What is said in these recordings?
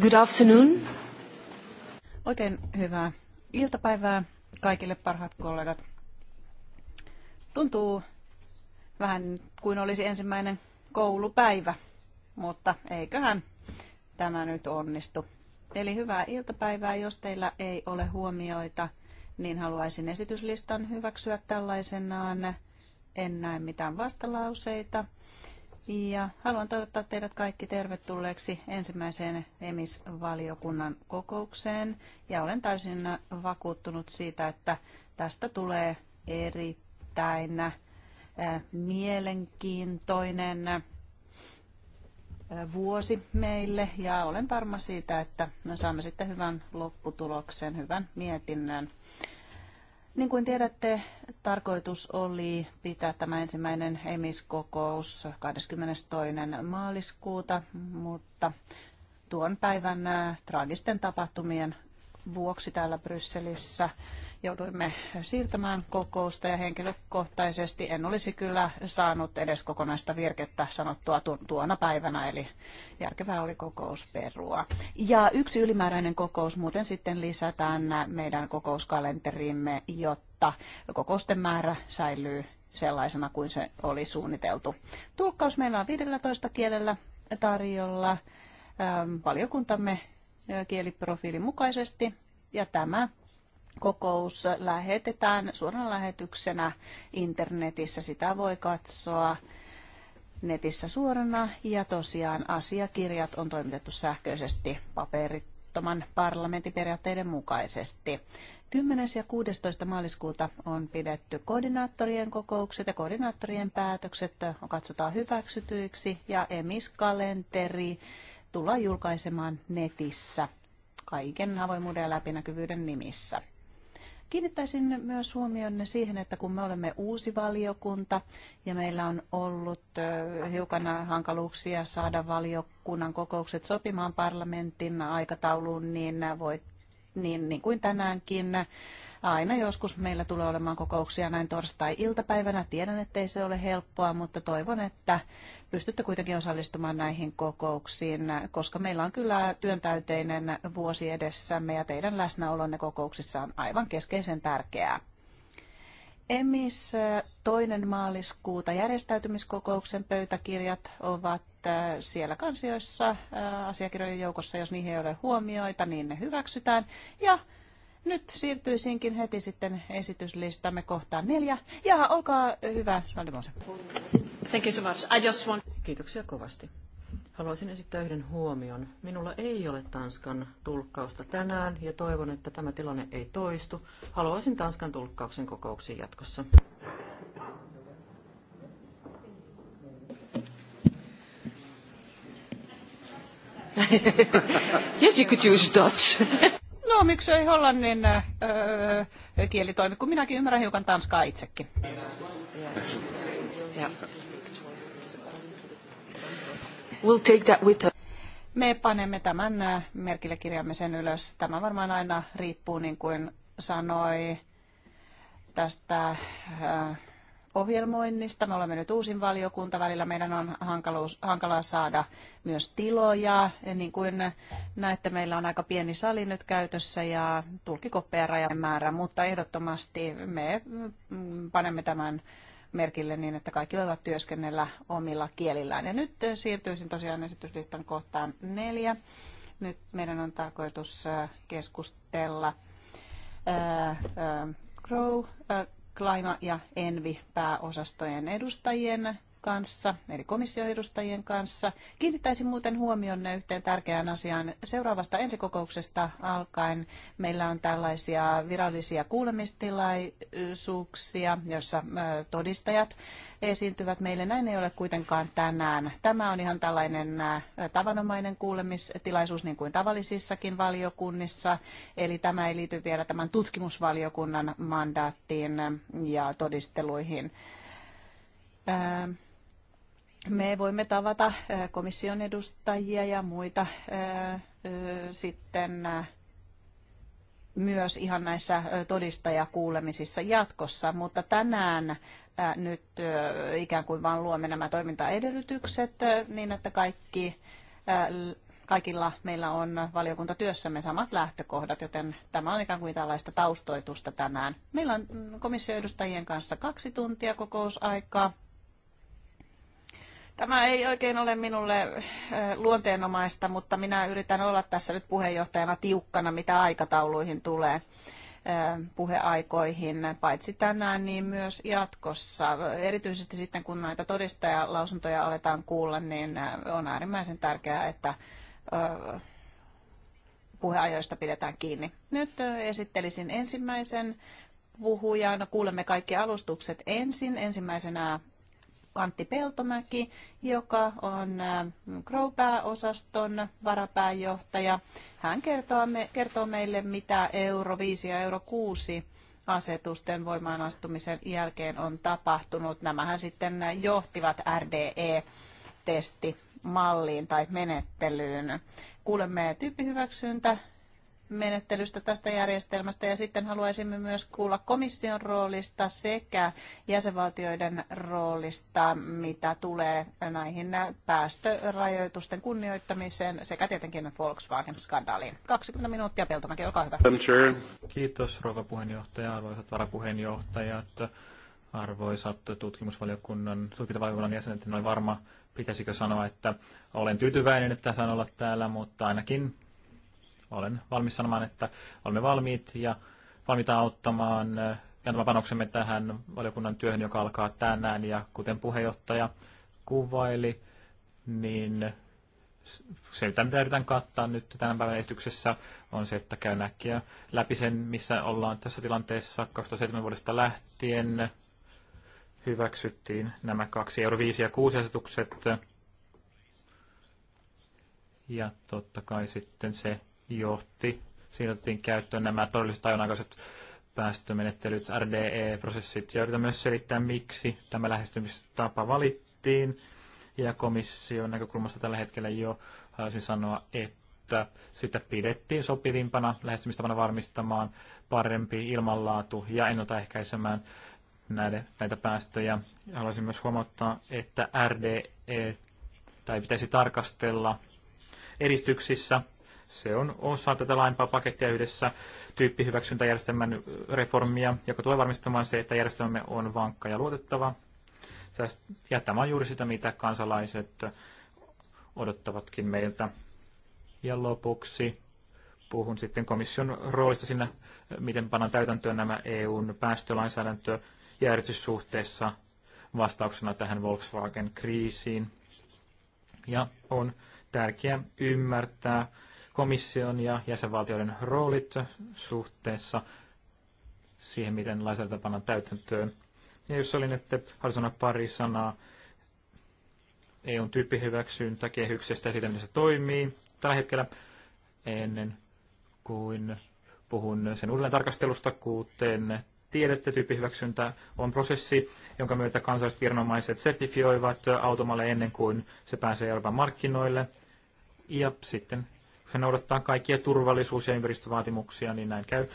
Good afternoon. Oikein hyvää iltapäivää kaikille parhaat kollegat. Tuntuu vähän kuin olisi ensimmäinen koulupäivä, mutta eiköhän tämä nyt onnistu. Eli hyvää iltapäivää, jos teillä ei ole huomioita, niin haluaisin esityslistan hyväksyä tällaisenaan. En näe mitään vastalauseita. Ja haluan toivottaa teidät kaikki tervetulleeksi ensimmäiseen EMIS-valiokunnan kokoukseen. Ja olen täysin vakuuttunut siitä, että tästä tulee erittäin äh, mielenkiintoinen äh, vuosi meille ja olen varma siitä, että me saamme sitten hyvän lopputuloksen, hyvän mietinnön. Niin kuin tiedätte, tarkoitus oli pitää tämä ensimmäinen emiskokous 22. maaliskuuta, mutta tuon päivän traagisten tapahtumien vuoksi täällä Brysselissä jouduimme siirtämään kokousta ja henkilökohtaisesti en olisi kyllä saanut edes kokonaista virkettä sanottua tuona päivänä, eli järkevää oli kokous perua. Ja yksi ylimääräinen kokous muuten sitten lisätään meidän kokouskalenterimme, jotta kokousten määrä säilyy sellaisena kuin se oli suunniteltu. Tulkkaus meillä on 15 kielellä tarjolla ähm, valiokuntamme äh, kieliprofiilin mukaisesti ja tämä kokous lähetetään suorana lähetyksenä internetissä. Sitä voi katsoa netissä suorana ja tosiaan asiakirjat on toimitettu sähköisesti paperittoman parlamentin periaatteiden mukaisesti. 10. ja 16. maaliskuuta on pidetty koordinaattorien kokoukset ja koordinaattorien päätökset katsotaan hyväksytyiksi ja emiskalenteri tullaan julkaisemaan netissä kaiken avoimuuden ja läpinäkyvyyden nimissä. Kiinnittäisin myös huomionne siihen, että kun me olemme uusi valiokunta ja meillä on ollut hiukan hankaluuksia saada valiokunnan kokoukset sopimaan parlamentin aikatauluun, niin, voi, niin, niin kuin tänäänkin aina joskus meillä tulee olemaan kokouksia näin torstai-iltapäivänä. Tiedän, ettei se ole helppoa, mutta toivon, että pystytte kuitenkin osallistumaan näihin kokouksiin, koska meillä on kyllä työntäyteinen vuosi edessämme ja teidän läsnäolonne kokouksissa on aivan keskeisen tärkeää. Emis toinen maaliskuuta järjestäytymiskokouksen pöytäkirjat ovat äh, siellä kansioissa äh, asiakirjojen joukossa. Jos niihin ei ole huomioita, niin ne hyväksytään. Ja nyt siirtyisinkin heti sitten esityslistamme kohtaan neljä. Ja olkaa hyvä, Saldemose. Thank you so much. I just want... Kiitoksia kovasti. Haluaisin esittää yhden huomion. Minulla ei ole Tanskan tulkkausta tänään ja toivon, että tämä tilanne ei toistu. Haluaisin Tanskan tulkkauksen kokouksiin jatkossa. yes, you could use Dutch. no miksei hollannin öö, kieli toimi, kun minäkin ymmärrän hiukan tanskaa itsekin. We'll take that with us. Me panemme tämän äh, merkille kirjaamme sen ylös. Tämä varmaan aina riippuu, niin kuin sanoi, tästä Öö, ohjelmoinnista. Me olemme nyt uusin valiokunta. Välillä meidän on hankaluus, hankalaa saada myös tiloja. Ja niin kuin näette, meillä on aika pieni sali nyt käytössä ja tulkikoppeja määrä, mutta ehdottomasti me panemme tämän merkille niin, että kaikki voivat työskennellä omilla kielillään. Ja nyt siirtyisin tosiaan esityslistan kohtaan neljä. Nyt meidän on tarkoitus äh, keskustella Grow äh, äh, Klaima ja Envi pääosastojen edustajien kanssa, eli komission edustajien kanssa. Kiinnittäisin muuten huomioon yhteen tärkeään asiaan. Seuraavasta ensikokouksesta alkaen meillä on tällaisia virallisia kuulemistilaisuuksia, joissa todistajat esiintyvät meille. Näin ei ole kuitenkaan tänään. Tämä on ihan tällainen tavanomainen kuulemistilaisuus niin kuin tavallisissakin valiokunnissa, eli tämä ei liity vielä tämän tutkimusvaliokunnan mandaattiin ja todisteluihin. Ähm me voimme tavata äh, komission edustajia ja muita äh, äh, sitten myös ihan näissä todistajakuulemisissa jatkossa, mutta tänään nyt ikään kuin vaan luomme nämä toimintaedellytykset niin, että kaikki, kaikilla meillä on valiokuntatyössämme samat lähtökohdat, joten tämä on ikään kuin tällaista taustoitusta tänään. Meillä on mm, komission edustajien kanssa kaksi tuntia kokousaikaa. Tämä ei oikein ole minulle luonteenomaista, mutta minä yritän olla tässä nyt puheenjohtajana tiukkana, mitä aikatauluihin tulee puheaikoihin, paitsi tänään, niin myös jatkossa. Erityisesti sitten, kun näitä todistajalausuntoja aletaan kuulla, niin on äärimmäisen tärkeää, että puheajoista pidetään kiinni. Nyt esittelisin ensimmäisen puhujan. No, kuulemme kaikki alustukset ensin. Ensimmäisenä Antti Peltomäki, joka on Crow-pääosaston äh, varapääjohtaja. Hän kertoo, me, kertoo meille, mitä euro 5 ja euro 6 asetusten voimaan astumisen jälkeen on tapahtunut. Nämähän sitten johtivat RDE-testimalliin tai menettelyyn. Kuulemme tyyppihyväksyntä menettelystä tästä järjestelmästä ja sitten haluaisimme myös kuulla komission roolista sekä jäsenvaltioiden roolista, mitä tulee näihin päästörajoitusten kunnioittamiseen sekä tietenkin Volkswagen-skandaaliin. 20 minuuttia, Peltomäki, olkaa hyvä. Kiitos rouva puheenjohtaja, arvoisat varapuheenjohtajat, arvoisat tutkimusvaliokunnan, tutkintavaliokunnan jäsenet, noin varma, pitäisikö sanoa, että olen tyytyväinen, että saan olla täällä, mutta ainakin olen valmis sanomaan, että olemme valmiit ja valmiita auttamaan antamaan eh, panoksemme tähän valiokunnan työhön, joka alkaa tänään. Ja kuten puheenjohtaja kuvaili, niin se, mitä yritän kattaa nyt tämän päivän esityksessä, on se, että käyn äkkiä läpi sen, missä ollaan tässä tilanteessa 2007 vuodesta lähtien. Hyväksyttiin nämä kaksi euro 5 ja 6 asetukset. Ja totta kai sitten se, johti. Siinä otettiin käyttöön nämä todelliset ajonaikaiset päästömenettelyt, RDE-prosessit, ja yritän myös selittää, miksi tämä lähestymistapa valittiin. Ja komission näkökulmasta tällä hetkellä jo haluaisin sanoa, että sitä pidettiin sopivimpana lähestymistapana varmistamaan parempi ilmanlaatu ja ennaltaehkäisemään näitä, näitä päästöjä. Haluaisin myös huomauttaa, että RDE tai pitäisi tarkastella eristyksissä se on osa tätä laajempaa pakettia yhdessä tyyppihyväksyntäjärjestelmän reformia, joka tulee varmistamaan se, että järjestelmämme on vankka ja luotettava. Ja tämä on juuri sitä, mitä kansalaiset odottavatkin meiltä. Ja lopuksi puhun sitten komission roolista siinä, miten pannaan täytäntöön nämä EUn päästölainsäädäntö järjestyssuhteessa vastauksena tähän Volkswagen-kriisiin. Ja on tärkeää ymmärtää komission ja jäsenvaltioiden roolit suhteessa siihen, miten lainsäädäntö pannaan täytäntöön. Ja jos olin, että haluaisin sanoa pari sanaa EUn tyyppihyväksyntäkehyksestä ja siitä, miten se toimii tällä hetkellä ennen kuin puhun sen uudelleen tarkastelusta, kuten tiedätte, tyyppihyväksyntä on prosessi, jonka myötä kansalliset viranomaiset sertifioivat automalle ennen kuin se pääsee Euroopan markkinoille. Ja sitten se noudattaa kaikkia turvallisuus- ja ympäristövaatimuksia, niin näin käy.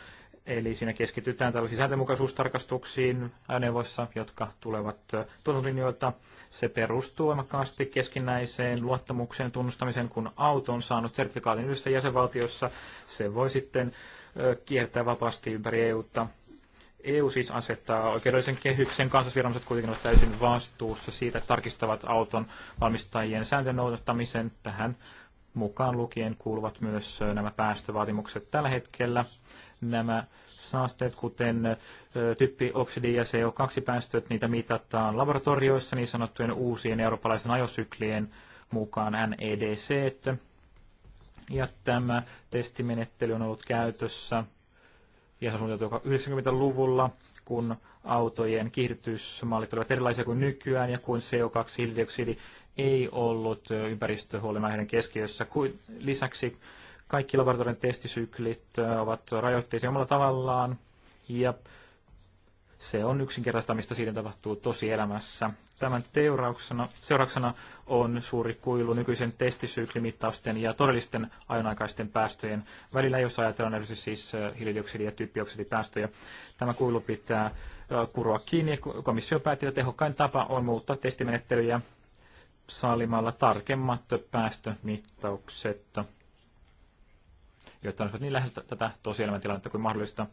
Eli siinä keskitytään tällaisiin sääntömukaisuustarkastuksiin ajoneuvoissa, jotka tulevat tuotantolinjoilta. Se perustuu voimakkaasti keskinäiseen luottamukseen tunnustamiseen, kun auto on saanut sertifikaatin yhdessä jäsenvaltiossa. Se voi sitten kiertää vapaasti ympäri EUta. EU siis asettaa oikeudellisen kehyksen, kansallisviranomaiset kuitenkin ovat täysin vastuussa siitä, että tarkistavat auton valmistajien sääntöjen noudattamisen. Tähän mukaan lukien kuuluvat myös nämä päästövaatimukset tällä hetkellä. Nämä saasteet, kuten typpioksidi ja CO2-päästöt, niitä mitataan laboratorioissa niin sanottujen uusien eurooppalaisen ajosyklien mukaan NEDC. Ja tämä testimenettely on ollut käytössä ja se on suunniteltu 90-luvulla, kun autojen kiihdytysmallit olivat erilaisia kuin nykyään ja kun CO2, hiilidioksidi ei ollut ympäristöhuolenaiheiden keskiössä. Lisäksi kaikki laboratorion testisyklit ovat rajoitteisia omalla tavallaan ja se on mistä siitä tapahtuu tosi elämässä. Tämän teurauksena, seurauksena on suuri kuilu nykyisen testisyklimittausten ja todellisten ajonaikaisten päästöjen välillä, jos ajatellaan erityisesti siis hiilidioksidi- ja typpioksidipäästöjä. Tämä kuilu pitää kuroa kiinni. Komissio päätti, että tehokkain tapa on muuttaa testimenettelyjä saalimalla tarkemmat päästömittaukset, jotta olisivat niin läheltä tätä tosielämän tilannetta kuin mahdollista.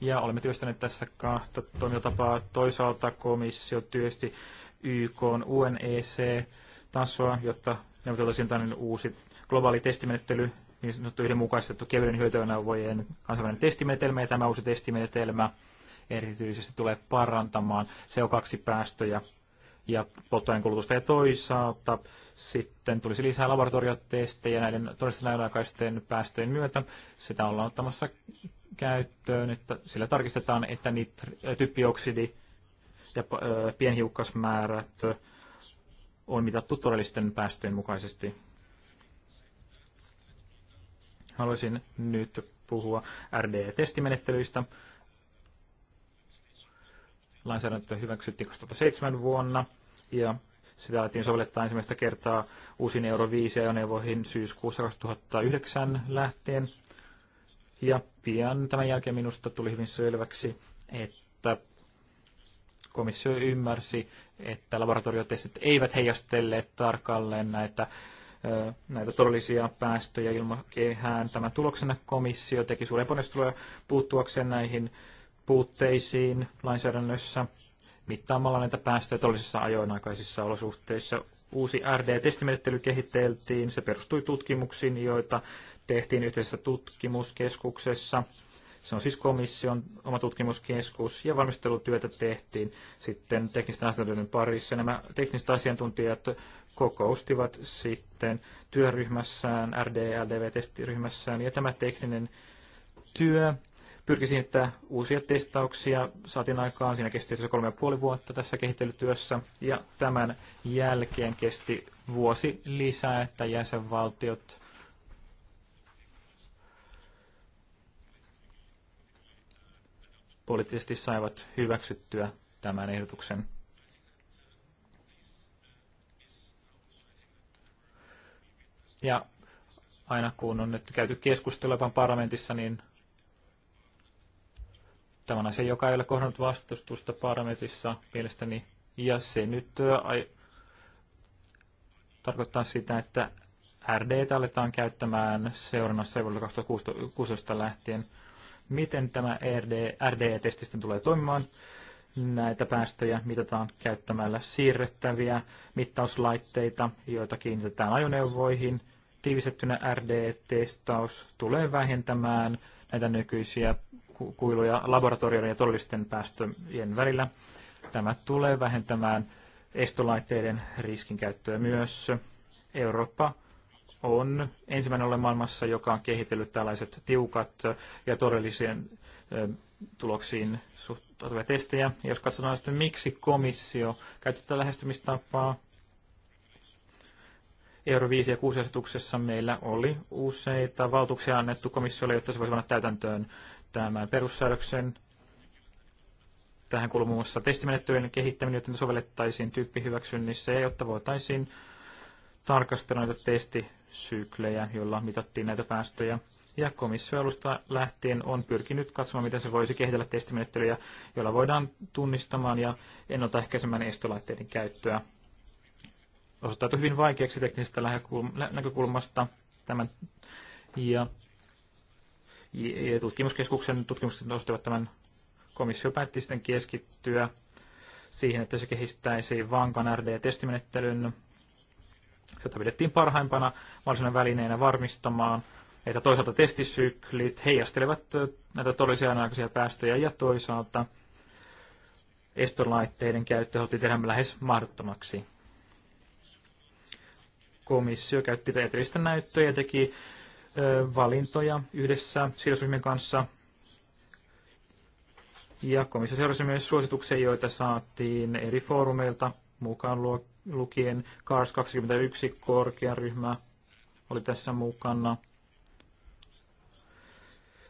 Ja olemme työstäneet tässä kahta toimintatapaa. Toisaalta komissio työsti YK UNEC-tasoa, jotta neuvoteltaisiin tämmöinen uusi globaali testimenettely, niin sanottu yhdenmukaistettu kevyen hyötyneuvojen kansainvälinen testimenetelmä, ja tämä uusi testimenetelmä erityisesti tulee parantamaan CO2-päästöjä ja polttoaineen kulutusta. Ja toisaalta sitten tulisi lisää laboratoriotestejä näiden todistetusten aikaisten päästöjen myötä. Sitä ollaan ottamassa käyttöön, että sillä tarkistetaan, että nitri, äh, typpioksidi ja äh, pienhiukkasmäärät on mitattu todellisten päästöjen mukaisesti. Haluaisin nyt puhua RDE-testimenettelyistä. Lainsäädäntö hyväksyttiin 2007 vuonna ja sitä alettiin sovellettaa ensimmäistä kertaa uusiin Euro 5 ajoneuvoihin syyskuussa 2009 lähtien. Ja pian tämän jälkeen minusta tuli hyvin selväksi, että komissio ymmärsi, että laboratoriotestit eivät heijastelleet tarkalleen näitä, näitä todellisia päästöjä ilmakehään. Tämän tuloksena komissio teki suuren ponnistelua puuttuakseen näihin puutteisiin lainsäädännössä mittaamalla näitä päästöjä todellisissa ajoinaikaisissa olosuhteissa. Uusi RD-testimenettely kehitteltiin. Se perustui tutkimuksiin, joita tehtiin yhdessä tutkimuskeskuksessa. Se on siis komission oma tutkimuskeskus ja valmistelutyötä tehtiin sitten teknisten asiantuntijoiden parissa. Nämä tekniset asiantuntijat kokoustivat sitten työryhmässään, RD- ja LDV-testiryhmässään ja tämä tekninen työ pyrkisin, että uusia testauksia saatiin aikaan. Siinä kesti kolme ja puoli vuotta tässä kehittelytyössä ja tämän jälkeen kesti vuosi lisää, että jäsenvaltiot poliittisesti saivat hyväksyttyä tämän ehdotuksen. Ja aina kun on nyt käyty keskustelua parlamentissa, niin Tämä on joka ei ole kohdannut vastustusta parametissa mielestäni. Ja se nyt ai- tarkoittaa sitä, että rd aletaan käyttämään seurannassa vuodelta 2016 lähtien. Miten tämä RD, RD-testi tulee toimimaan? Näitä päästöjä mitataan käyttämällä siirrettäviä mittauslaitteita, joita kiinnitetään ajoneuvoihin. Tiivistettynä RD-testaus tulee vähentämään näitä nykyisiä kuiluja laboratorioiden ja todellisten päästöjen välillä. Tämä tulee vähentämään estolaitteiden riskinkäyttöä myös. Eurooppa on ensimmäinen ole maailmassa, joka on kehitellyt tällaiset tiukat ja todellisiin tuloksiin suhtautuvia testejä. Ja jos katsotaan sitten, miksi komissio käyttää tätä lähestymistapaa, Euro 5 ja 6 asetuksessa meillä oli useita valtuuksia annettu komissiolle, jotta se voisi panna täytäntöön tämän perussäädöksen. Tähän kuuluu muun muassa testimenettelyjen kehittäminen, joten sovellettaisiin tyyppihyväksynnissä ja jotta voitaisiin tarkastella näitä testisyklejä, joilla mitattiin näitä päästöjä. Ja komissio alusta lähtien on pyrkinyt katsomaan, miten se voisi kehitellä testimenettelyjä, joilla voidaan tunnistamaan ja ennaltaehkäisemään estolaitteiden käyttöä. Osoittautui hyvin vaikeaksi teknisestä näkökulmasta tämän ja ja tutkimuskeskuksen tutkimukset nostivat tämän komissio päätti sitten keskittyä siihen, että se kehittäisi vankan RD-testimenettelyn, jota pidettiin parhaimpana mahdollisena välineenä varmistamaan, että toisaalta testisyklit heijastelevat näitä todellisia aikaisia päästöjä ja toisaalta estolaitteiden käyttö otti tehdä lähes mahdottomaksi. Komissio käytti tieteellistä näyttöä ja teki valintoja yhdessä sidosryhmien kanssa. Ja komissio seurasi myös suosituksia, joita saatiin eri foorumeilta, mukaan lukien CARS 21 korkearyhmä oli tässä mukana.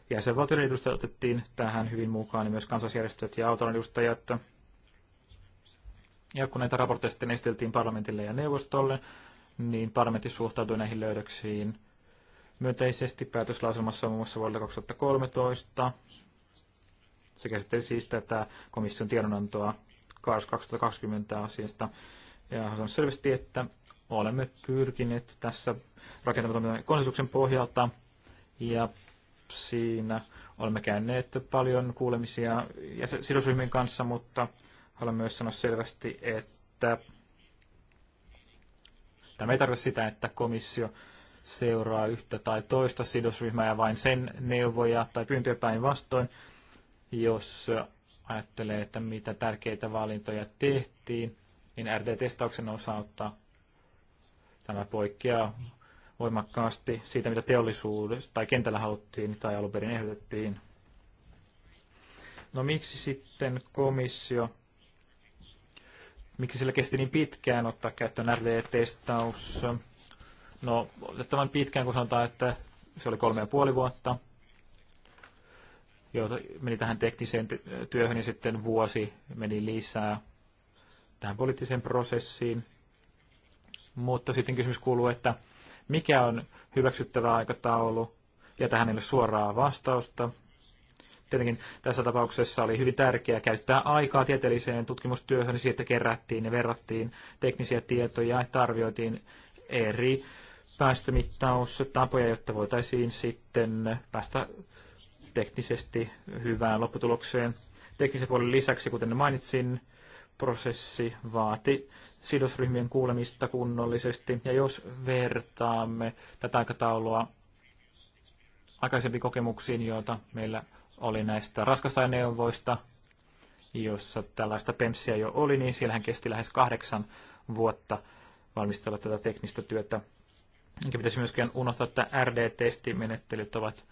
Jäsenvaltioiden edustajat otettiin tähän hyvin mukaan, niin myös kansalaisjärjestöt ja autolan edustajat. Ja kun näitä raportteja sitten esiteltiin parlamentille ja neuvostolle, niin parlamentti suhtautui näihin löydöksiin – myönteisesti päätöslauselmassa muun muassa vuodelta 2013. Se käsitteli siis tätä komission tiedonantoa 2020 asiasta. Ja on selvästi, että olemme pyrkineet tässä rakentamaton konsensuksen pohjalta ja siinä olemme käyneet paljon kuulemisia ja sidosryhmien kanssa, mutta haluan myös sanoa selvästi, että tämä ei tarkoita sitä, että komissio seuraa yhtä tai toista sidosryhmää ja vain sen neuvoja tai pyyntöjä päinvastoin, jos ajattelee, että mitä tärkeitä valintoja tehtiin, niin RD-testauksen osalta tämä poikkeaa voimakkaasti siitä, mitä teollisuudessa tai kentällä haluttiin tai alun perin ehdotettiin. No miksi sitten komissio, miksi sillä kesti niin pitkään ottaa käyttöön RD-testaus? no otettavan pitkään, kun sanotaan, että se oli kolme ja puoli vuotta, Joo, meni tähän tekniseen työhön ja sitten vuosi meni lisää tähän poliittiseen prosessiin. Mutta sitten kysymys kuuluu, että mikä on hyväksyttävä aikataulu, ja tähän ei ole suoraa vastausta. Tietenkin tässä tapauksessa oli hyvin tärkeää käyttää aikaa tieteelliseen tutkimustyöhön, niin siitä kerättiin ja verrattiin teknisiä tietoja, että arvioitiin eri päästömittaustapoja, jotta voitaisiin sitten päästä teknisesti hyvään lopputulokseen. Teknisen puolen lisäksi, kuten mainitsin, prosessi vaati sidosryhmien kuulemista kunnollisesti. Ja jos vertaamme tätä aikataulua aikaisempiin kokemuksiin, joita meillä oli näistä raskasaineuvoista, jossa tällaista PEMSiä jo oli, niin siellähän kesti lähes kahdeksan vuotta valmistella tätä teknistä työtä. Enkä pitäisi myöskään unohtaa, että RD-testimenettelyt ovat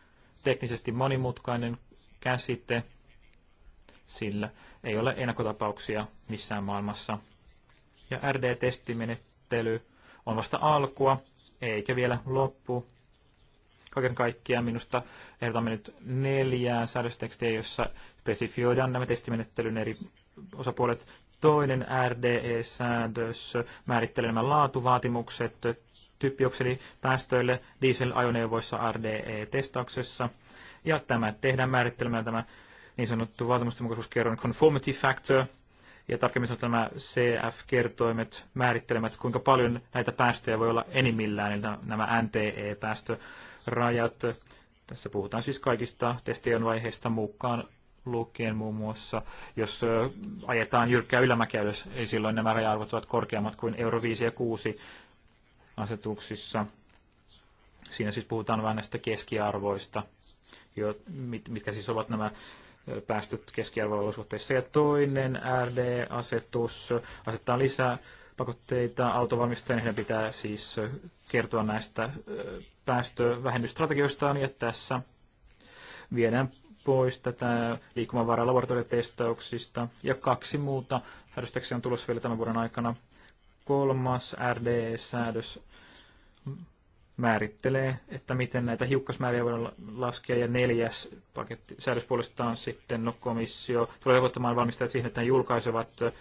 teknisesti monimutkainen käsite, sillä ei ole ennakkotapauksia missään maailmassa. Ja RD-testimenettely on vasta alkua, eikä vielä loppu. Kaiken kaikkiaan minusta ehdotamme nyt neljää säädöstekstiä, jossa spesifioidaan nämä testimenettelyn eri osapuolet Toinen RDE-säädös määrittelee nämä laatuvaatimukset typpioksidipäästöille dieselajoneuvoissa RDE-testauksessa. Ja tämä tehdään määrittelemällä tämä niin sanottu vaatimustenmukaisuuskerroin conformity factor, ja tarkemmin sanottuna nämä CF-kertoimet määrittelemät, kuinka paljon näitä päästöjä voi olla enimmillään, eli nämä NTE-päästörajat. Tässä puhutaan siis kaikista testien vaiheista mukaan lukien muun muassa, jos ajetaan jyrkkää ylämäkeä, jos ei silloin nämä raja-arvot ovat korkeammat kuin euro 5 ja 6 asetuksissa. Siinä siis puhutaan vähän näistä keskiarvoista, jo, mit, mitkä siis ovat nämä päästöt keskiarvoolosuhteissa. Ja toinen RD-asetus asettaa lisää pakotteita autovalmistajien. Heidän pitää siis kertoa näistä päästövähennysstrategioistaan ja tässä viedään pois tätä liikkumavaraa laboratoriotestauksista ja kaksi muuta säädöstäksi on tulossa vielä tämän vuoden aikana. Kolmas RDE-säädös määrittelee, että miten näitä hiukkasmääriä voidaan laskea, ja neljäs paketti, säädös puolestaan sitten no, komissio tulee velvoittamaan valmistajat siihen, että ne julkaisevat ö,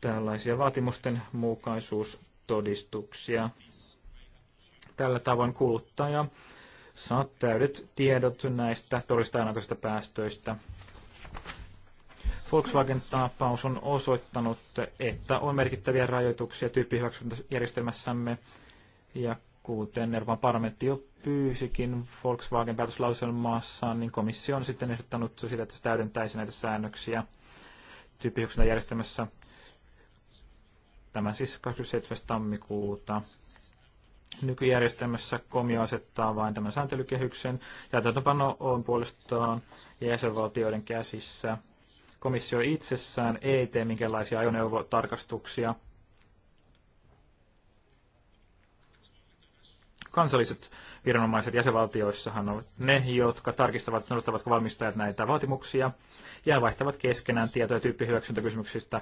tällaisia vaatimusten mukaisuustodistuksia. Tällä tavoin kuluttaja Saat täydet tiedot näistä todellista päästöistä. Volkswagen-tapaus on osoittanut, että on merkittäviä rajoituksia tyyppihyväksyntäjärjestelmässämme ja kuten Euroopan parlamentti jo pyysikin Volkswagen päätöslauselmassa niin komissio on sitten ehdottanut sitä, että se täydentäisi näitä säännöksiä tyyppihyväksyntäjärjestelmässä. Tämä siis 27. tammikuuta. Nykyjärjestelmässä komio asettaa vain tämän sääntelykehyksen, ja täytäntöpano on puolestaan jäsenvaltioiden käsissä. Komissio itsessään ei tee minkälaisia ajoneuvotarkastuksia. Kansalliset viranomaiset jäsenvaltioissahan ovat ne, jotka tarkistavat, noudattavatko valmistajat näitä vaatimuksia ja vaihtavat keskenään tietoja tyyppihyväksyntäkysymyksistä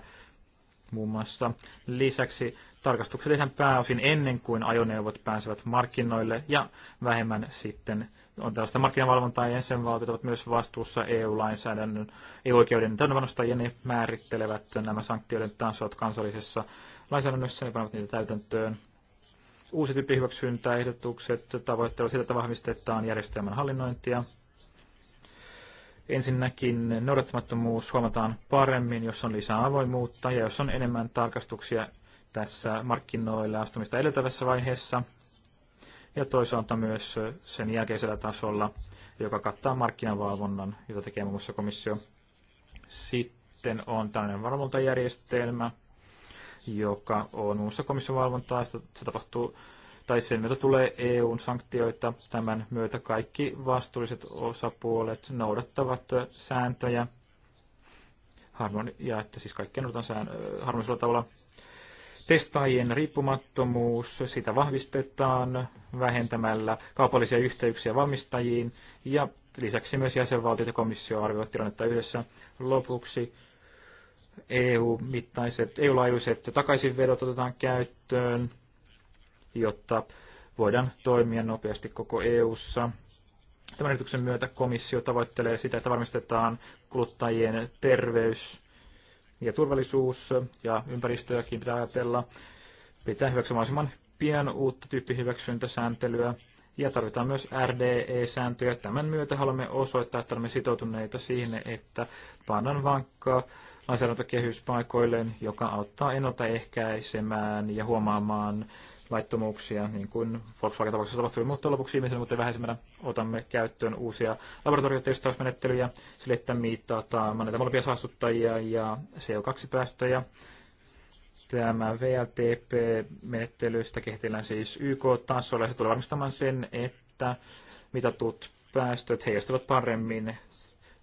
muun muassa. Lisäksi tarkastukset tehdään pääosin ennen kuin ajoneuvot pääsevät markkinoille ja vähemmän sitten on tällaista markkinavalvontaa ja jäsenvaltiot ovat myös vastuussa EU-lainsäädännön, EU-oikeuden täytäntöönpanosta ja ne määrittelevät nämä sanktioiden tasot kansallisessa lainsäädännössä ja panevat niitä täytäntöön. Uusi tyyppihyväksyntäehdotukset tavoittelevat sitä, että vahvistetaan järjestelmän hallinnointia Ensinnäkin noudattamattomuus huomataan paremmin, jos on lisää avoimuutta ja jos on enemmän tarkastuksia tässä markkinoilla astumista edeltävässä vaiheessa ja toisaalta myös sen jälkeisellä tasolla, joka kattaa markkinavalvonnan, jota tekee muun muassa komissio. Sitten on tällainen valvontajärjestelmä, joka on muun muassa komission valvontaa. Se tapahtuu tai sen myötä tulee EUn sanktioita. Tämän myötä kaikki vastuulliset osapuolet noudattavat sääntöjä harmoni- ja että siis kaikki noudatetaan sään, harmonisella tavalla. Testaajien riippumattomuus, sitä vahvistetaan vähentämällä kaupallisia yhteyksiä valmistajiin ja lisäksi myös jäsenvaltiot ja komissio arvioivat tilannetta yhdessä. Lopuksi EU-mittaiset, EU-laajuiset takaisinvedot otetaan käyttöön jotta voidaan toimia nopeasti koko EU:ssa. Tämän ehdotuksen myötä komissio tavoittelee sitä, että varmistetaan kuluttajien terveys ja turvallisuus ja ympäristöäkin pitää ajatella. Pitää hyväksyä mahdollisimman pian uutta tyyppihyväksyntäsääntelyä ja tarvitaan myös RDE-sääntöjä. Tämän myötä haluamme osoittaa, että olemme sitoutuneita siihen, että pannaan vankkaa lainsäädäntökehyspaikoilleen, joka auttaa ennaltaehkäisemään ja huomaamaan laittomuuksia, niin kuin Volkswagen-tapauksessa tapahtui. Mutta lopuksi viimeisenä, mutta vähäisemmänä, otamme käyttöön uusia laboratoriotestausmenettelyjä sille, että mitataan näitä molempia saastuttajia ja CO2-päästöjä. Tämä VLTP-menettelystä kehitellään siis YK-tasolla ja se tulee varmistamaan sen, että mitatut päästöt heijastavat paremmin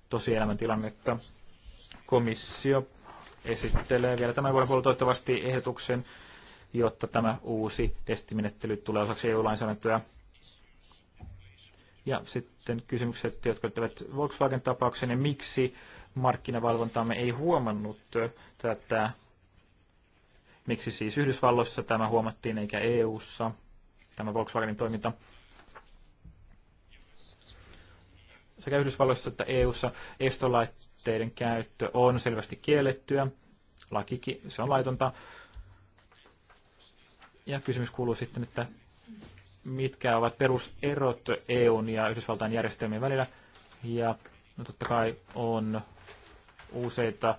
tosielämän tilannetta. Komissio esittelee vielä tämän vuoden puolella toivottavasti ehdotuksen jotta tämä uusi testimenettely tulee osaksi EU-lainsäädäntöä. Ja sitten kysymykset, jotka liittyvät Volkswagen-tapaukseen ja miksi markkinavalvontaamme ei huomannut tätä, miksi siis Yhdysvalloissa tämä huomattiin eikä EU:ssa tämä Volkswagenin toiminta. Sekä Yhdysvalloissa että EU:ssa estolaitteiden käyttö on selvästi kiellettyä. lakikin, se on laitonta ja kysymys kuuluu sitten, että mitkä ovat peruserot EUn ja Yhdysvaltain järjestelmien välillä. Ja no totta kai on useita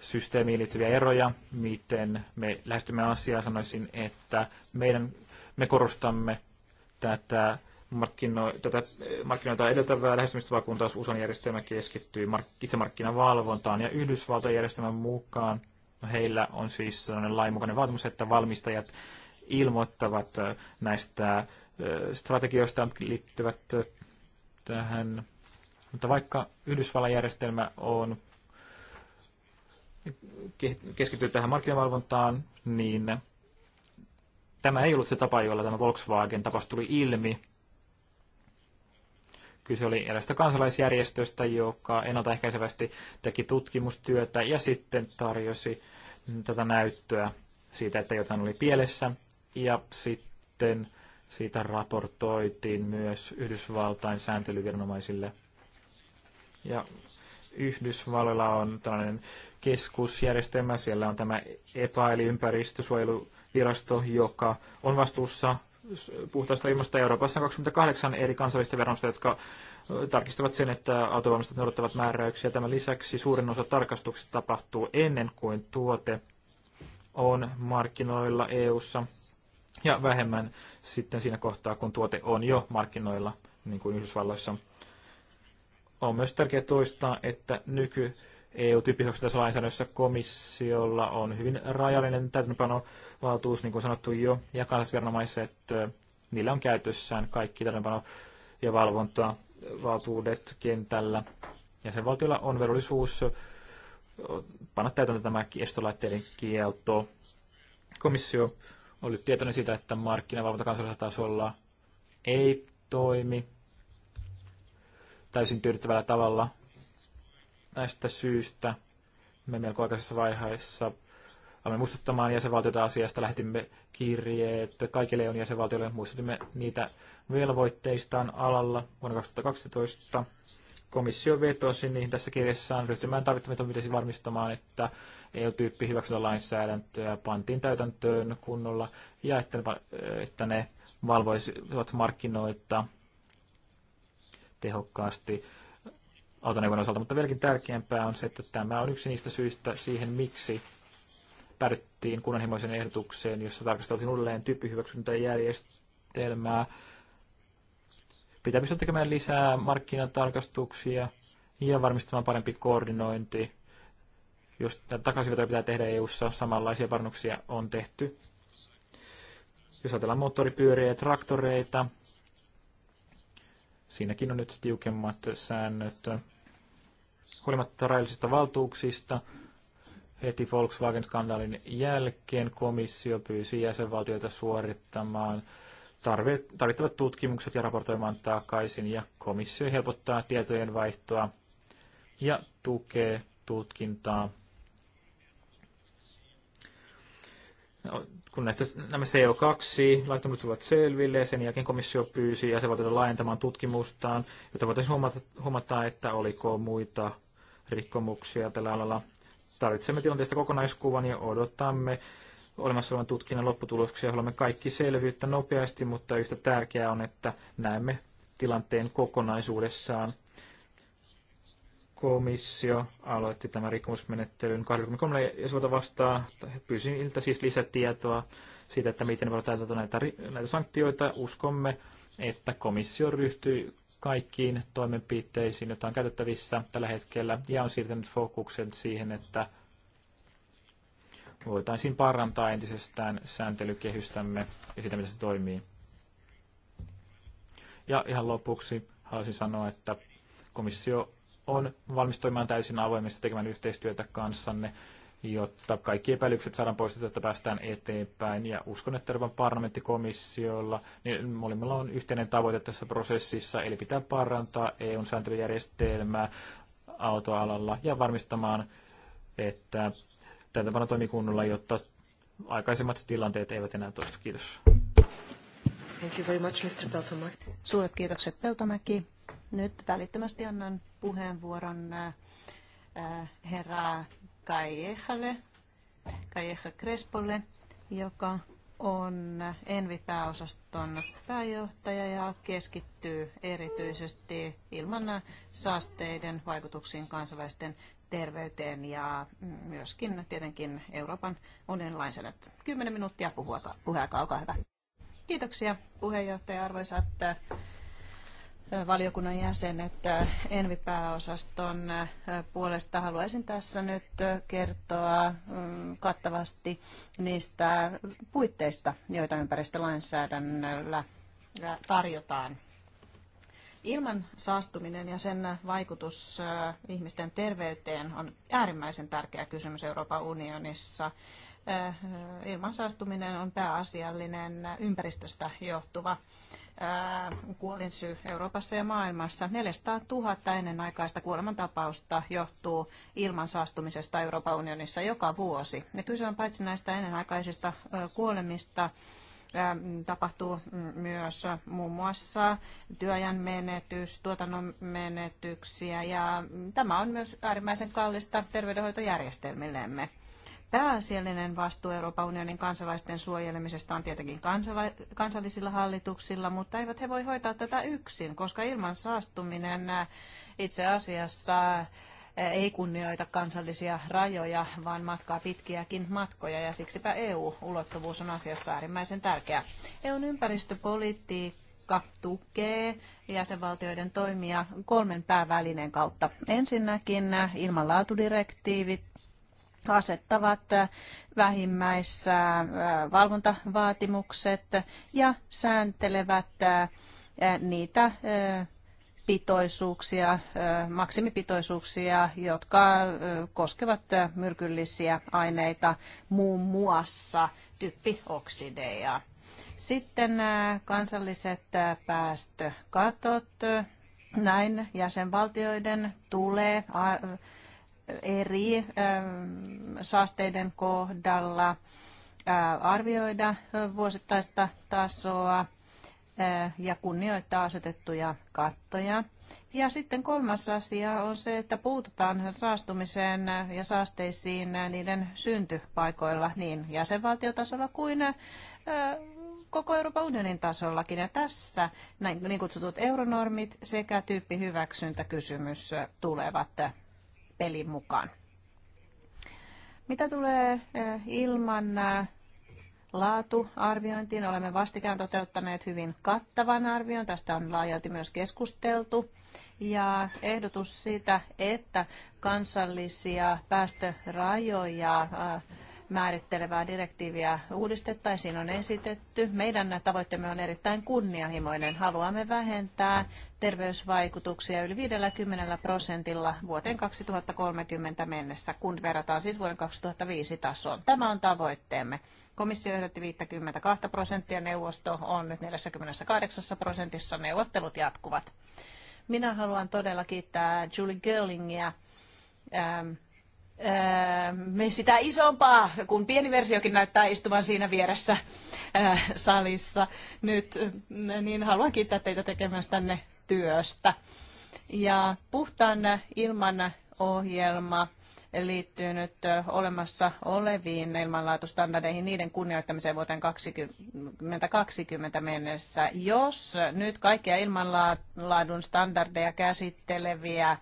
systeemiin liittyviä eroja, miten me lähestymme asiaa. Sanoisin, että meidän, me korostamme tätä, markkino, tätä markkinoita edeltävää lähestymistapaa, kun taas USAn järjestelmä keskittyy mark, itsemarkkinavalvontaan ja Yhdysvaltain järjestelmän mukaan. Heillä on siis sellainen lainmukainen vaatimus, että valmistajat ilmoittavat näistä strategioista liittyvät tähän. Mutta vaikka Yhdysvallan järjestelmä on keskittyy tähän markkinavalvontaan, niin tämä ei ollut se tapa, jolla tämä Volkswagen-tapaus tuli ilmi. Kyse oli erästä kansalaisjärjestöstä, joka ennaltaehkäisevästi teki tutkimustyötä ja sitten tarjosi tätä näyttöä siitä, että jotain oli pielessä. Ja sitten siitä raportoitiin myös Yhdysvaltain sääntelyviranomaisille. Ja Yhdysvalloilla on tällainen keskusjärjestelmä, siellä on tämä EPA eli ympäristösuojeluvirasto, joka on vastuussa puhtaasta ilmasta Euroopassa on 28 eri kansallista veronsta, jotka tarkistavat sen, että autovalmistajat noudattavat määräyksiä. Tämän lisäksi suurin osa tarkastuksista tapahtuu ennen kuin tuote on markkinoilla EU:ssa. ssa ja vähemmän sitten siinä kohtaa, kun tuote on jo markkinoilla, niin kuin Yhdysvalloissa. On myös tärkeää toistaa, että nyky EU-tyyppisessä lainsäädännössä komissiolla on hyvin rajallinen täytäntöpanovaltuus, niin kuin sanottu jo, ja kansallisviranomaiset, niillä on käytössään kaikki täytäntöpano- ja valvontaa valtuudet kentällä. Jäsenvaltiolla on velvollisuus panna täytäntöön tämä estolaitteiden kielto. Komissio oli tietoinen siitä, että markkinavalvonta kansallisella tasolla ei toimi täysin tyydyttävällä tavalla. Näistä syystä me melko aikaisessa vaiheessa alamme muistuttamaan jäsenvaltioita asiasta, lähetimme kirjeet kaikille on jäsenvaltioille, muistutimme niitä velvoitteistaan alalla vuonna 2012. Komissio vetosi niihin tässä kirjassaan ryhtymään tarvittaviin toimenpiteisiin varmistamaan, että EU-tyyppi hyväksyntälainsäädäntöä pantiin täytäntöön kunnolla ja että ne, että ne valvoisivat markkinoita tehokkaasti autoneuvon osalta, mutta vieläkin tärkeämpää on se, että tämä on yksi niistä syistä siihen, miksi päädyttiin kunnanhimoisen ehdotukseen, jossa tarkasteltiin uudelleen tyyppihyväksyntäjärjestelmää. Pitää pystyä tekemään lisää markkinatarkastuksia ja varmistamaan parempi koordinointi jos takaisinvetoja pitää tehdä EU-ssa, samanlaisia parannuksia on tehty. Jos ajatellaan moottoripyöriä ja traktoreita, siinäkin on nyt tiukemmat säännöt. Huolimatta rajallisista valtuuksista, heti Volkswagen-skandaalin jälkeen komissio pyysi jäsenvaltioita suorittamaan tarvittavat tutkimukset ja raportoimaan takaisin, ja komissio helpottaa tietojen vaihtoa ja tukee tutkintaa kun näistä, nämä CO2-laittomat tulivat selville ja sen jälkeen komissio pyysi ja jäsenvaltioita laajentamaan tutkimustaan, jotta voitaisiin huomata, huomata, että oliko muita rikkomuksia tällä alalla. Tarvitsemme tilanteesta kokonaiskuvan ja odotamme olemassa olevan tutkinnan lopputuloksia. Haluamme kaikki selvyyttä nopeasti, mutta yhtä tärkeää on, että näemme tilanteen kokonaisuudessaan komissio aloitti tämän rikkomusmenettelyn 23 jäsenvalta vastaan. Pyysin iltä siis lisätietoa siitä, että miten voi täytetä näitä, näitä sanktioita. Uskomme, että komissio ryhtyy kaikkiin toimenpiteisiin, joita on käytettävissä tällä hetkellä, ja on siirtänyt fokuksen siihen, että voitaisiin parantaa entisestään sääntelykehystämme ja sitä, miten se toimii. Ja ihan lopuksi haluaisin sanoa, että komissio on valmis toimimaan täysin avoimesti tekemään yhteistyötä kanssanne, jotta kaikki epäilykset saadaan poistettua, että päästään eteenpäin. Ja uskon, että Euroopan parlamenttikomissiolla, niin molemmilla on yhteinen tavoite tässä prosessissa, eli pitää parantaa EUn sääntelyjärjestelmää autoalalla ja varmistamaan, että täytäntöpano toimii kunnolla, jotta aikaisemmat tilanteet eivät enää toistu. Kiitos. Thank you very much, Mr. Suuret kiitokset, Peltomäki. Nyt välittömästi annan puheenvuoron äh, herra Kaiehalle, Kaieha Krespolle, joka on Envi-pääosaston pääjohtaja ja keskittyy erityisesti ilman saasteiden vaikutuksiin kansalaisten terveyteen ja myöskin tietenkin Euroopan unionin lainsäädäntöön. Kymmenen minuuttia puheaika, olkaa hyvä. Kiitoksia puheenjohtaja, arvoisat valiokunnan jäsenet Envi-pääosaston äh, puolesta. Haluaisin tässä nyt äh, kertoa mm, kattavasti niistä puitteista, joita ympäristölainsäädännöllä äh, tarjotaan. Ilman saastuminen ja sen vaikutus ihmisten terveyteen on äärimmäisen tärkeä kysymys Euroopan unionissa. Ilman saastuminen on pääasiallinen ympäristöstä johtuva kuolinsyy Euroopassa ja maailmassa. 400 000 ennenaikaista kuolemantapausta johtuu ilman saastumisesta Euroopan unionissa joka vuosi. Ja kyse on paitsi näistä ennenaikaisista kuolemista, tapahtuu myös muun muassa työajan menetys, tuotannon menetyksiä ja tämä on myös äärimmäisen kallista terveydenhoitojärjestelmillemme pääasiallinen vastuu Euroopan unionin kansalaisten suojelemisesta on tietenkin kansala- kansallisilla hallituksilla, mutta eivät he voi hoitaa tätä yksin, koska ilman saastuminen äh, itse asiassa äh, ei kunnioita kansallisia rajoja, vaan matkaa pitkiäkin matkoja ja siksipä EU-ulottuvuus on asiassa äärimmäisen tärkeä. EUn ympäristöpolitiikka tukee jäsenvaltioiden toimia kolmen päävälineen kautta. Ensinnäkin äh, ilmanlaatudirektiivit, asettavat vähimmäissä äh, valvontavaatimukset ja sääntelevät äh, niitä äh, pitoisuuksia, maksimipitoisuuksia, jotka koskevat myrkyllisiä aineita muun muassa typpioksideja. Sitten kansalliset päästökatot. Näin jäsenvaltioiden tulee eri ähm, saasteiden kohdalla äh, arvioida vuosittaista tasoa äh, ja kunnioittaa asetettuja kattoja. Ja sitten kolmas asia on se, että puututaan saastumiseen ja saasteisiin niiden syntypaikoilla niin jäsenvaltiotasolla kuin äh, koko Euroopan unionin tasollakin. Ja tässä näin, niin kutsutut euronormit sekä tyyppihyväksyntäkysymys tulevat pelin mukaan. Mitä tulee eh, ilman eh, laatuarviointiin, olemme vastikään toteuttaneet hyvin kattavan arvion. Tästä on laajalti myös keskusteltu. Ja ehdotus siitä, että kansallisia päästörajoja eh, määrittelevää direktiiviä uudistettaisiin, on esitetty. Meidän tavoitteemme on erittäin kunnianhimoinen. Haluamme vähentää terveysvaikutuksia yli 50 prosentilla vuoteen 2030 mennessä, kun verrataan siis vuoden 2005 tasoon. Tämä on tavoitteemme. Komissio ehdotti 52 prosenttia, neuvosto on nyt 48 prosentissa, neuvottelut jatkuvat. Minä haluan todella kiittää Julie Girlingia ähm, sitä isompaa, kun pieni versiokin näyttää istuvan siinä vieressä salissa nyt, niin haluan kiittää teitä tekemästänne työstä. Ja puhtaan ilman ohjelma liittyy nyt olemassa oleviin ilmanlaatustandardeihin, niiden kunnioittamiseen vuoteen 2020 mennessä. Jos nyt kaikkia ilmanlaadun standardeja käsitteleviä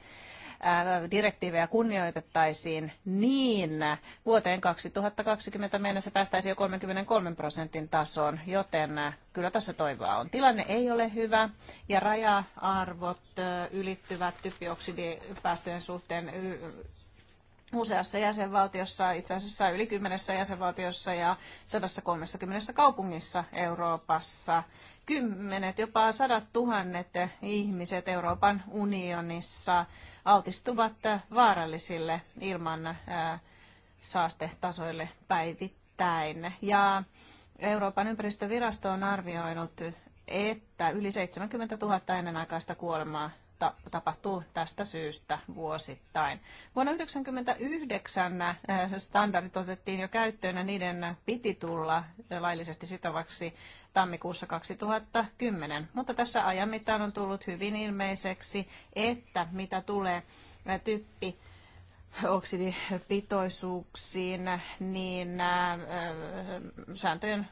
direktiivejä kunnioitettaisiin, niin vuoteen 2020 mennessä päästäisiin jo 33 prosentin tasoon, joten kyllä tässä toivoa on. Tilanne ei ole hyvä ja raja-arvot ylittyvät typioksidipäästöjen suhteen useassa jäsenvaltiossa, itse asiassa yli kymmenessä jäsenvaltiossa ja 130 kaupungissa Euroopassa. Kymmenet, jopa sadat tuhannet ihmiset Euroopan unionissa altistuvat äh, vaarallisille ilman äh, saastetasoille päivittäin. Ja Euroopan ympäristövirasto on arvioinut, että yli 70 000 ennenaikaista kuolemaa ta- tapahtuu tästä syystä vuosittain. Vuonna 1999 eh, standardit otettiin jo käyttöön ja niiden piti tulla laillisesti sitovaksi tammikuussa 2010, mutta tässä ajan mittaan on tullut hyvin ilmeiseksi, että mitä tulee eh, typpi oksidipitoisuuksiin, niin eh, sääntöjen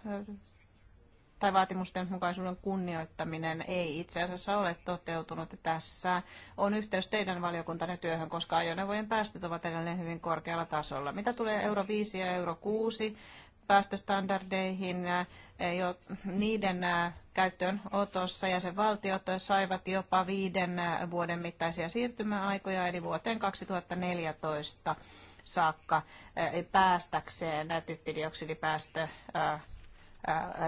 tai vaatimusten mukaisuuden kunnioittaminen ei itse asiassa ole toteutunut. Tässä on yhteys teidän valiokuntanne työhön, koska ajoneuvojen päästöt ovat edelleen hyvin korkealla tasolla. Mitä tulee euro 5 ja euro 6 päästöstandardeihin, eh, jo niiden eh, käyttöönotossa jäsenvaltiot saivat jopa viiden eh, vuoden mittaisia siirtymäaikoja, eli vuoteen 2014 saakka päästäkseen typpidioksidipäästö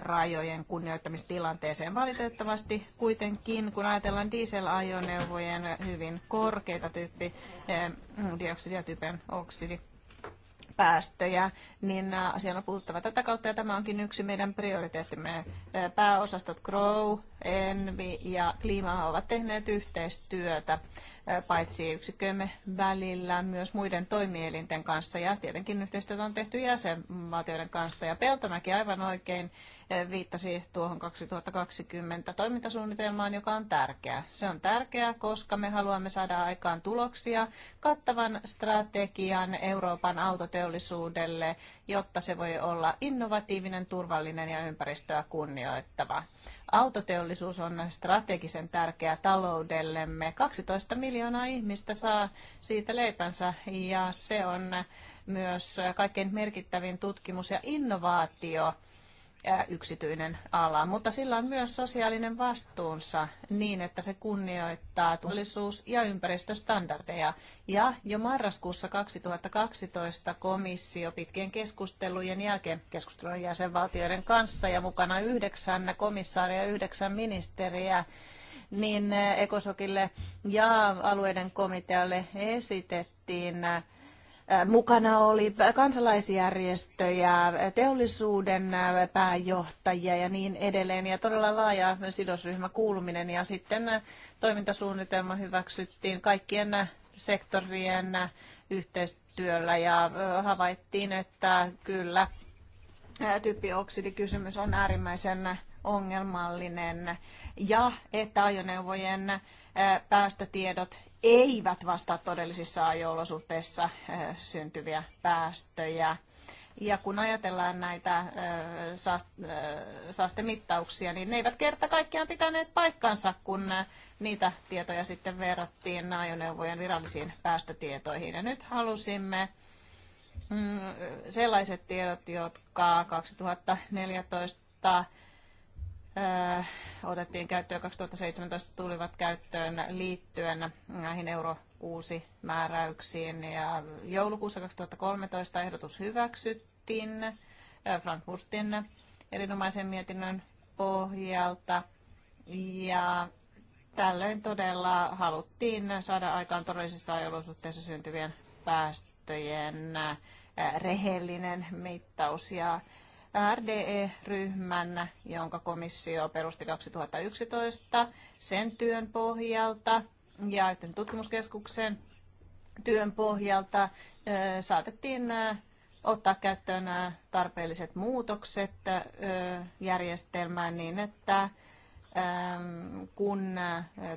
rajojen kunnioittamistilanteeseen. Valitettavasti kuitenkin, kun ajatellaan dieselajoneuvojen hyvin korkeita tyyppi mm, dioksidi ja typen oksidi, päästöjä, niin siellä on puhuttava tätä kautta ja tämä onkin yksi meidän prioriteettimme. Pääosastot Grow, Envi ja Klima ovat tehneet yhteistyötä paitsi yksikkömme välillä myös muiden toimielinten kanssa ja tietenkin yhteistyötä on tehty jäsenvaltioiden kanssa. Ja Peltomäki aivan oikein viittasi tuohon 2020 toimintasuunnitelmaan, joka on tärkeä. Se on tärkeä, koska me haluamme saada aikaan tuloksia kattavan strategian Euroopan autoteollisuudelle, jotta se voi olla innovatiivinen, turvallinen ja ympäristöä kunnioittava. Autoteollisuus on strategisen tärkeä taloudellemme. 12 miljoonaa ihmistä saa siitä leipänsä ja se on myös kaikkein merkittävin tutkimus ja innovaatio yksityinen ala, mutta sillä on myös sosiaalinen vastuunsa niin, että se kunnioittaa turvallisuus- ja ympäristöstandardeja. Ja jo marraskuussa 2012 komissio pitkien keskustelujen jälkeen keskustelun jäsenvaltioiden kanssa ja mukana yhdeksän komissaaria ja yhdeksän ministeriä niin Ekosokille ja alueiden komitealle esitettiin Mukana oli kansalaisjärjestöjä, teollisuuden pääjohtajia ja niin edelleen. Ja todella laaja sidosryhmäkuuluminen ja sitten toimintasuunnitelma hyväksyttiin kaikkien sektorien yhteistyöllä ja havaittiin, että kyllä typioksidikysymys on äärimmäisen ongelmallinen ja että ajoneuvojen päästötiedot eivät vastaa todellisissa ajo-olosuhteissa eh, syntyviä päästöjä. Ja kun ajatellaan näitä eh, eh, saastemittauksia, niin ne eivät kerta kaikkiaan pitäneet paikkansa, kun niitä tietoja sitten verrattiin ajoneuvojen virallisiin päästötietoihin. Ja nyt halusimme mm, sellaiset tiedot, jotka 2014 Öö, otettiin käyttöön 2017 tulivat käyttöön liittyen näihin euro uusi määräyksiin ja joulukuussa 2013 ehdotus hyväksyttiin Frankfurtin erinomaisen mietinnön pohjalta ja tällöin todella haluttiin saada aikaan todellisissa ajolosuhteissa syntyvien päästöjen rehellinen mittaus ja RDE-ryhmän, jonka komissio perusti 2011 sen työn pohjalta ja tutkimuskeskuksen työn pohjalta saatettiin ottaa käyttöön tarpeelliset muutokset järjestelmään niin, että kun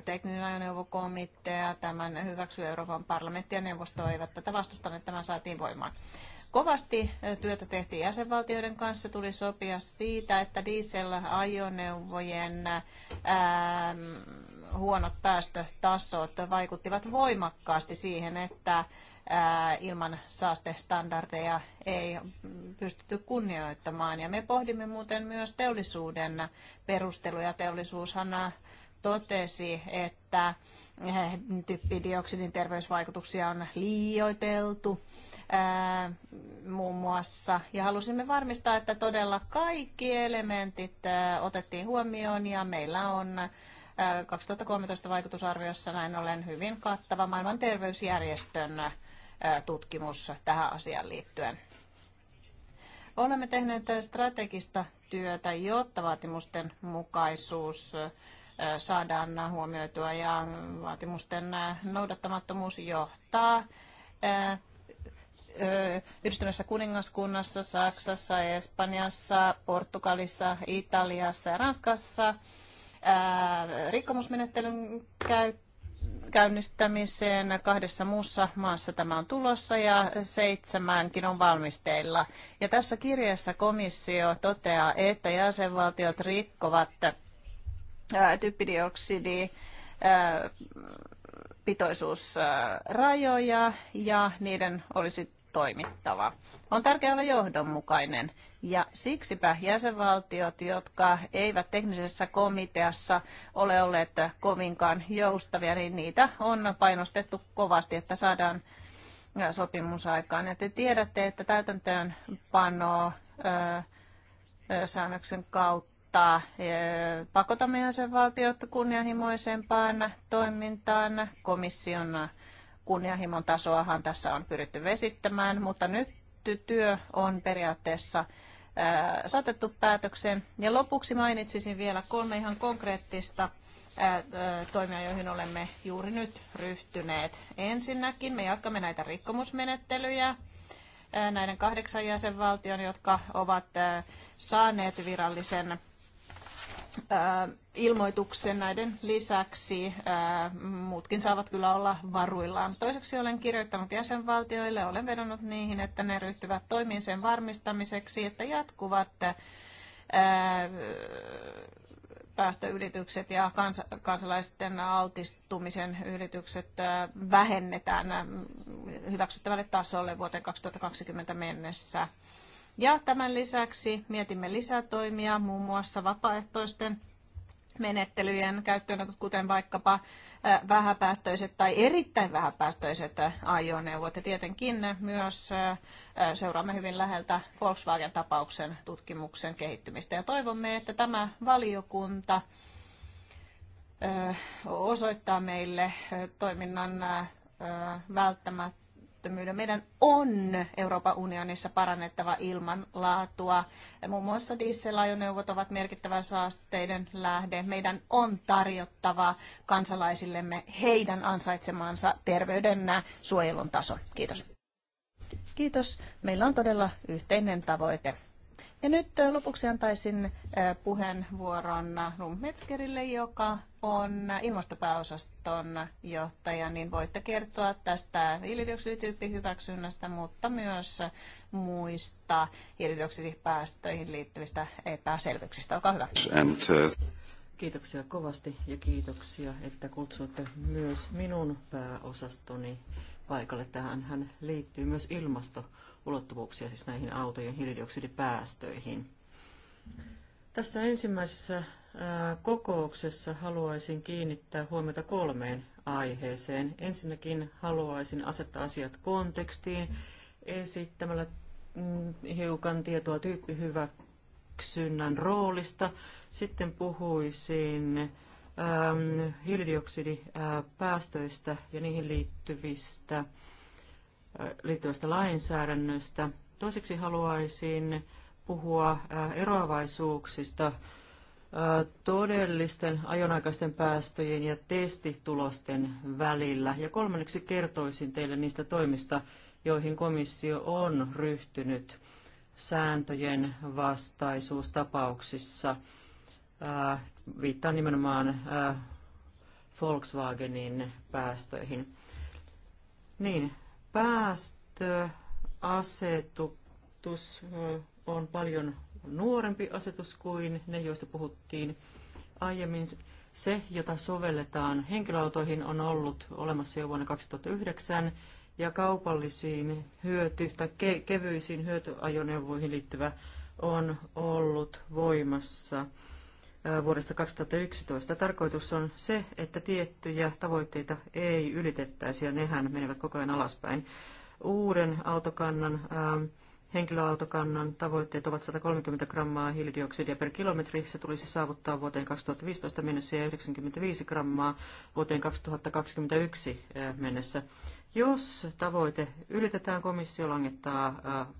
tekninen ajoneuvokomitea tämän hyväksyi Euroopan parlamentti ja neuvosto eivät tätä vastustaneet, tämä saatiin voimaan. Kovasti työtä tehtiin jäsenvaltioiden kanssa, tuli sopia siitä, että diesel-ajoneuvojen huonot päästötasot vaikuttivat voimakkaasti siihen, että ilman saastestandardeja ei pystytty kunnioittamaan. Ja me pohdimme muuten myös teollisuuden perusteluja. Teollisuushan totesi, että eh, typpidioksidin terveysvaikutuksia on liioiteltu muun muassa. Ja halusimme varmistaa, että todella kaikki elementit otettiin huomioon ja meillä on 2013 vaikutusarviossa näin ollen hyvin kattava maailman terveysjärjestön tutkimus tähän asiaan liittyen. Olemme tehneet strategista työtä, jotta vaatimusten mukaisuus saadaan huomioitua ja vaatimusten noudattamattomuus johtaa Yhdistyneessä kuningaskunnassa, Saksassa, Espanjassa, Portugalissa, Italiassa ja Ranskassa rikkomusmenettelyn käyttö käynnistämiseen. Kahdessa muussa maassa tämä on tulossa ja seitsemänkin on valmisteilla. Ja tässä kirjeessä komissio toteaa, että jäsenvaltiot rikkovat typpidioksidi pitoisuusrajoja ja niiden olisi toimittava. On tärkeää olla johdonmukainen ja siksipä jäsenvaltiot, jotka eivät teknisessä komiteassa ole olleet kovinkaan joustavia, niin niitä on painostettu kovasti, että saadaan äh, sopimus aikaan. Ja te tiedätte, että täytäntöönpano äh, äh, säännöksen kautta pakotamme jäsenvaltiot kunnianhimoisempaan toimintaan komission kunnianhimon tasoahan tässä on pyritty vesittämään, mutta nyt työ on periaatteessa saatettu päätökseen. Ja lopuksi mainitsisin vielä kolme ihan konkreettista toimia, joihin olemme juuri nyt ryhtyneet. Ensinnäkin me jatkamme näitä rikkomusmenettelyjä näiden kahdeksan jäsenvaltion, jotka ovat saaneet virallisen ilmoituksen näiden lisäksi. Muutkin saavat kyllä olla varuillaan. Toiseksi olen kirjoittanut jäsenvaltioille, olen vedonnut niihin, että ne ryhtyvät toimiin sen varmistamiseksi, että jatkuvat päästöylitykset ja kans, kansalaisten altistumisen ylitykset vähennetään hyväksyttävälle tasolle vuoteen 2020 mennessä. Ja tämän lisäksi mietimme lisätoimia muun muassa vapaaehtoisten menettelyjen käyttöönotot, kuten vaikkapa vähäpäästöiset tai erittäin vähäpäästöiset ajoneuvot. Ja tietenkin myös seuraamme hyvin läheltä Volkswagen-tapauksen tutkimuksen kehittymistä. Ja toivomme, että tämä valiokunta osoittaa meille toiminnan välttämättä työttömyyden. Meidän on Euroopan unionissa parannettava ilmanlaatua. Muun muassa dieselajoneuvot ovat merkittävä saasteiden lähde. Meidän on tarjottava kansalaisillemme heidän ansaitsemansa terveyden suojelun taso. Kiitos. Kiitos. Meillä on todella yhteinen tavoite. Ja nyt lopuksi antaisin eh, puheenvuoron Rummetskerille, joka on ilmastopääosaston johtaja, niin voitte kertoa tästä hiilidioksidityyppihyväksynnästä, mutta myös muista hiilidioksidipäästöihin liittyvistä epäselvyyksistä. Olkaa hyvä. Uh, kiitoksia kovasti ja kiitoksia, että kutsuitte myös minun pääosastoni paikalle. Tähän hän liittyy myös ilmastoulottuvuuksia, siis näihin autojen hiilidioksidipäästöihin. Tässä ensimmäisessä kokouksessa haluaisin kiinnittää huomiota kolmeen aiheeseen. Ensinnäkin haluaisin asettaa asiat kontekstiin esittämällä mm, hiukan tietoa tyyppihyväksynnän roolista. Sitten puhuisin hiilidioksidipäästöistä ja niihin liittyvistä, äh, liittyvästä lainsäädännöstä. Toiseksi haluaisin puhua äh, eroavaisuuksista äh, todellisten ajonaikaisten päästöjen ja testitulosten välillä. Ja kolmanneksi kertoisin teille niistä toimista, joihin komissio on ryhtynyt sääntöjen vastaisuustapauksissa. Äh, viittaan nimenomaan Volkswagenin päästöihin. Niin, päästöasetus on paljon nuorempi asetus kuin ne, joista puhuttiin aiemmin. Se, jota sovelletaan henkilöautoihin, on ollut olemassa jo vuonna 2009 ja kaupallisiin hyöty- tai ke- kevyisiin hyötyajoneuvoihin liittyvä on ollut voimassa vuodesta 2011. Tarkoitus on se, että tiettyjä tavoitteita ei ylitettäisi ja nehän menevät koko ajan alaspäin. Uuden autokannan ähm, Henkilöautokannan tavoitteet ovat 130 grammaa hiilidioksidia per kilometri. Se tulisi saavuttaa vuoteen 2015 mennessä ja 95 grammaa vuoteen 2021 eh, mennessä. Jos tavoite ylitetään, komissio langettaa eh,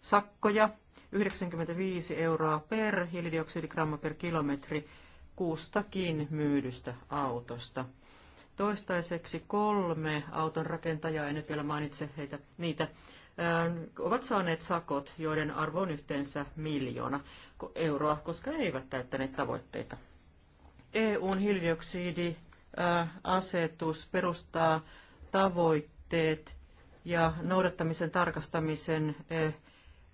sakkoja 95 euroa per hiilidioksidigramma per kilometri kustakin myydystä autosta. Toistaiseksi kolme auton rakentajaa, en nyt vielä mainitse heitä, niitä, Ähm, ovat saaneet sakot, joiden arvo on yhteensä miljoona euroa, koska eivät täyttäneet tavoitteita. EUn hiilidioksidiasetus äh, perustaa tavoitteet ja noudattamisen tarkastamisen äh,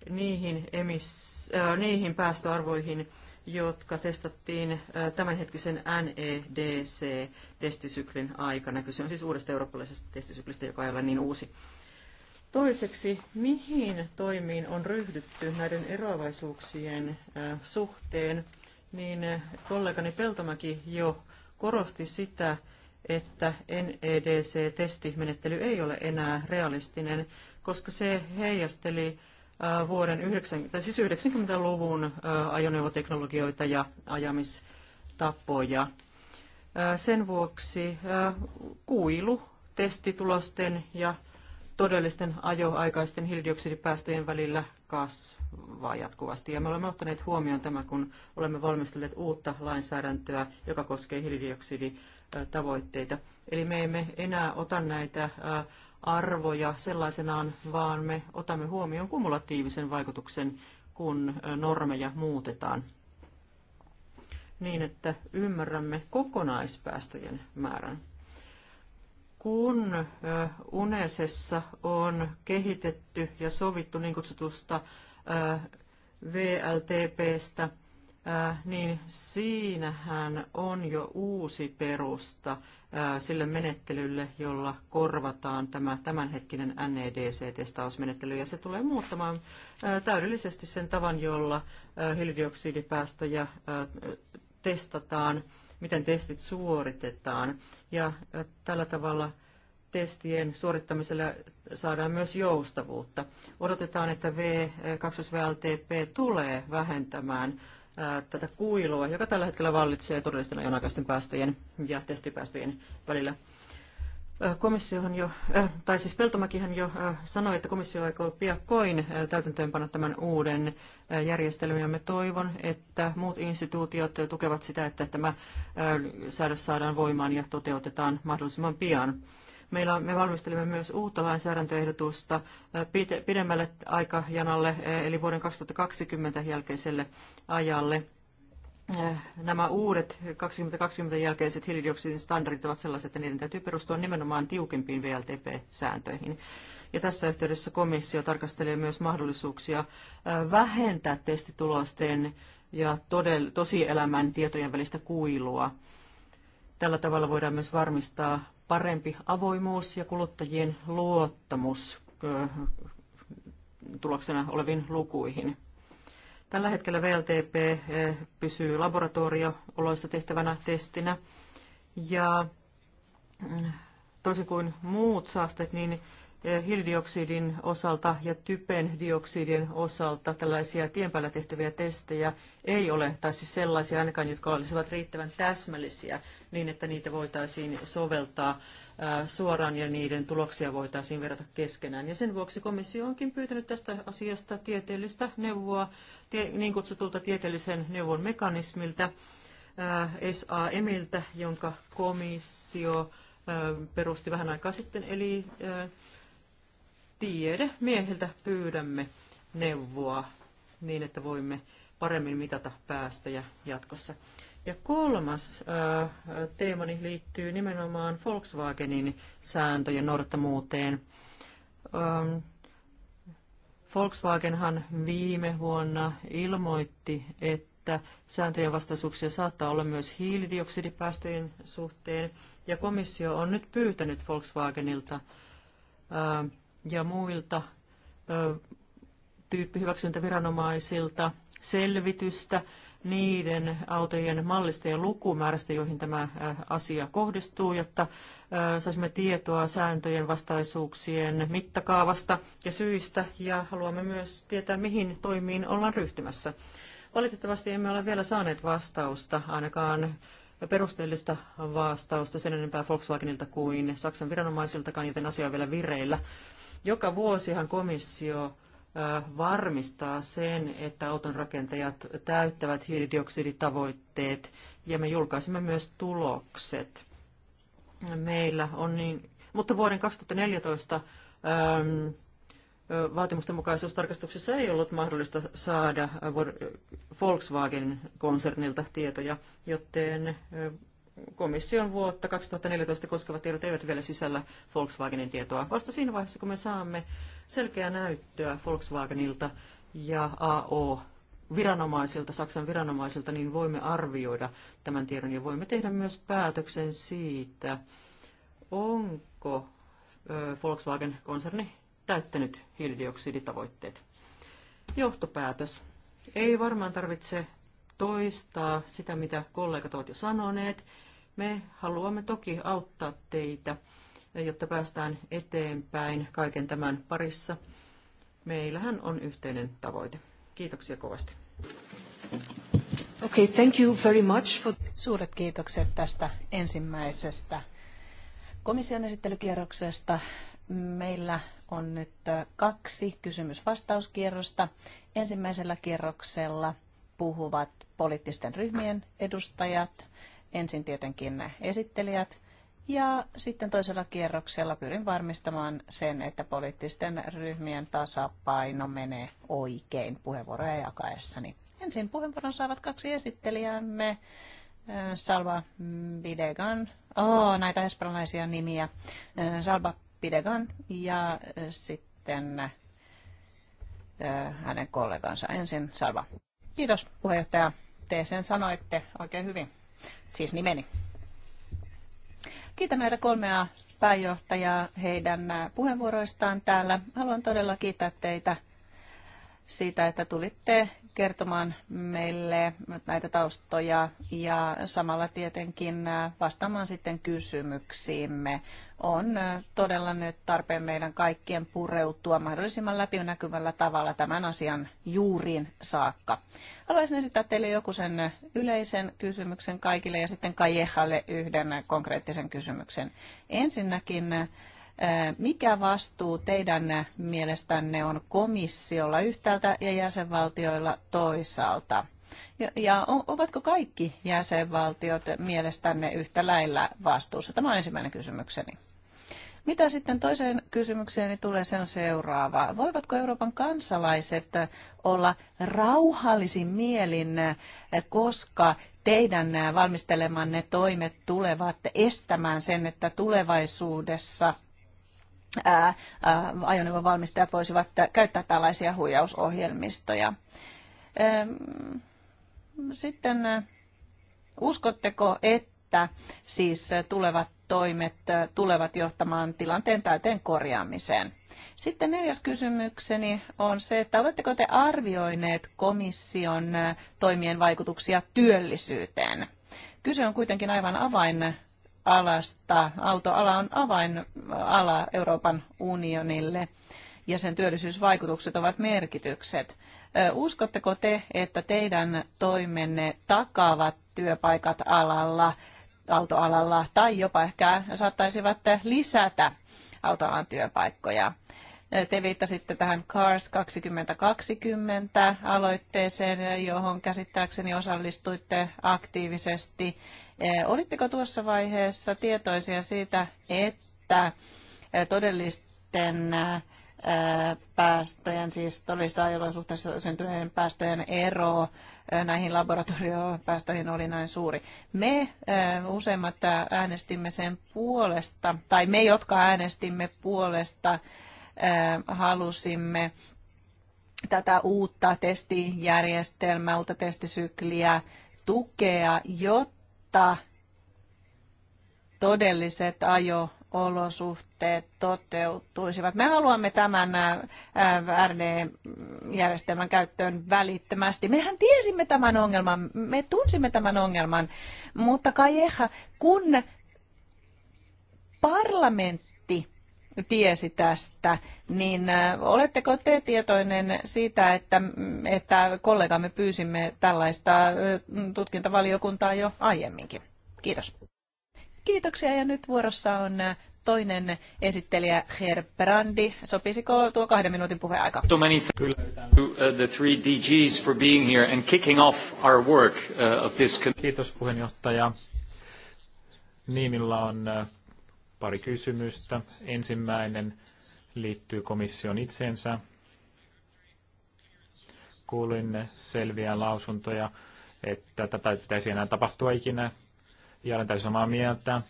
niihin, emis, äh, niihin päästöarvoihin, jotka testattiin tämänhetkisen NEDC-testisyklin aikana. Kyse on siis uudesta eurooppalaisesta testisyklistä, joka ei ole niin uusi. Toiseksi, mihin toimiin on ryhdytty näiden eroavaisuuksien suhteen, niin kollegani Peltomäki jo korosti sitä, että NEDC-testimenettely ei ole enää realistinen, koska se heijasteli vuoden 90, siis 90-luvun ajoneuvoteknologioita ja ajamistapoja. Sen vuoksi kuilu testitulosten ja todellisten ajoaikaisten hiilidioksidipäästöjen välillä kasvaa jatkuvasti. Ja me olemme ottaneet huomioon tämän, kun olemme valmistelleet uutta lainsäädäntöä, joka koskee hiilidioksiditavoitteita. Eli me emme enää ota näitä arvoja sellaisenaan, vaan me otamme huomioon kumulatiivisen vaikutuksen, kun normeja muutetaan niin, että ymmärrämme kokonaispäästöjen määrän kun UNESessa on kehitetty ja sovittu niin kutsutusta VLTPstä, niin siinähän on jo uusi perusta sille menettelylle, jolla korvataan tämä tämänhetkinen NEDC-testausmenettely, ja se tulee muuttamaan täydellisesti sen tavan, jolla hiilidioksidipäästöjä testataan miten testit suoritetaan. Ja tällä tavalla testien suorittamisella saadaan myös joustavuutta. Odotetaan, että V2VLTP tulee vähentämään tätä kuilua, joka tällä hetkellä vallitsee todellisten ajonaikaisten päästöjen ja testipäästöjen välillä. Äh, komissiohan jo, äh, tai siis Peltomäkihän jo äh, sanoi, että komissio aikoo piakkoin täytäntöönpanna tämän uuden järjestelmän, ja me toivon, että muut instituutiot tukevat sitä, että tämä säädös saadaan voimaan ja toteutetaan mahdollisimman pian. Meillä, me valmistelemme myös uutta lainsäädäntöehdotusta pidemmälle aikajanalle, eli vuoden 2020 jälkeiselle ajalle. Äh, nämä uudet 2020 jälkeiset hiilidioksidin standardit ovat sellaiset, että niiden täytyy perustua nimenomaan tiukempiin VLTP-sääntöihin. Ja tässä yhteydessä komissio tarkastelee myös mahdollisuuksia äh, vähentää testitulosten ja todell- tosielämän tietojen välistä kuilua. Tällä tavalla voidaan myös varmistaa parempi avoimuus ja kuluttajien luottamus äh, tuloksena oleviin lukuihin. Tällä hetkellä VLTP eh, pysyy laboratoriooloissa tehtävänä testinä ja mm, toisin kuin muut saasteet, niin eh, hiilidioksidin osalta ja typen dioksidin osalta tällaisia tien päällä tehtäviä testejä ei ole, tai siis sellaisia ainakaan, jotka olisivat riittävän täsmällisiä niin, että niitä voitaisiin soveltaa suoraan ja niiden tuloksia voitaisiin verrata keskenään. Ja sen vuoksi komissio onkin pyytänyt tästä asiasta tieteellistä neuvoa niin kutsutulta tieteellisen neuvon mekanismilta, SAMiltä, jonka komissio perusti vähän aikaa sitten, eli tiede miehiltä pyydämme neuvoa niin, että voimme paremmin mitata päästöjä jatkossa. Ja kolmas äh, teemani liittyy nimenomaan Volkswagenin sääntöjen noudattamuuteen. Ähm, Volkswagenhan viime vuonna ilmoitti, että sääntöjen vastaisuuksia saattaa olla myös hiilidioksidipäästöjen suhteen, ja komissio on nyt pyytänyt Volkswagenilta äh, ja muilta äh, tyyppihyväksyntäviranomaisilta selvitystä niiden autojen mallista ja lukumäärästä, joihin tämä asia kohdistuu, jotta saisimme tietoa sääntöjen vastaisuuksien mittakaavasta ja syistä ja haluamme myös tietää, mihin toimiin ollaan ryhtymässä. Valitettavasti emme ole vielä saaneet vastausta, ainakaan perusteellista vastausta sen enempää Volkswagenilta kuin Saksan viranomaisiltakaan, joten asia on vielä vireillä. Joka vuosihan komissio varmistaa sen, että auton rakentajat täyttävät hiilidioksiditavoitteet ja me julkaisimme myös tulokset. Meillä on niin, mutta vuoden 2014 vaatimusten mukaisuustarkastuksessa ei ollut mahdollista saada Volkswagen-konsernilta tietoja, joten komission vuotta 2014 koskevat tiedot eivät vielä sisällä Volkswagenin tietoa. Vasta siinä vaiheessa, kun me saamme selkeää näyttöä Volkswagenilta ja AO viranomaisilta, Saksan viranomaisilta, niin voimme arvioida tämän tiedon ja voimme tehdä myös päätöksen siitä, onko Volkswagen-konserni täyttänyt hiilidioksiditavoitteet. Johtopäätös. Ei varmaan tarvitse toistaa sitä, mitä kollegat ovat jo sanoneet. Me haluamme toki auttaa teitä jotta päästään eteenpäin kaiken tämän parissa. Meillähän on yhteinen tavoite. Kiitoksia kovasti. Okay, thank you very much for... Suuret kiitokset tästä ensimmäisestä komission esittelykierroksesta. Meillä on nyt kaksi kysymysvastauskierrosta. Ensimmäisellä kierroksella puhuvat poliittisten ryhmien edustajat, ensin tietenkin esittelijät ja sitten toisella kierroksella pyrin varmistamaan sen, että poliittisten ryhmien tasapaino menee oikein puheenvuoroja jakaessani. Ensin puheenvuoron saavat kaksi esittelijäämme. Salva Bidegan, oh, näitä espanjalaisia nimiä. Salva Bidegan ja sitten hänen kollegansa. Ensin Salva. Kiitos puheenjohtaja. Te sen sanoitte oikein hyvin. Siis nimeni. Kiitän näitä kolmea pääjohtajaa heidän puheenvuoroistaan täällä. Haluan todella kiittää teitä siitä, että tulitte kertomaan meille näitä taustoja ja samalla tietenkin vastaamaan sitten kysymyksiimme. On todella nyt tarpeen meidän kaikkien pureutua mahdollisimman läpinäkyvällä tavalla tämän asian juuriin saakka. Haluaisin esittää teille joku sen yleisen kysymyksen kaikille ja sitten Kajehalle yhden konkreettisen kysymyksen. Ensinnäkin mikä vastuu teidän mielestänne on komissiolla yhtäältä ja jäsenvaltioilla toisaalta? Ja ovatko kaikki jäsenvaltiot mielestänne yhtä lailla vastuussa? Tämä on ensimmäinen kysymykseni. Mitä sitten toiseen kysymykseen niin tulee, se on seuraava. Voivatko Euroopan kansalaiset olla rauhallisin mielin, koska teidän valmistelemanne toimet tulevat estämään sen, että tulevaisuudessa – ajoneuvon valmistajat voisivat käyttää tällaisia huijausohjelmistoja. Sitten uskotteko, että siis tulevat toimet tulevat johtamaan tilanteen täyteen korjaamiseen? Sitten neljäs kysymykseni on se, että oletteko te arvioineet komission toimien vaikutuksia työllisyyteen? Kyse on kuitenkin aivan avain alasta. Autoala on avainala Euroopan unionille ja sen työllisyysvaikutukset ovat merkitykset. Uskotteko te, että teidän toimenne takaavat työpaikat alalla, autoalalla tai jopa ehkä saattaisivat lisätä autoalan työpaikkoja? Te viittasitte tähän CARS 2020 aloitteeseen, johon käsittääkseni osallistuitte aktiivisesti. Eh, olitteko tuossa vaiheessa tietoisia siitä, että eh, todellisten eh, päästöjen, siis todellisessa ajolosuhteissa syntyneiden päästöjen ero näihin laboratoriopäästöihin oli näin suuri. Me useimmat äänestimme sen puolesta, tai me, jotka äänestimme puolesta, halusimme tätä uutta testijärjestelmää, uutta testisykliä tukea, jotta jotta todelliset ajo olosuhteet toteutuisivat. Me haluamme tämän RD-järjestelmän käyttöön välittömästi. Mehän tiesimme tämän ongelman, me tunsimme tämän ongelman, mutta kai ehkä kun parlamentti tiesi tästä, niin äh, oletteko te tietoinen siitä, että, että kollegamme pyysimme tällaista äh, tutkintavaliokuntaa jo aiemminkin? Kiitos. Kiitoksia ja nyt vuorossa on äh, toinen esittelijä Herr Brandi. Sopisiko tuo kahden minuutin puheaika? So many uh, the three DGs for being here and kicking off our work uh, of this. Kiitos puheenjohtaja. Niimillä on on uh, Pari kysymystä. Ensimmäinen liittyy komission itseensä. Kuulin selviä lausuntoja, että tätä ei pitäisi enää tapahtua ikinä. Ja olen täysin samaa mieltä.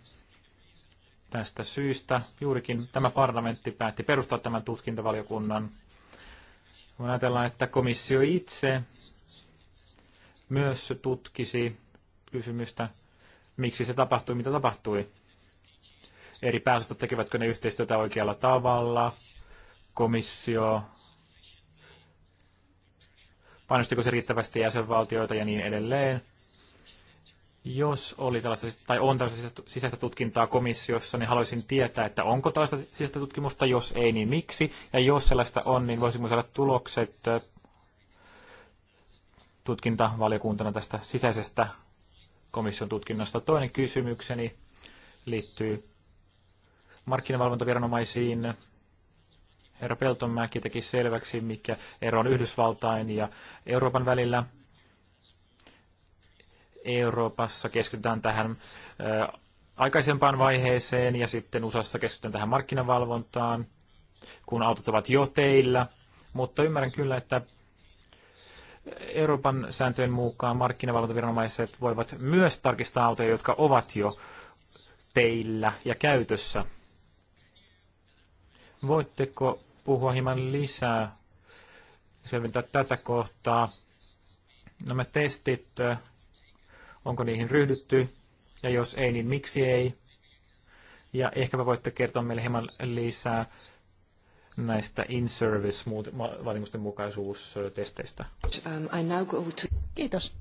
Tästä syystä juurikin tämä parlamentti päätti perustaa tämän tutkintavaliokunnan. Kun ajatellaan, että komissio itse myös tutkisi kysymystä, miksi se tapahtui, mitä tapahtui eri pääosastot tekevätkö ne yhteistyötä oikealla tavalla, komissio, painostiko se riittävästi jäsenvaltioita ja niin edelleen. Jos oli tällaista, tai on tällaista sisäistä tutkintaa komissiossa, niin haluaisin tietää, että onko tällaista sisäistä tutkimusta, jos ei, niin miksi, ja jos sellaista on, niin voisimme saada tulokset äh, tutkintavaliokuntana tästä sisäisestä komission tutkinnasta. Toinen kysymykseni liittyy markkinavalvontaviranomaisiin. Herra Peltonmäki teki selväksi, mikä ero on Yhdysvaltain ja Euroopan välillä. Euroopassa keskitytään tähän aikaisempaan vaiheeseen ja sitten USAssa keskitytään tähän markkinavalvontaan, kun autot ovat jo teillä. Mutta ymmärrän kyllä, että Euroopan sääntöjen mukaan markkinavalvontaviranomaiset voivat myös tarkistaa autoja, jotka ovat jo teillä ja käytössä. Voitteko puhua hieman lisää, selventää tätä kohtaa? Nämä testit, onko niihin ryhdytty? Ja jos ei, niin miksi ei? Ja ehkäpä voitte kertoa meille hieman lisää näistä in-service-vaatimusten mukaisuustesteistä. Um, Kiitos.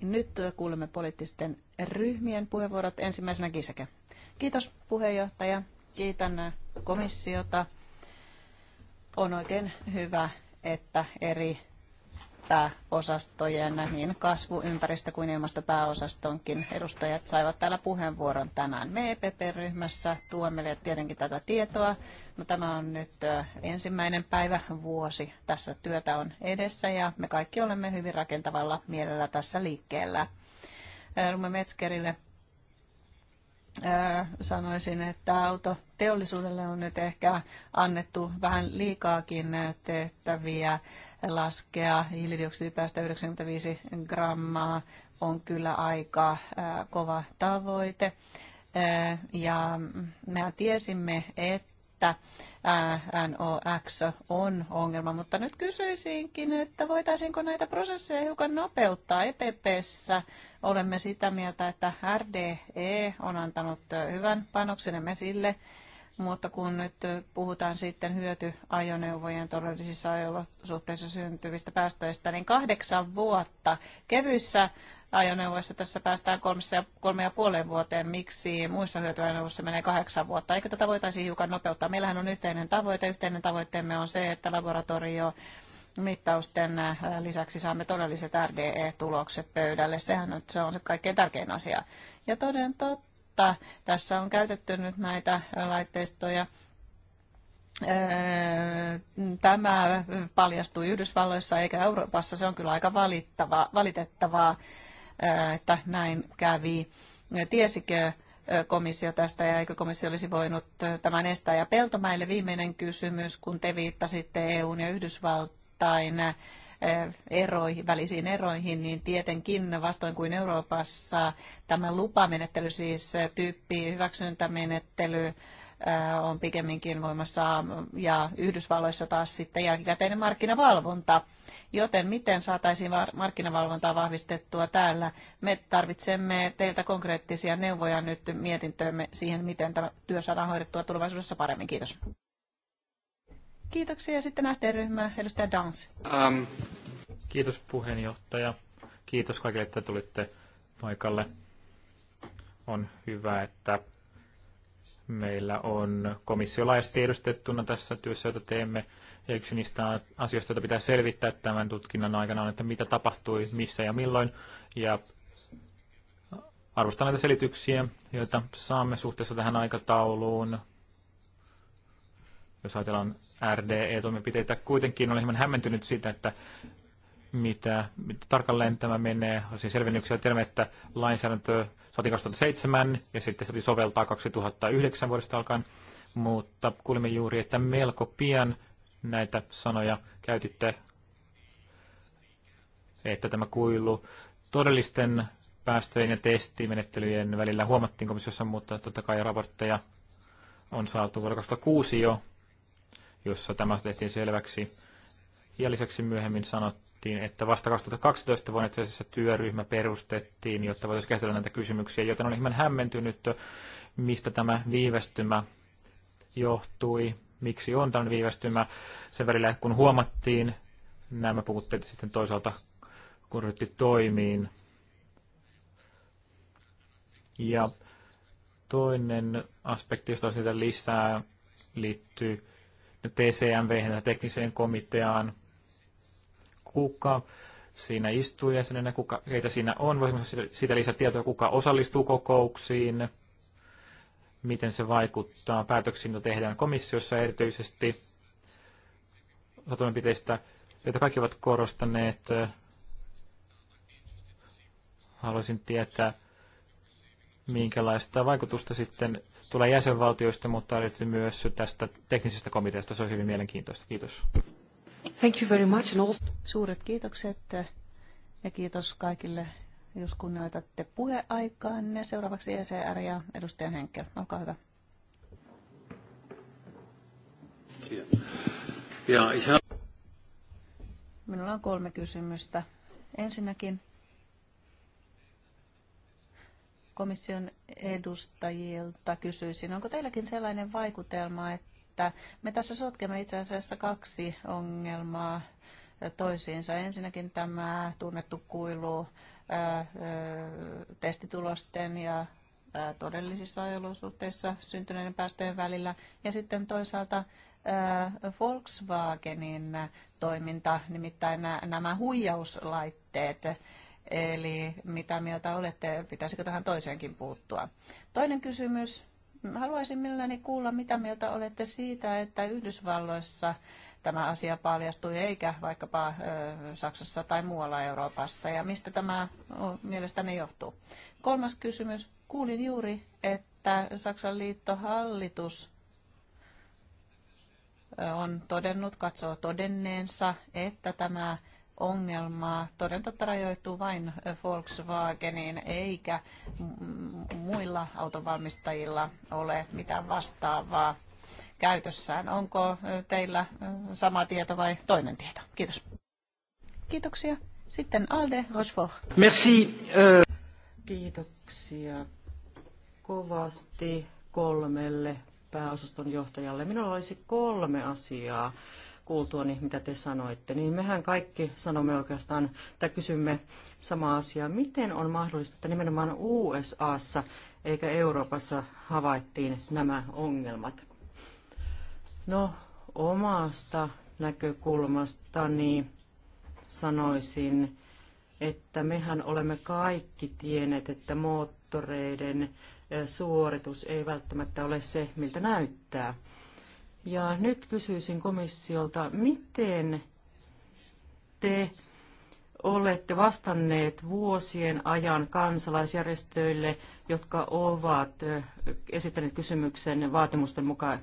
Nyt kuulemme poliittisten ryhmien puheenvuorot. Ensimmäisenä Kiseke. Kiitos puheenjohtaja. Kiitän komissiota. On oikein hyvä, että eri pääosastojen, niin kasvuympäristö kuin ilmastopääosastonkin edustajat saivat täällä puheenvuoron tänään. Me EPP-ryhmässä tuomme tietenkin tätä tietoa. No, tämä on nyt ensimmäinen päivä vuosi. Tässä työtä on edessä ja me kaikki olemme hyvin rakentavalla mielellä tässä liikkeellä. Rumme Metskerille sanoisin, että autoteollisuudelle on nyt ehkä annettu vähän liikaakin tehtäviä laskea. Hiilidioksidipäästä 95 grammaa on kyllä aika kova tavoite. Ja mehän tiesimme, että että NOx on ongelma, mutta nyt kysyisinkin, että voitaisiinko näitä prosesseja hiukan nopeuttaa. EPPssä olemme sitä mieltä, että RDE on antanut hyvän panoksenemme sille, mutta kun nyt puhutaan sitten hyötyajoneuvojen todellisissa ajolosuhteissa syntyvistä päästöistä, niin kahdeksan vuotta kevyissä ajoneuvoissa tässä päästään kolmessa ja, kolme ja puoleen vuoteen. Miksi muissa hyötyajoneuvoissa menee kahdeksan vuotta? Eikö tätä voitaisiin hiukan nopeuttaa? Meillähän on yhteinen tavoite. Yhteinen tavoitteemme on se, että laboratorio mittausten äh, lisäksi saamme todelliset RDE-tulokset pöydälle. Sehän on se, on se kaikkein tärkein asia. Ja toden totta, tässä on käytetty nyt näitä laitteistoja äh, Tämä paljastui Yhdysvalloissa eikä Euroopassa. Se on kyllä aika valittavaa, valitettavaa että näin kävi. Tiesikö komissio tästä ja eikö komissio olisi voinut tämän estää? Ja Peltomäille viimeinen kysymys, kun te viittasitte EUn ja Yhdysvaltain eroihin, välisiin eroihin, niin tietenkin vastoin kuin Euroopassa tämä lupamenettely, siis tyyppi hyväksyntämenettely on pikemminkin voimassa ja Yhdysvalloissa taas sitten jälkikäteinen markkinavalvonta. Joten miten saataisiin markkinavalvontaa vahvistettua täällä? Me tarvitsemme teiltä konkreettisia neuvoja nyt mietintöömme siihen, miten tämä työ saadaan hoidettua tulevaisuudessa paremmin. Kiitos. Kiitoksia. Sitten SD-ryhmä, edustaja Dans. Um. Kiitos puheenjohtaja. Kiitos kaikille, että tulitte paikalle. On hyvä, että Meillä on komissio laajasti edustettuna tässä työssä, jota teemme. Ja yksi niistä asioista, joita pitää selvittää tämän tutkinnan aikana, on, että mitä tapahtui, missä ja milloin. Ja arvostan näitä selityksiä, joita saamme suhteessa tähän aikatauluun. Jos ajatellaan RDE-toimenpiteitä, kuitenkin olen hieman hämmentynyt siitä, että mitä, mitä tarkalleen tämä menee. Siis selvennyksiä termi, että lainsäädäntö saatiin 2007 ja sitten se soveltaa 2009 vuodesta alkaen, mutta kuulimme juuri, että melko pian näitä sanoja käytitte, että tämä kuilu todellisten päästöjen ja testimenettelyjen välillä huomattiin komissiossa, mutta totta kai raportteja on saatu vuonna 2006 jo, jossa tämä tehtiin selväksi. Ja lisäksi myöhemmin sanottiin, todettiin, että vasta 2012 vuonna itse asiassa työryhmä perustettiin, jotta voitaisiin käsitellä näitä kysymyksiä, joten on hieman hämmentynyt, mistä tämä viivästymä johtui, miksi on tämä viivästymä sen välillä, kun huomattiin nämä puutteet sitten toisaalta, kun ryhti toimiin. Ja toinen aspekti, josta sitä lisää, liittyy TCMV, tekniseen komiteaan, kuka siinä istuu sinne kuka, keitä siinä on, voisimme siitä lisätietoa, kuka osallistuu kokouksiin, miten se vaikuttaa päätöksiin, tehdään komissiossa erityisesti toimenpiteistä, joita kaikki ovat korostaneet. Haluaisin tietää, minkälaista vaikutusta sitten tulee jäsenvaltioista, mutta myös tästä teknisestä komiteasta. Se on hyvin mielenkiintoista. Kiitos. Thank you very much. And also... Suuret kiitokset ja kiitos kaikille, jos kunnioitatte puheaikaanne. Seuraavaksi ECR ja edustaja Henkel. Olkaa hyvä. Minulla on kolme kysymystä. Ensinnäkin komission edustajilta kysyisin, onko teilläkin sellainen vaikutelma, että että me tässä sotkemme itse asiassa kaksi ongelmaa toisiinsa. Ensinnäkin tämä tunnettu kuilu testitulosten ja todellisissa ajolosuhteissa syntyneiden päästöjen välillä. Ja sitten toisaalta Volkswagenin toiminta, nimittäin nämä huijauslaitteet, eli mitä mieltä olette, pitäisikö tähän toiseenkin puuttua. Toinen kysymys Haluaisin mielelläni kuulla, mitä mieltä olette siitä, että Yhdysvalloissa tämä asia paljastui, eikä vaikkapa Saksassa tai muualla Euroopassa, ja mistä tämä mielestäni johtuu. Kolmas kysymys. Kuulin juuri, että Saksan liittohallitus on todennut, katsoo todenneensa, että tämä ongelma toden totta rajoittuu vain Volkswageniin, eikä muilla autonvalmistajilla ole mitään vastaavaa käytössään. Onko teillä sama tieto vai toinen tieto? Kiitos. Kiitoksia. Sitten Alde Rochefort. Merci. Euh. Kiitoksia kovasti kolmelle pääosaston johtajalle. Minulla olisi kolme asiaa niin mitä te sanoitte, niin mehän kaikki sanomme oikeastaan tai kysymme samaa asiaa. Miten on mahdollista, että nimenomaan USAssa eikä Euroopassa havaittiin nämä ongelmat? No, omasta niin sanoisin, että mehän olemme kaikki tienneet, että moottoreiden eh, suoritus ei välttämättä ole se, miltä näyttää. Ja nyt kysyisin komissiolta, miten te olette vastanneet vuosien ajan kansalaisjärjestöille, jotka ovat esittäneet kysymyksen vaatimusten muka-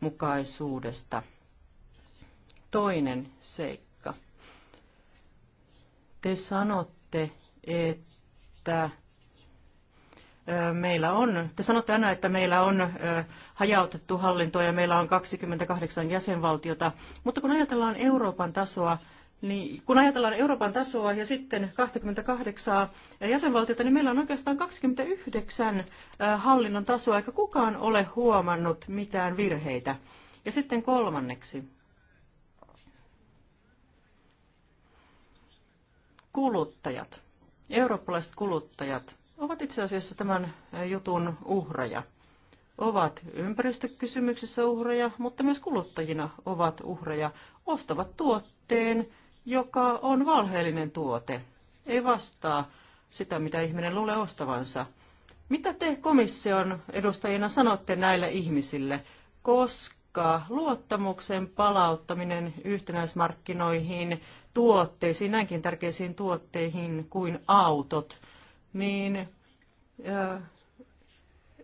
mukaisuudesta. Toinen seikka. Te sanotte, että meillä on, te sanotte aina, että meillä on hajautettu hallinto ja meillä on 28 jäsenvaltiota. Mutta kun ajatellaan Euroopan tasoa, niin kun ajatellaan Euroopan tasoa ja sitten 28 jäsenvaltiota, niin meillä on oikeastaan 29 hallinnon tasoa, eikä kukaan ole huomannut mitään virheitä. Ja sitten kolmanneksi. Kuluttajat, eurooppalaiset kuluttajat, ovat itse asiassa tämän jutun uhreja ovat ympäristökysymyksissä uhreja, mutta myös kuluttajina ovat uhreja. Ostavat tuotteen, joka on valheellinen tuote, ei vastaa sitä, mitä ihminen luulee ostavansa. Mitä te komission edustajina sanotte näille ihmisille, koska luottamuksen palauttaminen yhtenäismarkkinoihin, tuotteisiin, näinkin tärkeisiin tuotteihin kuin autot, niin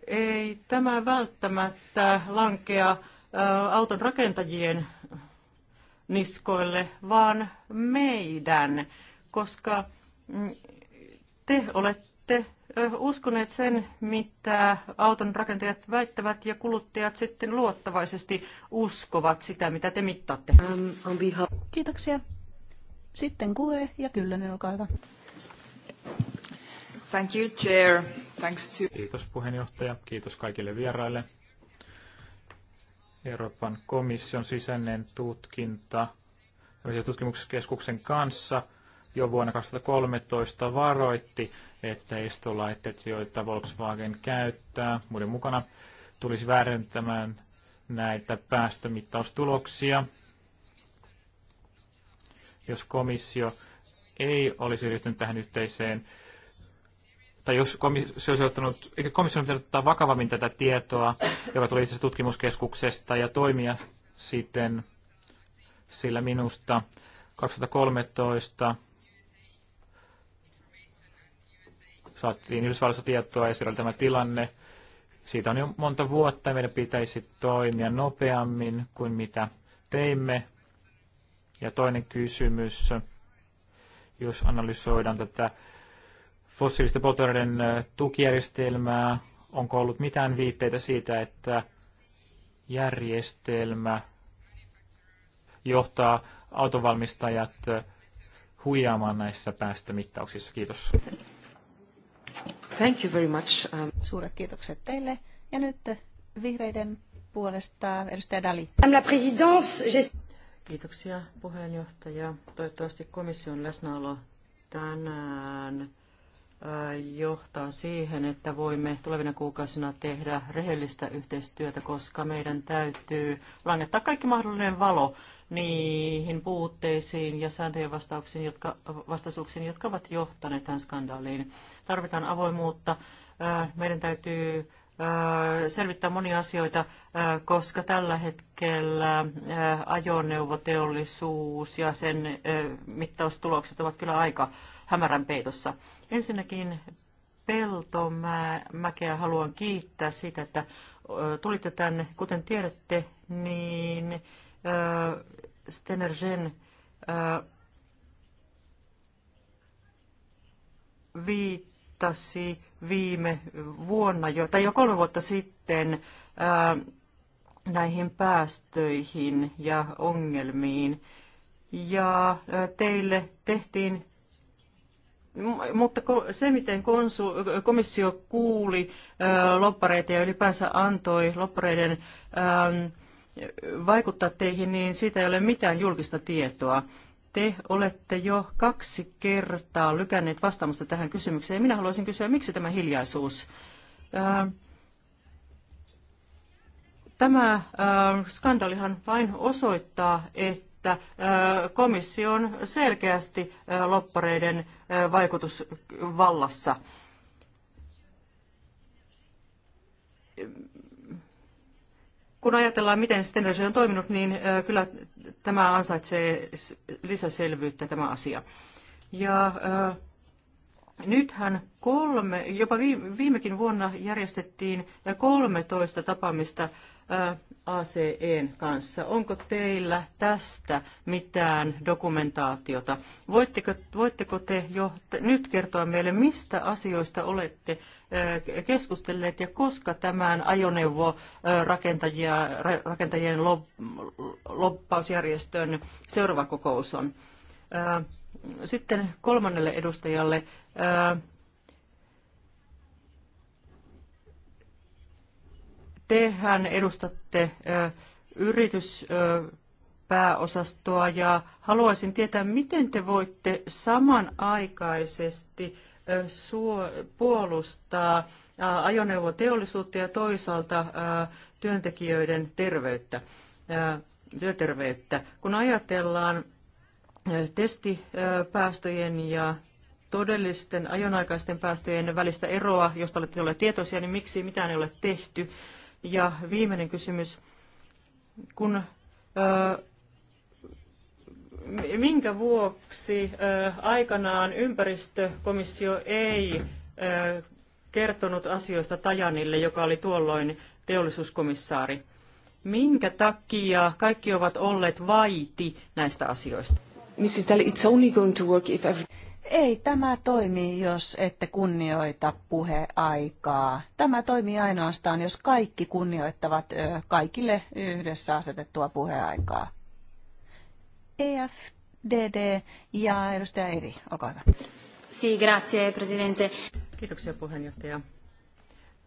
ei tämä välttämättä lankea auton rakentajien niskoille, vaan meidän, koska mm, te olette uskoneet sen, mitä auton rakentajat väittävät ja kuluttajat sitten luottavaisesti uskovat sitä, mitä te mittaatte. Ähm, Kiitoksia. Sitten Kue ja Kyllönen, olkaa hyvä. Thank you, Chair. Thanks to... Kiitos puheenjohtaja, kiitos kaikille vieraille. Euroopan komission sisäinen tutkinta tutkimuskeskuksen kanssa jo vuonna 2013 varoitti, että istolaitteet, joita Volkswagen käyttää muiden mukana, tulisi väärentämään näitä päästömittaustuloksia. Jos komissio ei olisi ryhtynyt tähän yhteiseen tai jos komissio olisi ottanut, eikä komissio olisi pitänyt ottaa vakavammin tätä tietoa, joka tuli itse tutkimuskeskuksesta ja toimia sitten sillä minusta 2013 saatiin Yhdysvallassa tietoa ja siellä oli tämä tilanne. Siitä on jo monta vuotta ja meidän pitäisi toimia nopeammin kuin mitä teimme. Ja toinen kysymys, jos analysoidaan tätä fossiilisten polttoaineiden tukijärjestelmää, onko ollut mitään viitteitä siitä, että järjestelmä johtaa autovalmistajat huijaamaan näissä päästömittauksissa. Kiitos. Thank you very much. Um... Suuret kiitokset teille. Ja nyt vihreiden puolesta edustaja Dali. Kiitoksia puheenjohtaja. Toivottavasti komission läsnäolo tänään johtaa siihen, että voimme tulevina kuukausina tehdä rehellistä yhteistyötä, koska meidän täytyy langettaa kaikki mahdollinen valo niihin puutteisiin ja sääntöjen vastauksiin, jotka, vastaisuuksiin, jotka ovat johtaneet tähän skandaaliin. Tarvitaan avoimuutta. Meidän täytyy selvittää monia asioita, koska tällä hetkellä ajoneuvoteollisuus ja sen mittaustulokset ovat kyllä aika hämärän peitossa. Ensinnäkin Peltomäkeä haluan kiittää siitä, että tulitte tänne. Kuten tiedätte, niin Stenergen viittasi viime vuonna, jo, tai jo kolme vuotta sitten, näihin päästöihin ja ongelmiin. Ja teille tehtiin mutta se, miten konsu, komissio kuuli loppareita ja ylipäänsä antoi loppareiden ähm, vaikuttaa teihin, niin siitä ei ole mitään julkista tietoa. Te olette jo kaksi kertaa lykänneet vastaamusta tähän kysymykseen. Minä haluaisin kysyä, miksi tämä hiljaisuus? Ähm, tämä äh, skandaalihan vain osoittaa, että että komissio on selkeästi loppareiden vaikutusvallassa. Kun ajatellaan, miten Stenergy on toiminut, niin kyllä tämä ansaitsee lisäselvyyttä tämä asia. Ja Nythän kolme, jopa viimekin vuonna järjestettiin 13 tapaamista ACEn kanssa. Onko teillä tästä mitään dokumentaatiota? Voitteko, voitteko te jo nyt kertoa meille, mistä asioista olette keskustelleet ja koska tämän ajoneuvorakentajien lobbausjärjestön seuraava kokous on? Sitten kolmannelle edustajalle Tehän edustatte yrityspääosastoa ja haluaisin tietää, miten te voitte samanaikaisesti puolustaa ajoneuvoteollisuutta ja toisaalta työntekijöiden terveyttä, työterveyttä. Kun ajatellaan testipäästöjen ja todellisten ajonaikaisten päästöjen välistä eroa, josta olette olleet tietoisia, niin miksi mitään ei ole tehty? Ja viimeinen kysymys, kun ö, minkä vuoksi ö, aikanaan ympäristökomissio ei ö, kertonut asioista Tajanille, joka oli tuolloin teollisuuskomissaari? Minkä takia kaikki ovat olleet vaiti näistä asioista? Mrs. Dalli, it's only going to work if every... Ei tämä toimi, jos ette kunnioita puheaikaa. Tämä toimii ainoastaan, jos kaikki kunnioittavat kaikille yhdessä asetettua puheaikaa. EFDD ja edustaja Eri, olkaa hyvä. Si, grazie, presidente. Kiitoksia puheenjohtaja.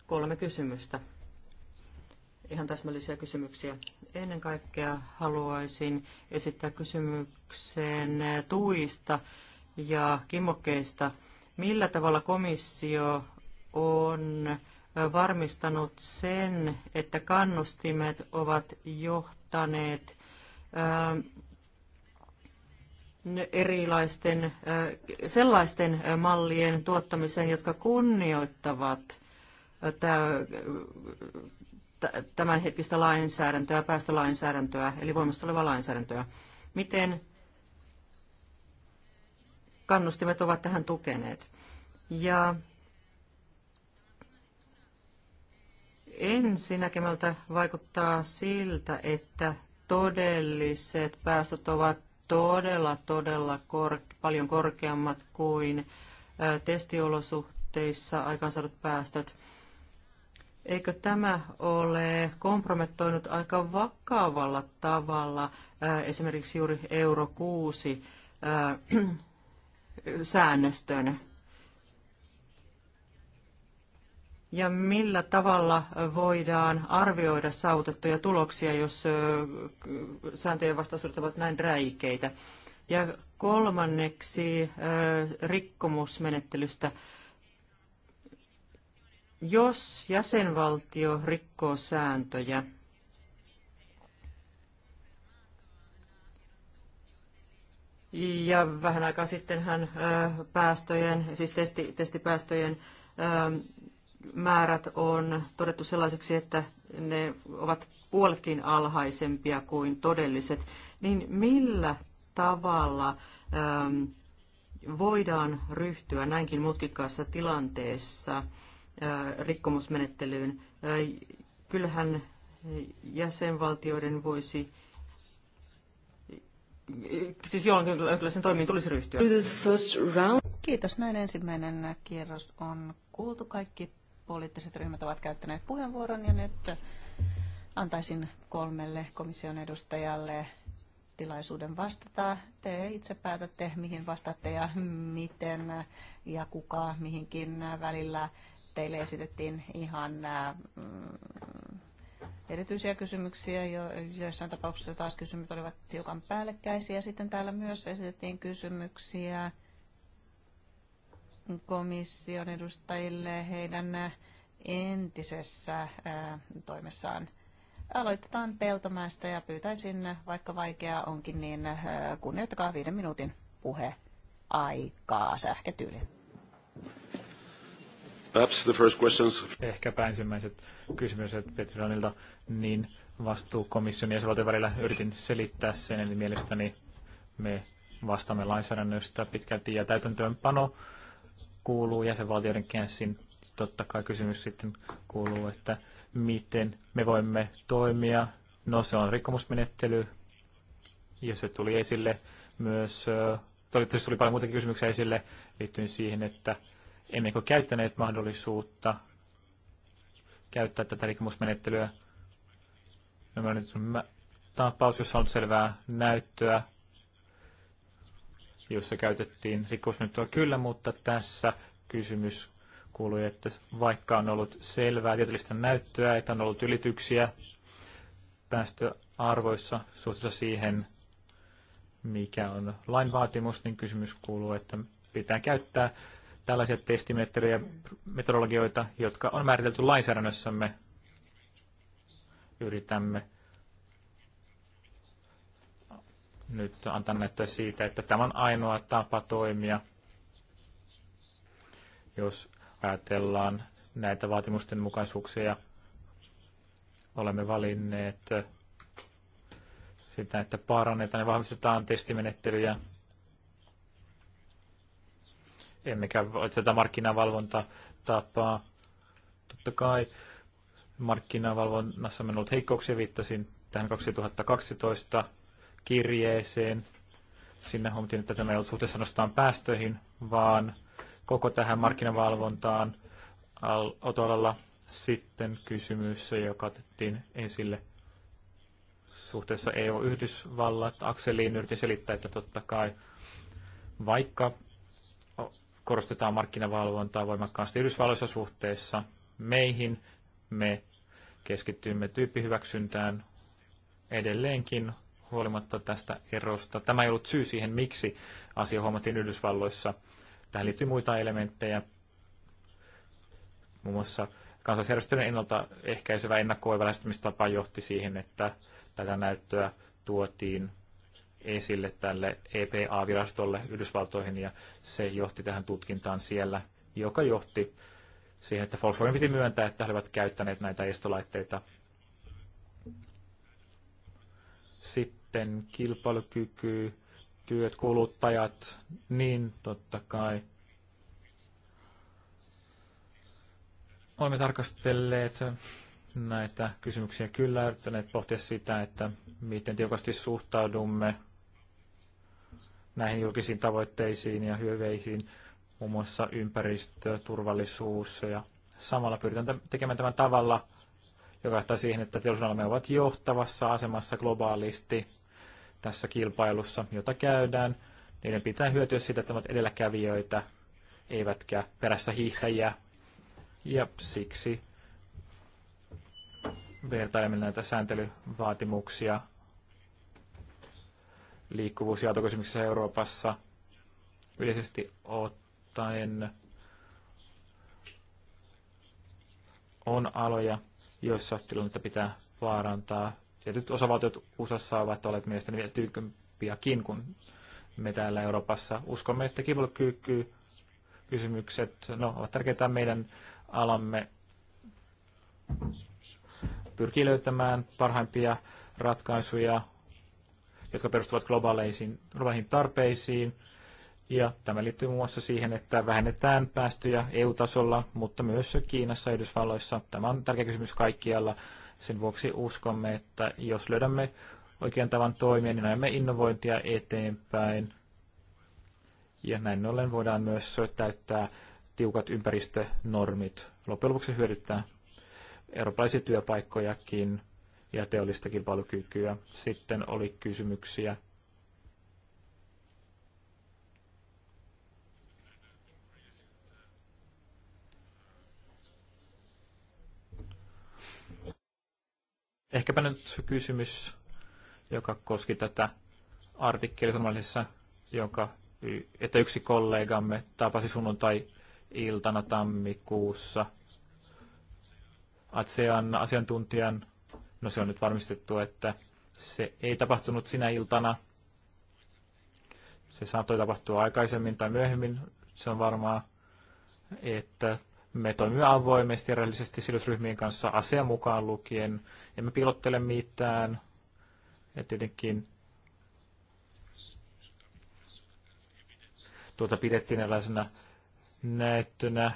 Kolme kysymystä. Ihan täsmällisiä kysymyksiä. Ennen kaikkea haluaisin esittää kysymyksen tuista ja kimmokkeista. Millä tavalla komissio on varmistanut sen, että kannustimet ovat johtaneet ähm, erilaisten äh, sellaisten äh, mallien tuottamiseen, jotka kunnioittavat äh, tämänhetkistä lainsäädäntöä, päästölainsäädäntöä, eli voimassa olevaa lainsäädäntöä. Miten kannustimet ovat tähän tukeneet. Ja ensinnäkemältä vaikuttaa siltä, että todelliset päästöt ovat todella, todella kor- paljon korkeammat kuin ä, testiolosuhteissa aikaansaadut päästöt. Eikö tämä ole kompromettoinut aika vakavalla tavalla ä, esimerkiksi juuri euro 6 ä, säännöstön? Ja millä tavalla voidaan arvioida saavutettuja tuloksia, jos sääntöjen vastaisuudet ovat näin räikeitä? Ja kolmanneksi rikkomusmenettelystä. Jos jäsenvaltio rikkoo sääntöjä, Ja vähän aikaa sitten hän päästöjen, siis testi, testipäästöjen määrät on todettu sellaisiksi, että ne ovat puoletkin alhaisempia kuin todelliset. Niin millä tavalla voidaan ryhtyä näinkin mutkikkaassa tilanteessa rikkomusmenettelyyn? Kyllähän jäsenvaltioiden voisi siis jonkinlaisen toimiin tulisi ryhtyä. Kiitos. Näin ensimmäinen kierros on kuultu. Kaikki poliittiset ryhmät ovat käyttäneet puheenvuoron ja nyt antaisin kolmelle komission edustajalle tilaisuuden vastata. Te itse päätätte, mihin vastatte ja miten ja kuka mihinkin välillä. Teille esitettiin ihan mm, erityisiä kysymyksiä, jo, joissain tapauksissa taas kysymykset olivat hiukan päällekkäisiä. Sitten täällä myös esitettiin kysymyksiä komission edustajille heidän äh, entisessä ää, äh, toimessaan. Aloitetaan Peltomäestä ja pyytäisin, äh, vaikka vaikeaa onkin, niin kunnioittakaa viiden minuutin puheaikaa sähkötyyliin. Perhaps the first questions. Ehkäpä ensimmäiset kysymykset Petronilta, niin vastuu ja jäsenvaltion välillä yritin selittää sen, eli mielestäni me vastaamme lainsäädännöstä pitkälti ja täytäntöönpano kuuluu jäsenvaltioiden käsin. Totta kai kysymys sitten kuuluu, että miten me voimme toimia. No se on rikkomusmenettely ja se tuli esille myös, toivottavasti tuli paljon muitakin kysymyksiä esille liittyen siihen, että emmekö käyttäneet mahdollisuutta käyttää tätä rikkomusmenettelyä. Nämä on nyt tapaus, jossa on selvää näyttöä, jossa käytettiin rikkomusmenettelyä kyllä, mutta tässä kysymys kuului, että vaikka on ollut selvää tieteellistä näyttöä, että on ollut ylityksiä päästöarvoissa suhteessa siihen, mikä on lain vaatimus, niin kysymys kuuluu, että pitää käyttää tällaisia testimetrejä, metodologioita, jotka on määritelty lainsäädännössämme. Yritämme nyt antaa näyttöä siitä, että tämä on ainoa tapa toimia, jos ajatellaan näitä vaatimusten mukaisuuksia. Olemme valinneet sitä, että parannetaan ja vahvistetaan testimenettelyjä emmekä tätä markkinavalvontatapaa. Totta kai markkinavalvonnassa on ollut heikkouksia, viittasin tähän 2012 kirjeeseen. Sinne huomattiin, että tämä ei ollut suhteessa nostaan päästöihin, vaan koko tähän markkinavalvontaan otolalla sitten kysymys, joka otettiin esille suhteessa EU-Yhdysvallat. Akseliin yritin selittää, että totta kai vaikka korostetaan markkinavalvontaa voimakkaasti Yhdysvalloissa suhteessa meihin. Me keskittyimme tyyppihyväksyntään edelleenkin huolimatta tästä erosta. Tämä ei ollut syy siihen, miksi asia huomattiin Yhdysvalloissa. Tähän liittyy muita elementtejä, muun muassa kansallisjärjestöjen ennaltaehkäisevä ennakkoiva lähestymistapa johti siihen, että tätä näyttöä tuotiin esille tälle EPA-virastolle Yhdysvaltoihin ja se johti tähän tutkintaan siellä, joka johti siihen, että Volkswagen piti myöntää, että he olivat käyttäneet näitä estolaitteita. Sitten kilpailukyky, työt, kuluttajat, niin totta kai. Olemme tarkastelleet näitä kysymyksiä kyllä, yrittäneet pohtia sitä, että miten tiukasti suhtaudumme näihin julkisiin tavoitteisiin ja hyöveihin, muun muassa ympäristö, turvallisuus ja samalla pyritään tekemään tämän tavalla, joka johtaa siihen, että me ovat johtavassa asemassa globaalisti tässä kilpailussa, jota käydään. Niiden pitää hyötyä siitä, että ovat edelläkävijöitä, eivätkä perässä hiihtäjiä. Ja siksi vertailemme näitä sääntelyvaatimuksia liikkuvuus- ja autokysymyksissä Euroopassa yleisesti ottaen on aloja, joissa tilannetta pitää vaarantaa. Tietyt osavaltiot USAssa ovat olleet mielestäni tyykympiäkin kuin me täällä Euroopassa. Uskomme, että kilpailukyky kysymykset no, ovat tärkeitä meidän alamme pyrkii löytämään parhaimpia ratkaisuja jotka perustuvat globaaleisiin, globaaleihin tarpeisiin. Ja tämä liittyy muun muassa siihen, että vähennetään päästöjä EU-tasolla, mutta myös Kiinassa ja Yhdysvalloissa. Tämä on tärkeä kysymys kaikkialla. Sen vuoksi uskomme, että jos löydämme oikean tavan toimia, niin ajamme innovointia eteenpäin. Ja näin ollen voidaan myös täyttää tiukat ympäristönormit. Loppujen lopuksi hyödyttää eurooppalaisia työpaikkojakin ja teollista kilpailukykyä. Sitten oli kysymyksiä ehkäpä nyt kysymys, joka koski tätä artikkelijournallisessa, jonka, että yksi kollegamme tapasi sunnuntai-iltana tammikuussa ASEAN asiantuntijan No se on nyt varmistettu, että se ei tapahtunut sinä iltana. Se saattoi tapahtua aikaisemmin tai myöhemmin, se on varmaa, että me toimimme avoimesti ja rehellisesti sidosryhmien kanssa asian mukaan lukien. Emme pilottele mitään. Ja tietenkin tuota pidettiin erilaisena näyttönä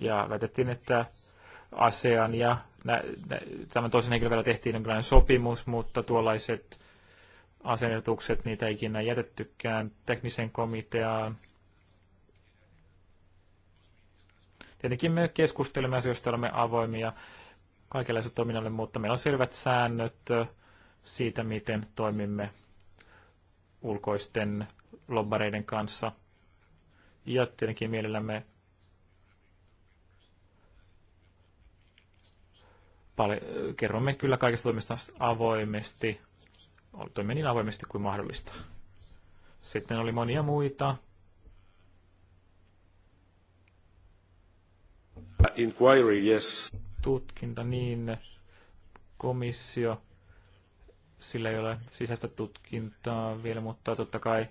ja väitettiin, että ASEAN ja nä, nä, tämän toisen henkilön välillä tehtiin jonkinlainen sopimus, mutta tuollaiset asennetukset, niitä ei ikinä jätettykään teknisen komiteaan. Tietenkin me keskustelemme asioista, olemme avoimia kaikenlaiselle toiminnalle, mutta meillä on selvät säännöt siitä, miten toimimme ulkoisten lobbareiden kanssa. Ja tietenkin mielellämme pal- kerromme kyllä kaikista toimista avoimesti, toimme niin avoimesti kuin mahdollista. Sitten oli monia muita. Inquiry, yes. Tutkinta, niin komissio, sillä ei ole sisäistä tutkintaa vielä, mutta totta kai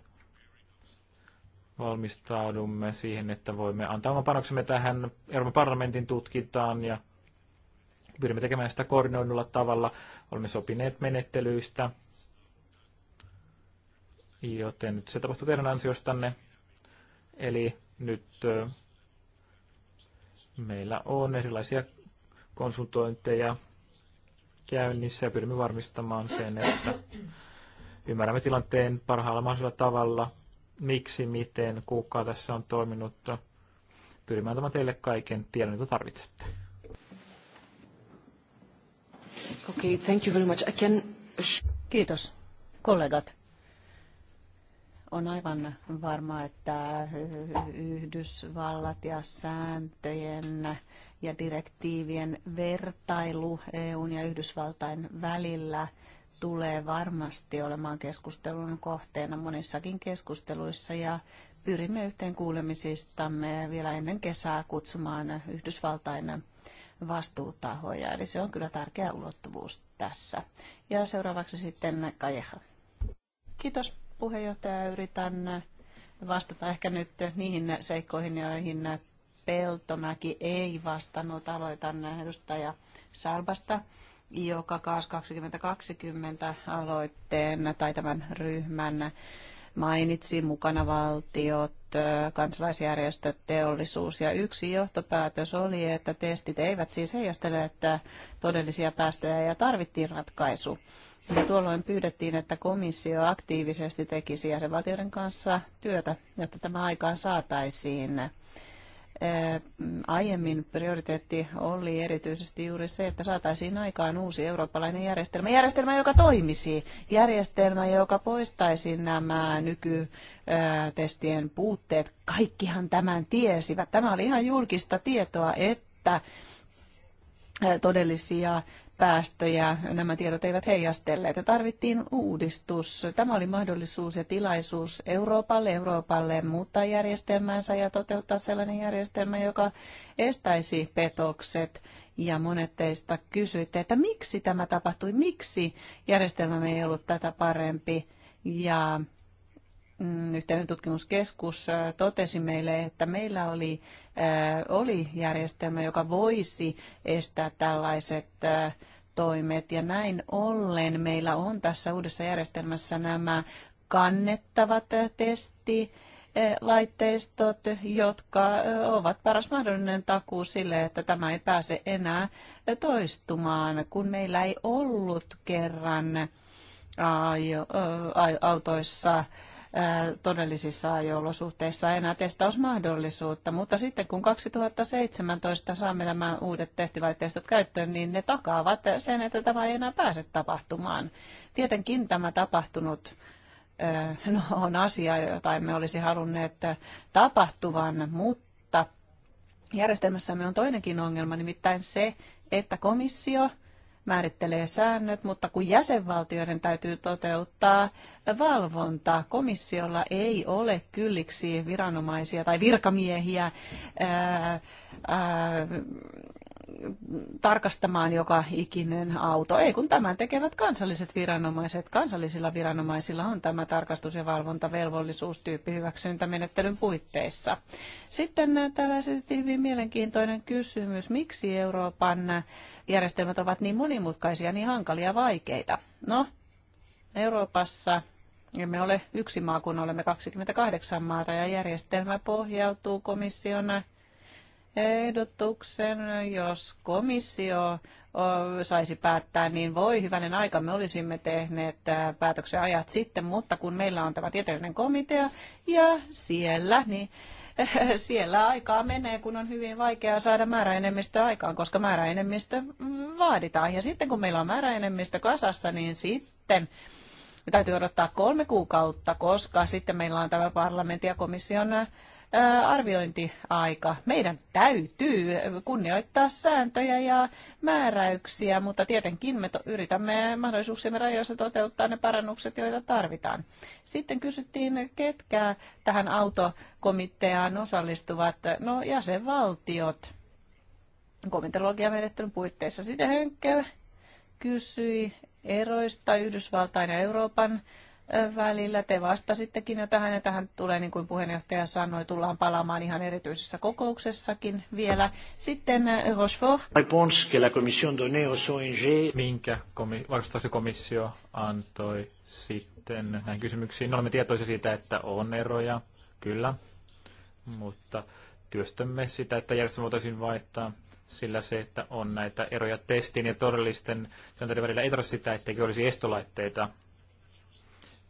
valmistaudumme siihen, että voimme antaa oman panoksemme tähän Euroopan parlamentin tutkintaan ja Pyrimme tekemään sitä koordinoidulla tavalla. Olemme sopineet menettelyistä, joten nyt se tapahtuu teidän ansiostanne. Eli nyt meillä on erilaisia konsultointeja käynnissä ja pyrimme varmistamaan sen, että ymmärrämme tilanteen parhaalla mahdollisella tavalla, miksi, miten, kuka tässä on toiminut. Pyrimme antamaan teille kaiken tiedon, mitä tarvitsette. Kiitos, kollegat. On aivan varma, että Yhdysvallat ja sääntöjen ja direktiivien vertailu EUn ja Yhdysvaltain välillä tulee varmasti olemaan keskustelun kohteena monissakin keskusteluissa ja pyrimme yhteen kuulemisistamme vielä ennen kesää kutsumaan Yhdysvaltain vastuutahoja. Eli se on kyllä tärkeä ulottuvuus tässä. Ja seuraavaksi sitten Kajeha. Kiitos puheenjohtaja. Yritän vastata ehkä nyt niihin seikkoihin, joihin Peltomäki ei vastannut. Aloitan edustaja Salbasta joka 2020 aloitteen tai tämän ryhmän mainitsi, mukana valtiot, kansalaisjärjestöt, teollisuus. Ja yksi johtopäätös oli, että testit eivät siis heijastele että todellisia päästöjä ja tarvittiin ratkaisu. Ja tuolloin pyydettiin, että komissio aktiivisesti tekisi jäsenvaltioiden kanssa työtä, jotta tämä aikaan saataisiin aiemmin prioriteetti oli erityisesti juuri se, että saataisiin aikaan uusi eurooppalainen järjestelmä. Järjestelmä, joka toimisi. Järjestelmä, joka poistaisi nämä nykytestien puutteet. Kaikkihan tämän tiesivät. Tämä oli ihan julkista tietoa, että todellisia päästöjä nämä tiedot eivät heijastelleet ja tarvittiin uudistus. Tämä oli mahdollisuus ja tilaisuus Euroopalle, Euroopalle muuttaa järjestelmäänsä ja toteuttaa sellainen järjestelmä, joka estäisi petokset. Ja monet teistä kysyitte, että miksi tämä tapahtui, miksi järjestelmämme ei ollut tätä parempi. Ja Mm, yhteinen tutkimuskeskus äh, totesi meille, että meillä oli, äh, oli järjestelmä, joka voisi estää tällaiset äh, toimet. Ja näin ollen meillä on tässä uudessa järjestelmässä nämä kannettavat testi laitteistot, jotka ovat paras mahdollinen takuu sille, että tämä ei pääse enää toistumaan, kun meillä ei ollut kerran autoissa todellisissa ajo-olosuhteissa enää testausmahdollisuutta, mutta sitten kun 2017 saamme nämä uudet testivaitteistot käyttöön, niin ne takaavat sen, että tämä ei enää pääse tapahtumaan. Tietenkin tämä tapahtunut no, on asia, jota emme olisi halunneet tapahtuvan, mutta järjestelmässämme on toinenkin ongelma, nimittäin se, että komissio – määrittelee säännöt, mutta kun jäsenvaltioiden täytyy toteuttaa valvontaa, komissiolla ei ole kylliksi viranomaisia tai virkamiehiä ää, ää, tarkastamaan joka ikinen auto. Ei kun tämän tekevät kansalliset viranomaiset. Kansallisilla viranomaisilla on tämä tarkastus- ja valvontavelvollisuus tyyppihyväksyntämenettelyn puitteissa. Sitten äh, täällä hyvin mielenkiintoinen kysymys, miksi Euroopan järjestelmät ovat niin monimutkaisia, niin hankalia ja vaikeita. No, Euroopassa emme ole yksi maa, kun olemme 28 maata ja järjestelmä pohjautuu komission ehdotuksen, jos komissio saisi päättää, niin voi hyvänen aika, me olisimme tehneet päätöksen ajat sitten, mutta kun meillä on tämä tieteellinen komitea ja siellä, niin siellä aikaa menee, kun on hyvin vaikeaa saada määräenemmistö aikaan, koska määräenemmistö mm, vaaditaan. Ja sitten kun meillä on määräenemmistö kasassa, niin sitten me täytyy odottaa kolme kuukautta, koska sitten meillä on tämä parlamentin ja komission arviointiaika. Meidän täytyy kunnioittaa sääntöjä ja määräyksiä, mutta tietenkin me yritämme mahdollisuuksiemme rajoissa toteuttaa ne parannukset, joita tarvitaan. Sitten kysyttiin, ketkä tähän autokomiteaan osallistuvat. No jäsenvaltiot komitologiamenettelyn puitteissa. Sitten Hönkkel kysyi eroista Yhdysvaltain ja Euroopan välillä. Te vastasittekin jo tähän ja tähän tulee, niin kuin puheenjohtaja sanoi, tullaan palaamaan ihan erityisessä kokouksessakin vielä. Sitten äh, Rochefort. Minkä komi- komissio antoi sitten näihin kysymyksiin? No, olemme tietoisia siitä, että on eroja, kyllä, mutta työstämme sitä, että järjestelmä voitaisiin vaihtaa sillä se, että on näitä eroja testin ja todellisten sääntöjen välillä ei tarvitse sitä, etteikö olisi estolaitteita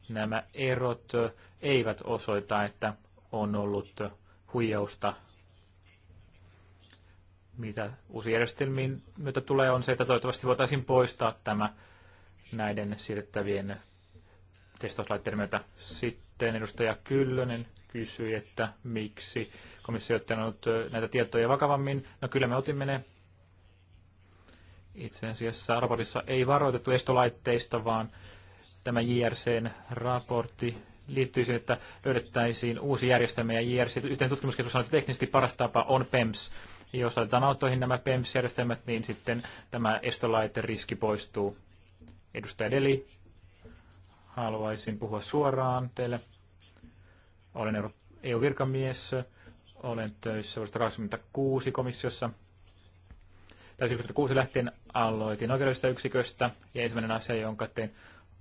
nämä erot eivät osoita, että on ollut huijausta. Mitä uusi järjestelmiin myötä tulee on se, että toivottavasti voitaisiin poistaa tämä näiden siirrettävien testauslaitteiden myötä. Sitten edustaja Kyllönen kysyi, että miksi komissio on ottanut näitä tietoja vakavammin. No kyllä me otimme ne itse asiassa raportissa ei varoitettu estolaitteista, vaan tämä JRCn raportti liittyy siihen, että löydettäisiin uusi järjestelmä ja JRC, yhteen tutkimuskeskus sanoi, että teknisesti paras tapa on PEMS. Jos laitetaan autoihin nämä PEMS-järjestelmät, niin sitten tämä estolaite-riski poistuu. Edustaja Deli, haluaisin puhua suoraan teille. Olen EU-virkamies, e olen töissä vuodesta 2006 komissiossa. Täysin 96 lähtien aloitin oikeudellisesta yksiköstä ja ensimmäinen asia, jonka tein,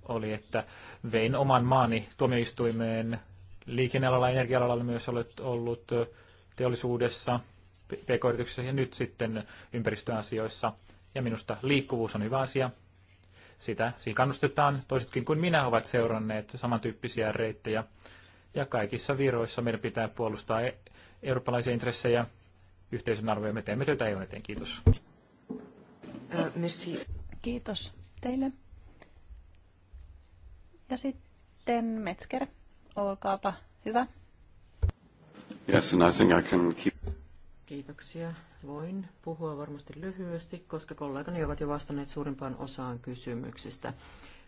oli, että vein oman maani tuomioistuimeen liikennealalla, energialalla myös olet ollut teollisuudessa, pk ja nyt sitten ympäristöasioissa. Ja minusta liikkuvuus on hyvä asia. Sitä siihen kannustetaan. Toisetkin kuin minä ovat seuranneet samantyyppisiä reittejä. Ja kaikissa viroissa meidän pitää puolustaa e-, eurooppalaisia intressejä, yhteisön arvoja. Me teemme työtä EUn eteen. Kiitos. Ää, äh, Kiitos teille. Ja sitten Metzger, olkaapa hyvä. Yes, and I think I can keep... Kiitoksia. Voin puhua varmasti lyhyesti, koska kollegani ovat jo vastanneet suurimpaan osaan kysymyksistä.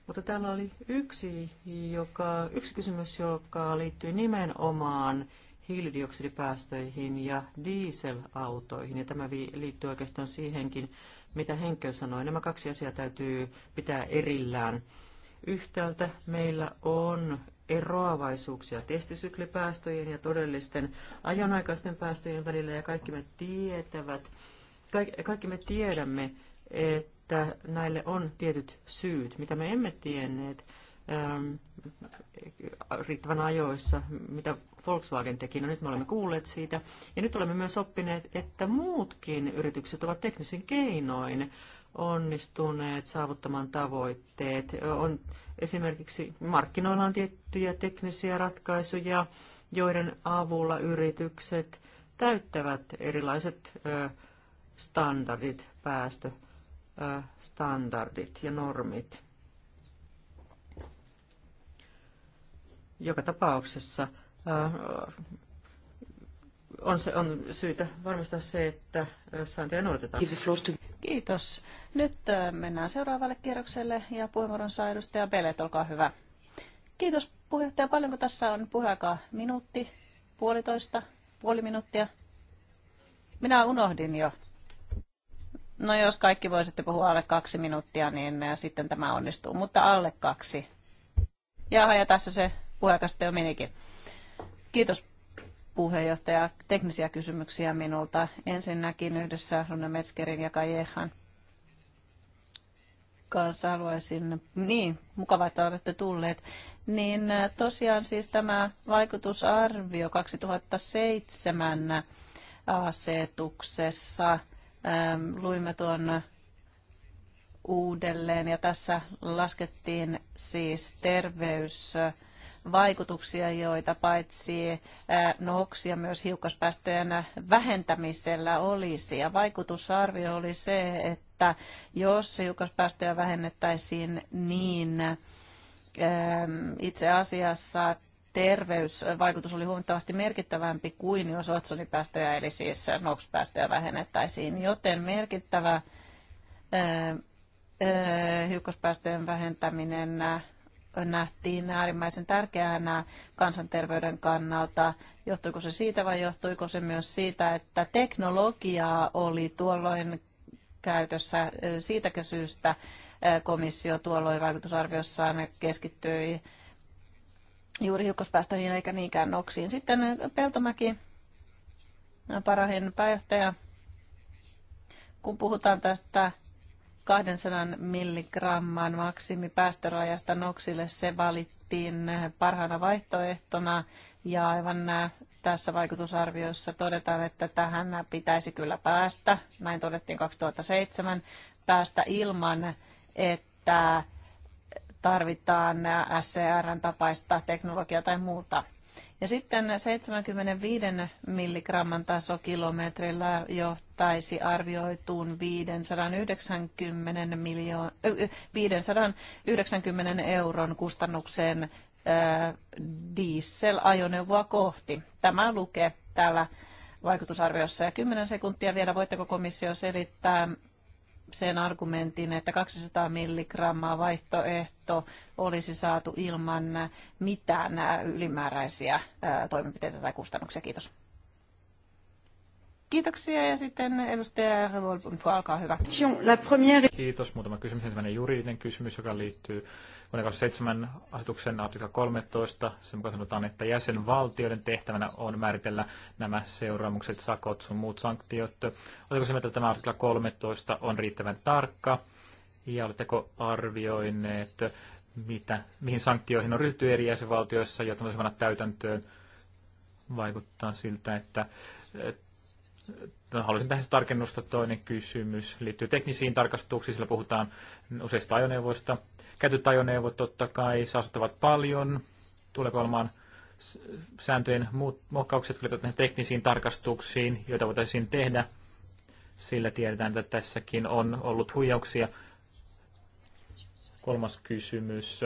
Mutta täällä oli yksi, joka, yksi kysymys, joka liittyy nimenomaan hiilidioksidipäästöihin ja dieselautoihin. Ja tämä liittyy oikeastaan siihenkin, mitä Henkel sanoi. Nämä kaksi asiaa täytyy pitää erillään. Yhtäältä meillä on eroavaisuuksia testisyklipäästöjen ja todellisten ajonaikaisten päästöjen välillä, ja kaikki me, tietävät, kaikki me tiedämme, että näille on tietyt syyt, mitä me emme tienneet ähm, riittävän ajoissa, mitä Volkswagen teki. No nyt me olemme kuulleet siitä. Ja nyt olemme myös oppineet, että muutkin yritykset ovat teknisin keinoin onnistuneet saavuttamaan tavoitteet. On esimerkiksi markkinoilla on tiettyjä teknisiä ratkaisuja, joiden avulla yritykset täyttävät erilaiset standardit, päästöstandardit ja normit. Joka tapauksessa on, se, on syytä varmistaa se, että sääntöjä noudatetaan. Kiitos. Nyt mennään seuraavalle kierrokselle ja puheenvuoron saa edustaja Belet, olkaa hyvä. Kiitos puheenjohtaja. Paljonko tässä on puheaikaa? Minuutti, puolitoista, puoli minuuttia? Minä unohdin jo. No jos kaikki voisitte puhua alle kaksi minuuttia, niin sitten tämä onnistuu, mutta alle kaksi. Jaha, ja tässä se puheenjohtaja jo menikin. Kiitos puheenjohtaja, teknisiä kysymyksiä minulta. Ensinnäkin yhdessä Runa Metskerin ja Kajehan kanssa haluaisin, niin mukava, että olette tulleet, niin äh, tosiaan siis tämä vaikutusarvio 2007 asetuksessa, ähm, luimme tuon uudelleen ja tässä laskettiin siis terveys vaikutuksia, joita paitsi NOXia myös hiukkaspäästöjen vähentämisellä olisi. Ja vaikutusarvio oli se, että jos hiukkaspäästöjä vähennettäisiin, niin itse asiassa terveysvaikutus oli huomattavasti merkittävämpi kuin jos otsonipäästöjä eli siis NOx-päästöjä vähennettäisiin, joten merkittävä hiukkaspäästöjen vähentäminen nähtiin äärimmäisen tärkeänä kansanterveyden kannalta. Johtuiko se siitä vai johtuiko se myös siitä, että teknologiaa oli tuolloin käytössä siitäkö syystä eh, komissio tuolloin vaikutusarviossaan keskittyi juuri hiukkaspäästöihin eikä niinkään noksiin. Sitten Peltomäki, parahin pääjohtaja, kun puhutaan tästä 200 milligramman maksimipäästörajasta NOXille se valittiin parhaana vaihtoehtona ja aivan äh, tässä vaikutusarviossa todetaan, että tähän pitäisi kyllä päästä, näin todettiin 2007, päästä ilman, että tarvitaan äh, SCRn tapaista teknologiaa tai muuta ja sitten 75 milligramman taso kilometrillä johtaisi arvioituun 590, miljoon, 590 euron kustannukseen dieselajoneuvoa kohti. Tämä lukee täällä vaikutusarviossa. Ja 10 sekuntia vielä, voitteko komissio selittää, sen argumentin, että 200 milligrammaa vaihtoehto olisi saatu ilman mitään ylimääräisiä toimenpiteitä tai kustannuksia. Kiitos. Kiitoksia ja sitten edustaja Revolpunfu, alkaa hyvä. Kiitos. Muutama kysymys. Ensimmäinen juridinen kysymys, joka liittyy Vuoden 2007 asetuksen artikla 13, sen mukaan sanotaan, että jäsenvaltioiden tehtävänä on määritellä nämä seuraamukset, sakot sun muut sanktiot. Oletko se että tämä artikla 13 on riittävän tarkka? Ja oletteko arvioineet, mitä, mihin sanktioihin on ryhty eri jäsenvaltioissa, jotta voisi täytäntöön? Vaikuttaa siltä, että haluaisin tähän siis tarkennusta. Toinen kysymys liittyy teknisiin tarkastuksiin. Sillä puhutaan useista ajoneuvoista. Käytetyt ajoneuvot totta kai saastuttavat paljon. Tuleeko olemaan sääntöjen muut muokkaukset teknisiin tarkastuksiin, joita voitaisiin tehdä. Sillä tiedetään, että tässäkin on ollut huijauksia. Kolmas kysymys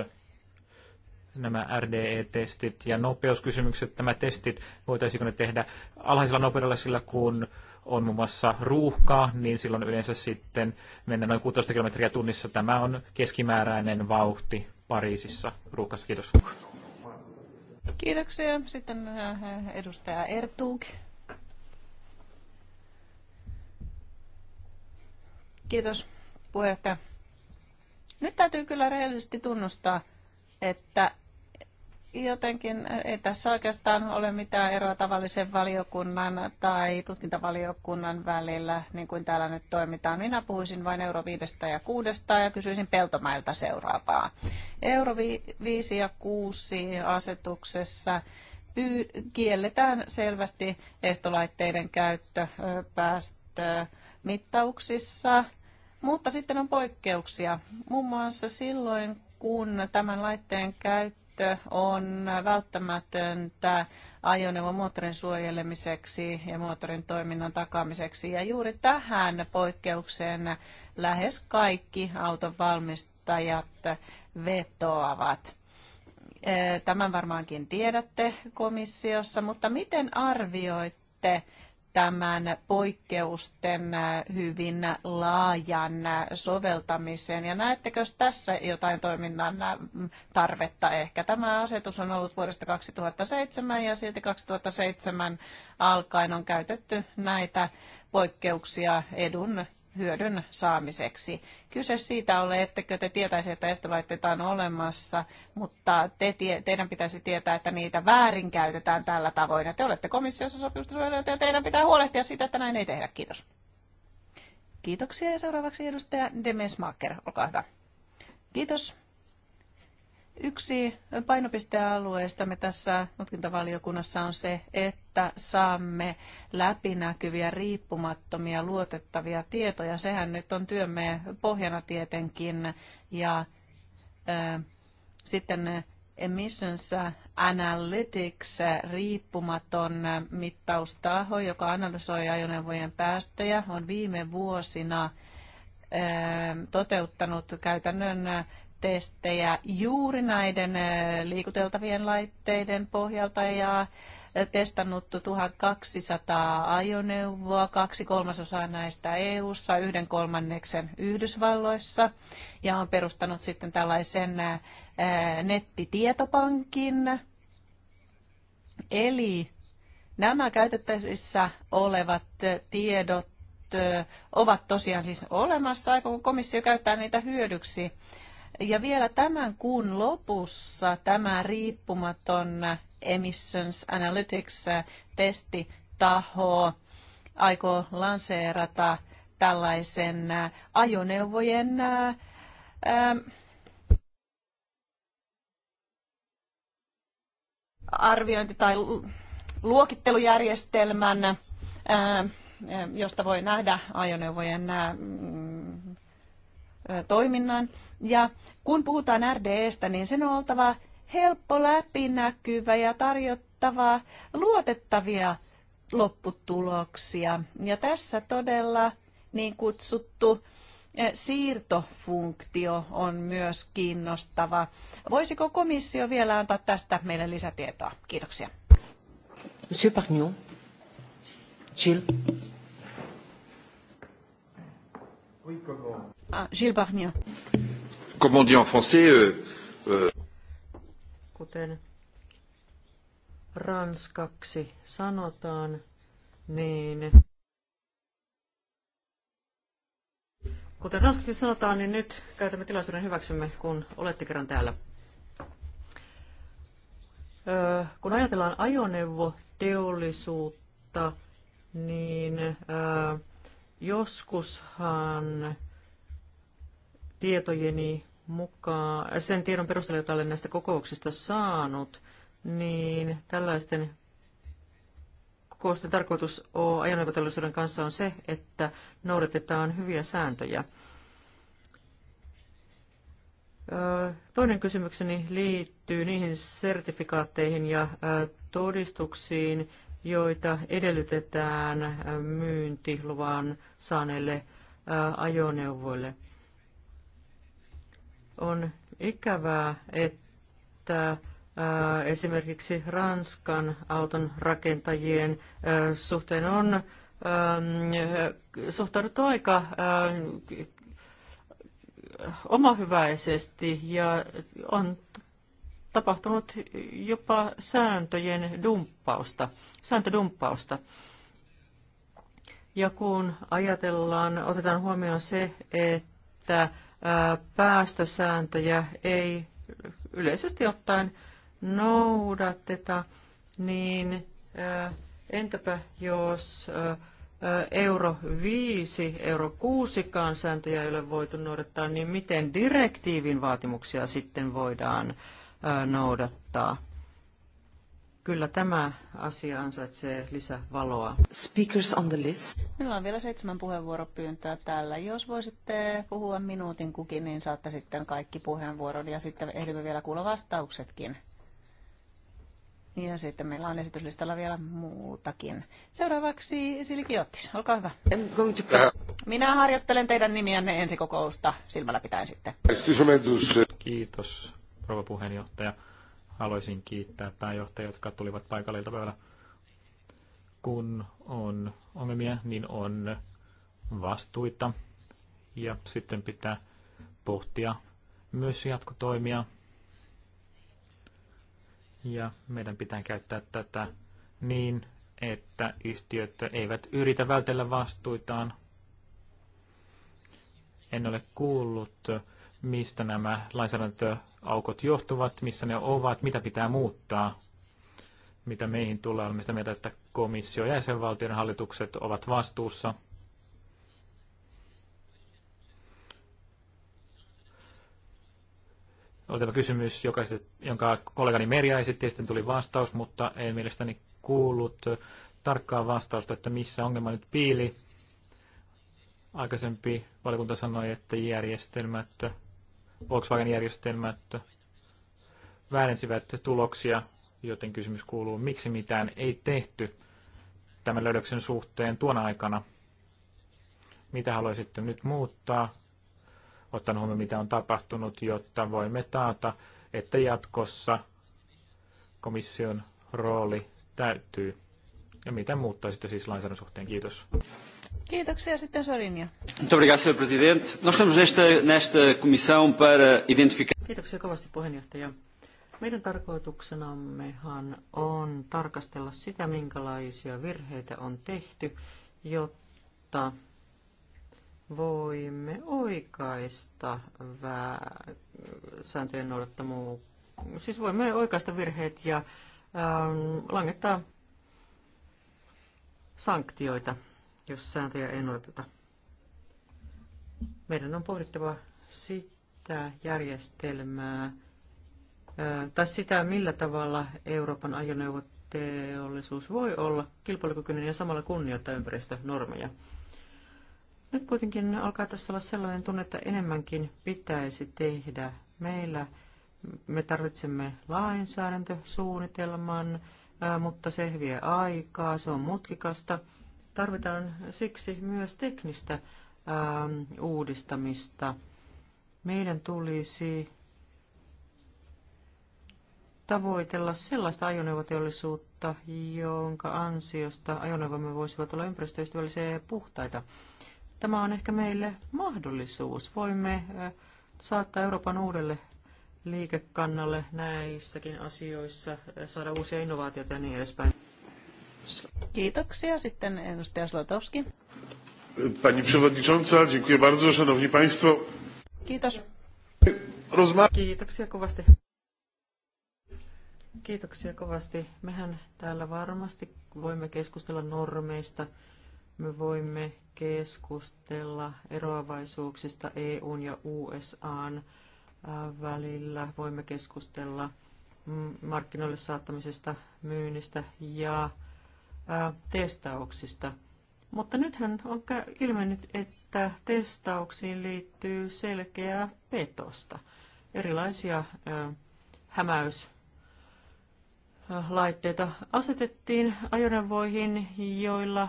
nämä RDE-testit ja nopeuskysymykset, nämä testit, voitaisiinko ne tehdä alhaisella nopeudella sillä, kun on muun mm. muassa ruuhkaa, niin silloin yleensä sitten mennään noin 16 kilometriä tunnissa. Tämä on keskimääräinen vauhti Pariisissa ruuhkassa. Kiitos. Kiitoksia. Sitten äh, edustaja Ertug. Kiitos puheenjohtaja. Nyt täytyy kyllä rehellisesti tunnustaa, että jotenkin ei tässä oikeastaan ole mitään eroa tavallisen valiokunnan tai tutkintavaliokunnan välillä, niin kuin täällä nyt toimitaan. Minä puhuisin vain euro 5 ja 6 ja kysyisin Peltomailta seuraavaa. Euro 5 ja 6 asetuksessa kielletään selvästi estolaitteiden käyttö päästömittauksissa, mutta sitten on poikkeuksia. Muun muassa silloin, kun tämän laitteen käyttö on välttämätöntä ajoneuvon moottorin suojelemiseksi ja moottorin toiminnan takaamiseksi. Ja juuri tähän poikkeukseen lähes kaikki auton valmistajat vetoavat. Tämän varmaankin tiedätte komissiossa, mutta miten arvioitte tämän poikkeusten äh, hyvin laajan äh, soveltamiseen. Ja näettekö tässä jotain toiminnan äh, tarvetta ehkä? Tämä asetus on ollut vuodesta 2007 ja silti 2007 alkaen on käytetty näitä poikkeuksia edun hyödyn saamiseksi. Kyse siitä ole, ettekö te tietäisi, että estolaitteita on olemassa, mutta te, teidän pitäisi tietää, että niitä väärinkäytetään tällä tavoin. Ja te olette komissiossa sopimusta suojelijoita ja teidän pitää huolehtia siitä, että näin ei tehdä. Kiitos. Kiitoksia ja seuraavaksi edustaja Demesmaker, olkaa hyvä. Kiitos Yksi me tässä tutkintavaliokunnassa on se, että saamme läpinäkyviä, riippumattomia, luotettavia tietoja. Sehän nyt on työmme pohjana tietenkin. Ja ää, sitten Emissions Analytics, riippumaton mittaustaho, joka analysoi ajoneuvojen päästöjä, on viime vuosina toteuttanut käytännön testejä juuri näiden liikuteltavien laitteiden pohjalta ja testannut 1200 ajoneuvoa, kaksi kolmasosaa näistä EU-ssa, yhden kolmanneksen Yhdysvalloissa ja on perustanut sitten tällaisen nettitietopankin. Eli nämä käytettävissä olevat tiedot ovat tosiaan siis olemassa, kun komissio käyttää niitä hyödyksi. Ja vielä tämän kuun lopussa tämä riippumaton Emissions Analytics-testi taho aikoo lanseerata tällaisen ajoneuvojen ää, arviointi- tai luokittelujärjestelmän, josta voi nähdä ajoneuvojen ää, mm, toiminnan. Ja kun puhutaan RDEstä, niin sen on oltava helppo, läpinäkyvä ja tarjottava luotettavia lopputuloksia. Ja tässä todella niin kutsuttu siirtofunktio on myös kiinnostava. Voisiko komissio vielä antaa tästä meille lisätietoa? Kiitoksia. Monsieur Pagnon. Jill. Oui, comment Gilles Barnier. Comme on dit en français, euh, euh... Kuten ranskaksi sanotaan, niin kuten ranskaksi sanotaan, niin nyt käytämme tilaisuuden hyväksymme, kun olette kerran täällä. Öö, kun ajatellaan ajoneuvoteollisuutta, niin öö, joskushan tietojeni mukaan, sen tiedon perusteella, jota olen näistä kokouksista saanut, niin tällaisten kokousten tarkoitus ajoneuvoteollisuuden kanssa on se, että noudatetaan hyviä sääntöjä. Toinen kysymykseni liittyy niihin sertifikaatteihin ja todistuksiin, joita edellytetään myyntiluvan saaneille ajoneuvoille – on ikävää, että äh, esimerkiksi Ranskan auton rakentajien äh, suhteen on ähm, suhtauduttu aika äh, omahyväisesti ja on tapahtunut jopa sääntöjen dumppausta, sääntödumppausta. Ja kun ajatellaan, otetaan huomioon se, että päästösääntöjä ei yleisesti ottaen noudateta, niin entäpä jos euro 5, euro 6 kansääntöjä ei ole voitu noudattaa, niin miten direktiivin vaatimuksia sitten voidaan noudattaa? Kyllä tämä asia ansaitsee lisävaloa. Speakers on the list. Minulla on vielä seitsemän puheenvuoropyyntöä täällä. Jos voisitte puhua minuutin kukin, niin saatte sitten kaikki puheenvuoron ja sitten ehdimme vielä kuulla vastauksetkin. Ja sitten meillä on esityslistalla vielä muutakin. Seuraavaksi Silki Ottis, olkaa hyvä. Minä harjoittelen teidän nimiänne ensi kokousta silmällä pitäen sitten. Kiitos, rouva puheenjohtaja Haluaisin kiittää pääjohtajia, jotka tulivat paikallilta iltapäivällä. Kun on ongelmia, niin on vastuita ja sitten pitää pohtia myös jatkotoimia. Ja meidän pitää käyttää tätä niin, että yhtiöt eivät yritä vältellä vastuitaan. En ole kuullut, mistä nämä lainsäädäntö aukot johtuvat, missä ne ovat, mitä pitää muuttaa, mitä meihin tulee. Olemme sitä mieltä, että komissio ja jäsenvaltioiden hallitukset ovat vastuussa. Oli tämä kysymys, joka, jonka kollegani Merja esitti, sitten tuli vastaus, mutta ei mielestäni kuullut tarkkaa vastausta, että missä ongelma nyt piili. Aikaisempi valiokunta sanoi, että järjestelmät Volkswagen-järjestelmät väärensivät tuloksia, joten kysymys kuuluu, miksi mitään ei tehty tämän löydöksen suhteen tuona aikana? Mitä haluaisitte nyt muuttaa, ottaen huomioon mitä on tapahtunut, jotta voimme taata, että jatkossa komission rooli täytyy Ja mitä muuttaisitte siis lainsäädännön suhteen? Kiitos. Kiitoksia sitten Sorinja. Muito obrigado, senhor presidente. Nós estamos nesta, nesta comissão para identificar... Kiitoksia kovasti puheenjohtaja. Meidän tarkoituksenammehan on tarkastella sitä, minkälaisia virheitä on tehty, jotta voimme oikaista vää, sääntöjen noudattamu... Siis voimme oikaista virheet ja ähm, langettaa sanktioita jos sääntöjä ei noudateta. Meidän on pohdittava sitä järjestelmää, tai sitä, millä tavalla Euroopan ajoneuvoteollisuus voi olla kilpailukykyinen ja samalla kunnioittaa ympäristönormeja. Nyt kuitenkin alkaa tässä olla sellainen tunne, että enemmänkin pitäisi tehdä. Meillä me tarvitsemme lainsäädäntösuunnitelman, mutta se vie aikaa, se on mutkikasta – Tarvitaan siksi myös teknistä ähm, uudistamista. Meidän tulisi tavoitella sellaista ajoneuvoteollisuutta, jonka ansiosta ajoneuvomme voisivat olla ympäristöystävällisiä ja puhtaita. Tämä on ehkä meille mahdollisuus. Voimme äh, saattaa Euroopan uudelle liikekannalle näissäkin asioissa, äh, saada uusia innovaatioita ja niin edespäin. Kiitoksia. Sitten edustaja Slotowski. Pani przewodnicząca, dziękuję bardzo, szanowni państwo. Kiitos. Rozma- Kiitoksia kovasti. Kiitoksia kovasti. Mehän täällä varmasti voimme keskustella normeista, me voimme keskustella eroavaisuuksista EUn ja USAn äh, välillä, voimme keskustella mm, markkinoille saattamisesta, myynnistä ja testauksista. Mutta nythän on ilmennyt, että testauksiin liittyy selkeää petosta. Erilaisia hämäyslaitteita asetettiin ajoneuvoihin, joilla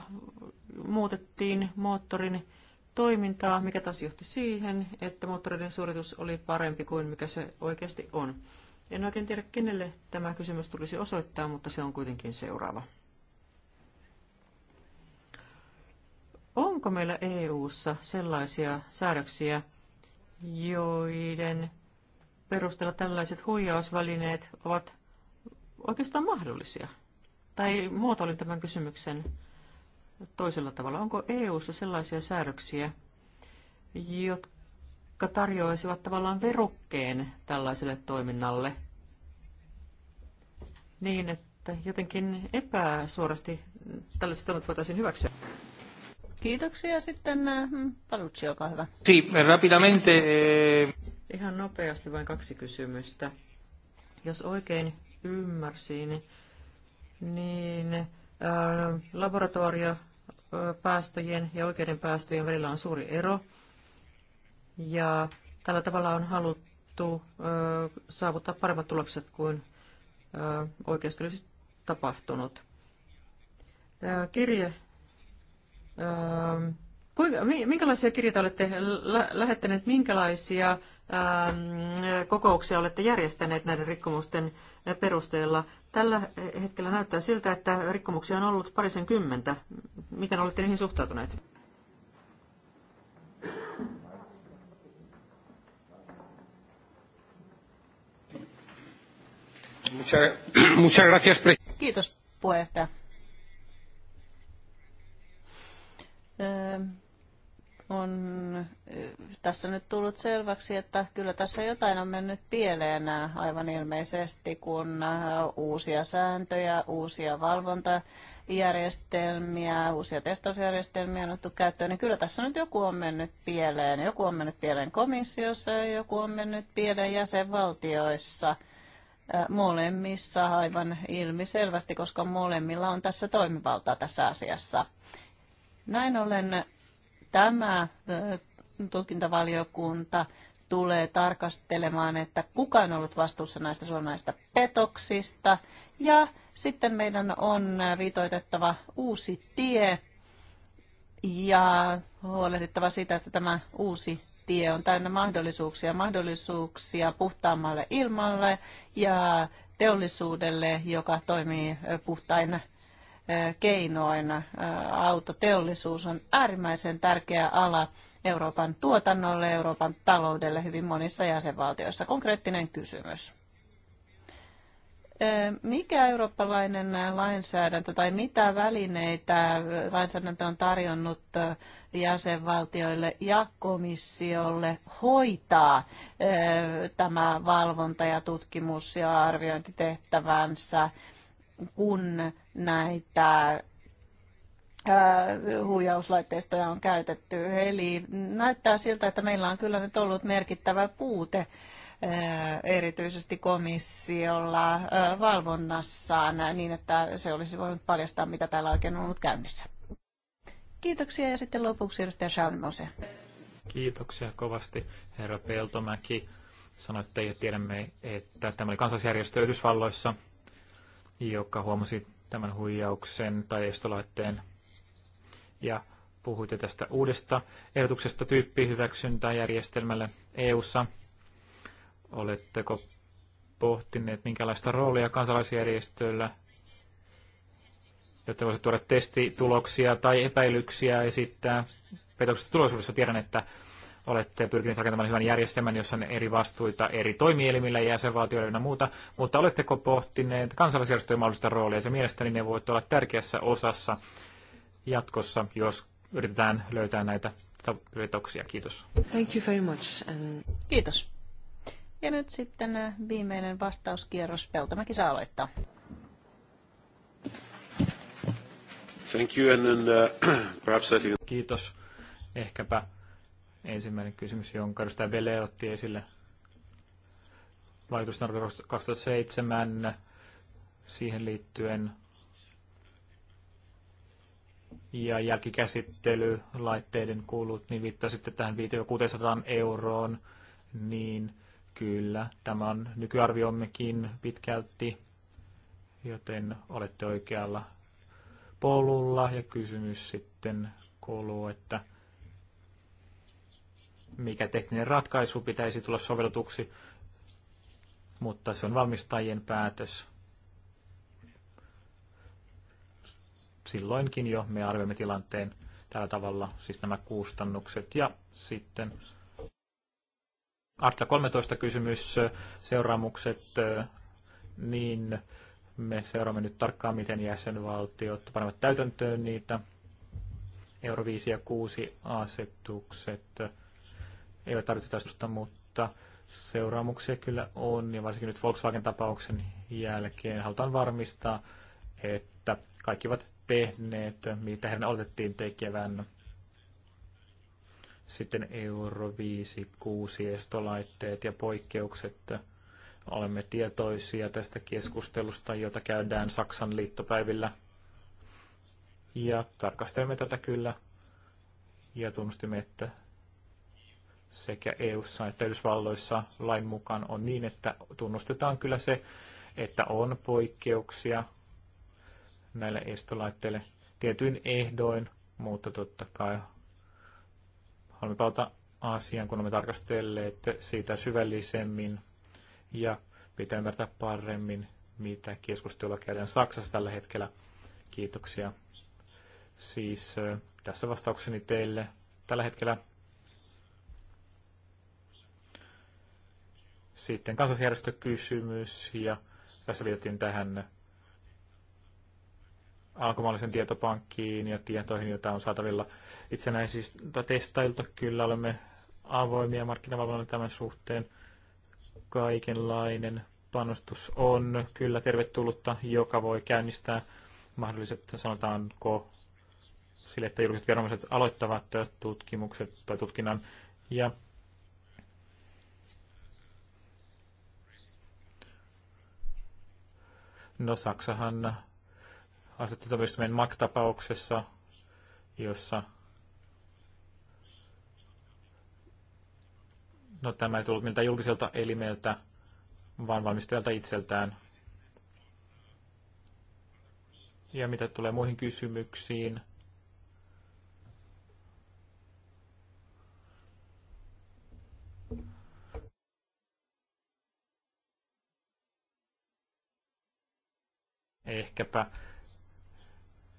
muutettiin moottorin toimintaa, mikä taas johti siihen, että moottoreiden suoritus oli parempi kuin mikä se oikeasti on. En oikein tiedä, kenelle tämä kysymys tulisi osoittaa, mutta se on kuitenkin seuraava. Onko meillä EU:ssa sellaisia säädöksiä, joiden perusteella tällaiset huijausvälineet ovat oikeastaan mahdollisia? Tai muotoilin tämän kysymyksen toisella tavalla. Onko EU:ssa sellaisia säädöksiä, jotka tarjoaisivat tavallaan verukkeen tällaiselle toiminnalle niin, että jotenkin epäsuorasti tällaiset toimet voitaisiin hyväksyä? Kiitoksia sitten. Äh, hmm, Palutsi, olkaa hyvä. Si, rapidamente. Eh, Ihan nopeasti vain kaksi kysymystä. Jos oikein ymmärsin, niin äh, laboratorio äh, päästöjen ja oikeiden päästöjen välillä on suuri ero. Ja tällä tavalla on haluttu äh, saavuttaa paremmat tulokset kuin äh, oikeasti olisi tapahtunut. Äh, kirje Ähm, minkälaisia kirjeitä olette lähettäneet, minkälaisia ähm, kokouksia olette järjestäneet näiden rikkomusten perusteella? Tällä hetkellä näyttää siltä, että rikkomuksia on ollut parisen kymmentä. Miten olette niihin suhtautuneet? Kiitos puheenjohtaja. on tässä nyt tullut selväksi, että kyllä tässä jotain on mennyt pieleen aivan ilmeisesti, kun uusia sääntöjä, uusia valvontajärjestelmiä, uusia testausjärjestelmiä on otettu käyttöön, niin kyllä tässä nyt joku on mennyt pieleen. Joku on mennyt pieleen komissiossa ja joku on mennyt pieleen jäsenvaltioissa molemmissa aivan ilmiselvästi, koska molemmilla on tässä toimivaltaa tässä asiassa. Näin ollen tämä äh, tutkintavaliokunta tulee tarkastelemaan, että kuka on ollut vastuussa näistä suomalaisista petoksista. Ja sitten meidän on viitoitettava uusi tie ja huolehdittava siitä, että tämä uusi tie on täynnä mahdollisuuksia, mahdollisuuksia puhtaammalle ilmalle ja teollisuudelle, joka toimii puhtain keinoin. Autoteollisuus on äärimmäisen tärkeä ala Euroopan tuotannolle, Euroopan taloudelle hyvin monissa jäsenvaltioissa. Konkreettinen kysymys. Mikä eurooppalainen lainsäädäntö tai mitä välineitä lainsäädäntö on tarjonnut jäsenvaltioille ja komissiolle hoitaa tämä valvonta ja tutkimus- ja arviointitehtävänsä? kun näitä huijauslaitteistoja on käytetty. Eli näyttää siltä, että meillä on kyllä nyt ollut merkittävä puute erityisesti komissiolla valvonnassaan niin, että se olisi voinut paljastaa, mitä täällä oikein on ollut käynnissä. Kiitoksia ja sitten lopuksi edustaja Schaunmose. Kiitoksia kovasti, herra Peltomäki. Sanoitte ja tiedämme, että tämä oli kansallisjärjestö Yhdysvalloissa, joka huomasi tämän huijauksen tai estolaitteen. Ja puhuitte tästä uudesta ehdotuksesta tyyppihyväksyntäjärjestelmälle EU-ssa. Oletteko pohtineet, minkälaista roolia kansalaisjärjestöillä, jotta voisi tuoda testituloksia tai epäilyksiä esittää petoksesta tulosuudessa. Tiedän, että olette pyrkineet rakentamaan hyvän järjestelmän, jossa on eri vastuita eri toimielimillä ja jäsenvaltioilla ja muuta, mutta oletteko pohtineet kansalaisjärjestöjen mahdollista roolia? Se mielestäni ne voivat olla tärkeässä osassa jatkossa, jos yritetään löytää näitä vetoksia. Kiitos. Thank you very much. And... Kiitos. Ja nyt sitten äh, viimeinen vastauskierros. Peltomäki saa aloittaa. Thank you and then, uh, perhaps I think... Kiitos. Ehkäpä ensimmäinen kysymys, jonka edustaja Bele otti esille. Vaikutusten 2007 siihen liittyen ja jälkikäsittely laitteiden kulut, niin viittasitte tähän 500-600 euroon, niin kyllä, tämä on nykyarviommekin pitkälti, joten olette oikealla polulla ja kysymys sitten kuuluu, että – mikä tekninen ratkaisu pitäisi tulla sovellutuksi, mutta se on valmistajien päätös. Silloinkin jo me arvioimme tilanteen tällä tavalla, siis nämä kustannukset. Ja sitten Arta 13 kysymys, seuraamukset, niin me seuraamme nyt tarkkaan, miten jäsenvaltiot panevat täytäntöön niitä Euro 5 ja 6 asetukset ole tarvitse taistusta, mutta seuraamuksia kyllä on, ja varsinkin nyt Volkswagen-tapauksen jälkeen halutaan varmistaa, että kaikki ovat tehneet, mitä heidän oletettiin tekevän. Sitten euro 5, 6 estolaitteet ja poikkeukset. Olemme tietoisia tästä keskustelusta, jota käydään Saksan liittopäivillä. Ja tarkastelemme tätä kyllä ja tunnustimme, että sekä EU:ssa että Yhdysvalloissa lain mukaan on niin, että tunnustetaan kyllä se, että on poikkeuksia näille estolaitteille tietyin ehdoin, mutta totta kai haluamme palata asiaan, kun olemme tarkastelleet siitä syvällisemmin ja pitää ymmärtää paremmin, mitä keskustelua käydään Saksassa tällä hetkellä. Kiitoksia. Siis äh, tässä vastaukseni teille. Tällä hetkellä Sitten kansallisjärjestökysymys ja tässä liitettiin tähän alkumaalaisen tietopankkiin ja tietoihin, joita on saatavilla itsenäisistä testailta. Kyllä olemme avoimia markkinavalvonnalle tämän suhteen. Kaikenlainen panostus on kyllä tervetullutta, joka voi käynnistää mahdolliset, sanotaanko, sille, että julkiset viranomaiset aloittavat tutkimukset tai tutkinnan. Ja No Saksahan asetti tuomioistuimen MAC-tapauksessa, jossa no tämä ei tullut miltä julkiselta elimeltä, vaan valmistajalta itseltään. Ja mitä tulee muihin kysymyksiin, Ehkäpä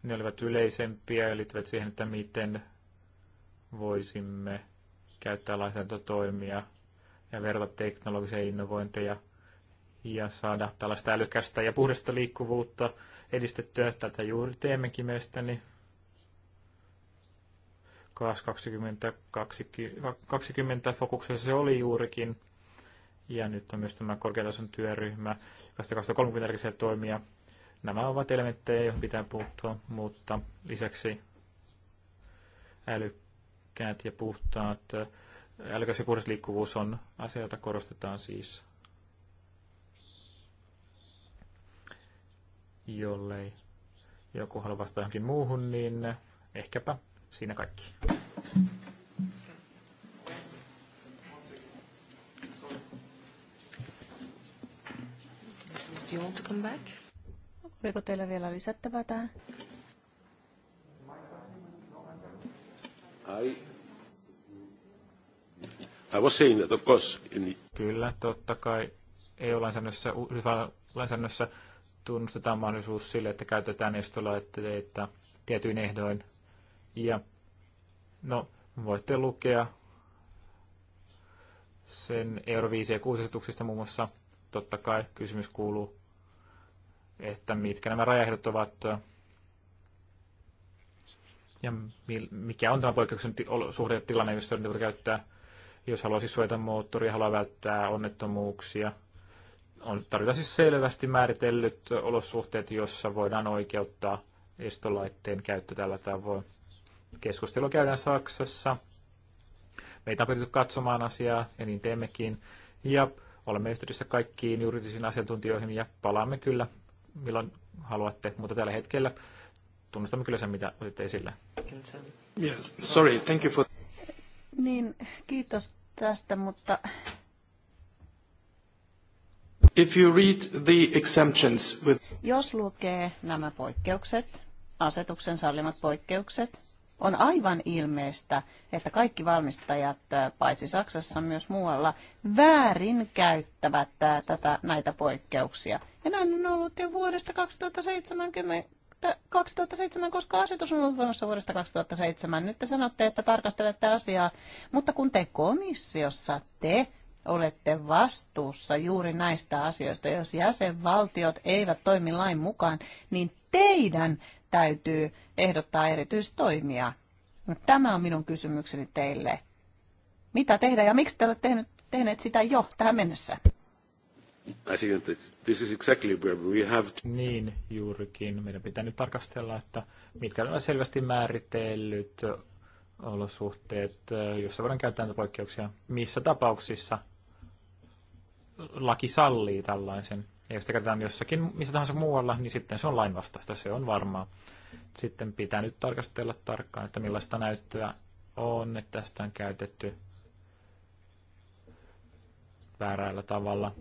ne olivat yleisempiä ja liittyvät siihen, että miten voisimme käyttää lainsäädäntötoimia ja verrata teknologisia innovointeja ja saada tällaista älykästä ja puhdasta liikkuvuutta edistettyä. Tätä juuri teemmekin mielestäni. KAS 2020, 2020 fokuksessa se oli juurikin. Ja nyt on myös tämä korkeatason työryhmä, joka 2030 toimia Nämä ovat elementtejä, joihin pitää puuttua, mutta lisäksi älykkäät ja puhtaat, älykäs ja puhdas liikkuvuus on asia, jota korostetaan siis, jollei joku halua vastata johonkin muuhun, niin ehkäpä siinä kaikki. Do you want to come back? Oliko teillä vielä lisättävää tähän? I, I was saying that of course in... Kyllä, totta kai EU-lainsäädännössä, lainsäädännössä tunnustetaan mahdollisuus sille, että käytetään estolaitteita tietyin ehdoin. Ja no, voitte lukea sen Euro 5 ja 6 muun muassa. Totta kai kysymys kuuluu, että mitkä nämä rajaehdot ovat ja mikä on tämä poikkeuksen suhde tilanne, jos niitä voi käyttää, jos haluaa siis suojata moottoria, haluaa välttää onnettomuuksia. On, tarvitaan siis selvästi määritellyt olosuhteet, jossa voidaan oikeuttaa estolaitteen käyttö tällä tavoin. Keskustelu käydään Saksassa. Meitä on pyritty katsomaan asiaa, ja niin teemmekin. Ja olemme yhteydessä kaikkiin juridisiin asiantuntijoihin, ja palaamme kyllä milloin haluatte, mutta tällä hetkellä tunnustamme kyllä sen, mitä otitte esille. Yes, sorry, thank you for... Niin, kiitos tästä, mutta... If you read the exemptions with... Jos lukee nämä poikkeukset, asetuksen sallimat poikkeukset, on aivan ilmeistä, että kaikki valmistajat, paitsi Saksassa myös muualla, väärin käyttävät tätä, näitä poikkeuksia. Ja näin on ollut jo vuodesta 2070, 2007, koska asetus on ollut voimassa vuodesta 2007. Nyt te sanotte, että tarkastelette asiaa, mutta kun te komissiossa te olette vastuussa juuri näistä asioista, jos jäsenvaltiot eivät toimi lain mukaan, niin teidän täytyy ehdottaa erityistoimia. Tämä on minun kysymykseni teille. Mitä tehdä ja miksi te olette tehneet, tehneet sitä jo tähän mennessä? I think that this is exactly where we have to... Niin, juurikin. Meidän pitää nyt tarkastella, että mitkä ovat selvästi määritellyt olosuhteet, joissa voidaan käyttää näitä poikkeuksia. Missä tapauksissa laki sallii tällaisen? Ja jos sitä käytetään jossakin, missä tahansa muualla, niin sitten se on lainvastaista, se on varmaa. Sitten pitää nyt tarkastella tarkkaan, että millaista näyttöä on, että tästä on käytetty väärällä tavalla.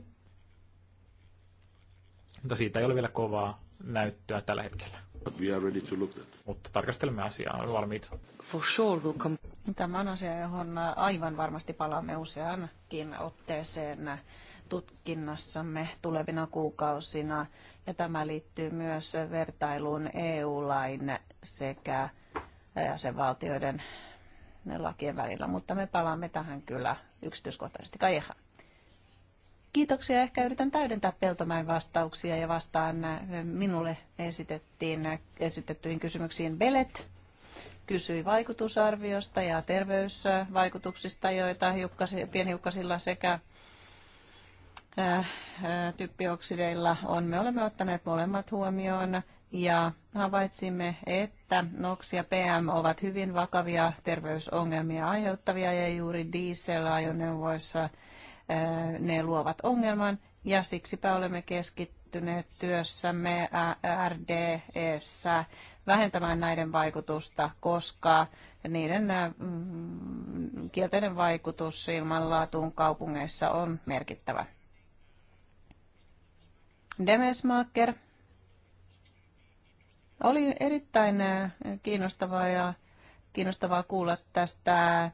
Mutta siitä ei ole vielä kovaa näyttöä tällä hetkellä. We are ready to look Mutta tarkastelemme asiaa, on valmiit. For sure we'll come. Tämä on asia, johon aivan varmasti palaamme useankin otteeseen tutkinnassamme tulevina kuukausina. Ja tämä liittyy myös vertailuun EU-lain sekä jäsenvaltioiden lakien välillä, mutta me palaamme tähän kyllä yksityiskohtaisesti. Kaiha. Kiitoksia. Ehkä yritän täydentää Peltomäen vastauksia ja vastaan minulle esitettiin, esitettyihin kysymyksiin Belet kysyi vaikutusarviosta ja terveysvaikutuksista, joita pienhiukkasilla sekä äh, äh, typpioksideilla on. Me olemme ottaneet molemmat huomioon ja havaitsimme, että NOx ja PM ovat hyvin vakavia terveysongelmia aiheuttavia ja juuri diesel-ajoneuvoissa äh, ne luovat ongelman ja siksipä olemme keskittyneet työssämme RDEssä vähentämään näiden vaikutusta, koska niiden äh, mm, kielteinen vaikutus ilmanlaatuun kaupungeissa on merkittävä. Demesmaker oli erittäin äh, kiinnostavaa ja kiinnostavaa kuulla tästä äh,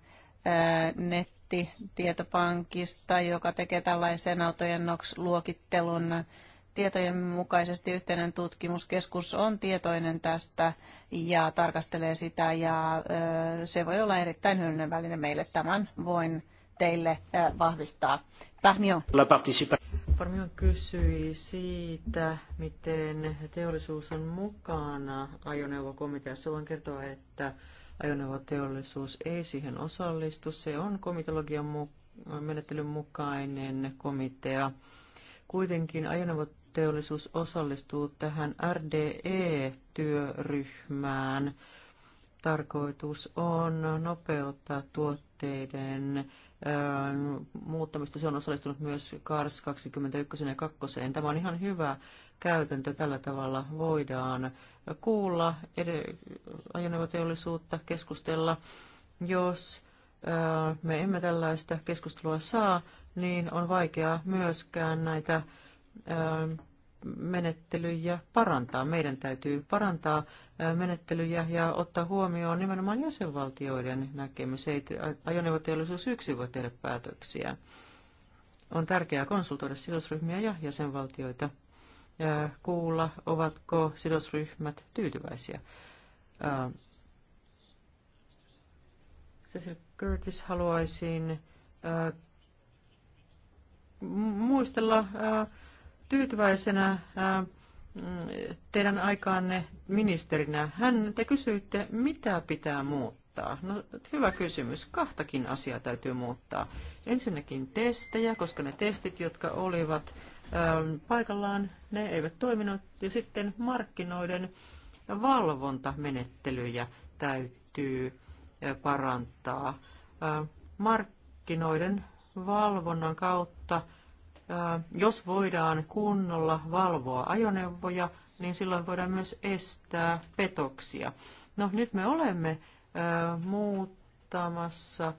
nettitietopankista, joka tekee tällaisen autojen NOx-luokittelun tietojen mukaisesti yhteinen tutkimuskeskus on tietoinen tästä ja tarkastelee sitä ja se voi olla erittäin hyödyllinen väline meille. Tämän voin teille vahvistaa. Pähniö. Parmion kysyi siitä, miten teollisuus on mukana ajoneuvokomiteassa. Voin kertoa, että ajoneuvoteollisuus ei siihen osallistu. Se on komitologian menettelyn mukainen komitea. Kuitenkin ajoneuvot teollisuus osallistuu tähän RDE-työryhmään. Tarkoitus on nopeuttaa tuotteiden ähm, muuttamista. Se on osallistunut myös CARS 21 ja 2. Tämä on ihan hyvä käytäntö. Tällä tavalla voidaan kuulla ajoneuvoteollisuutta, keskustella. Jos äh, me emme tällaista keskustelua saa, niin on vaikeaa myöskään näitä menettelyjä parantaa. Meidän täytyy parantaa menettelyjä ja ottaa huomioon nimenomaan jäsenvaltioiden näkemys. Ei, ajoneuvoteollisuus yksin voi tehdä päätöksiä. On tärkeää konsultoida sidosryhmiä ja jäsenvaltioita ja kuulla, ovatko sidosryhmät tyytyväisiä. Cecil Curtis haluaisin muistella tyytyväisenä mm, teidän aikaanne ministerinä. Hän, te kysyitte, mitä pitää muuttaa. No, hyvä kysymys. Kahtakin asiaa täytyy muuttaa. Ensinnäkin testejä, koska ne testit, jotka olivat paikallaan, ne eivät toiminut. Ja sitten markkinoiden valvontamenettelyjä täytyy parantaa. Markkinoiden valvonnan kautta jos voidaan kunnolla valvoa ajoneuvoja, niin silloin voidaan myös estää petoksia. No nyt me olemme muuttamassa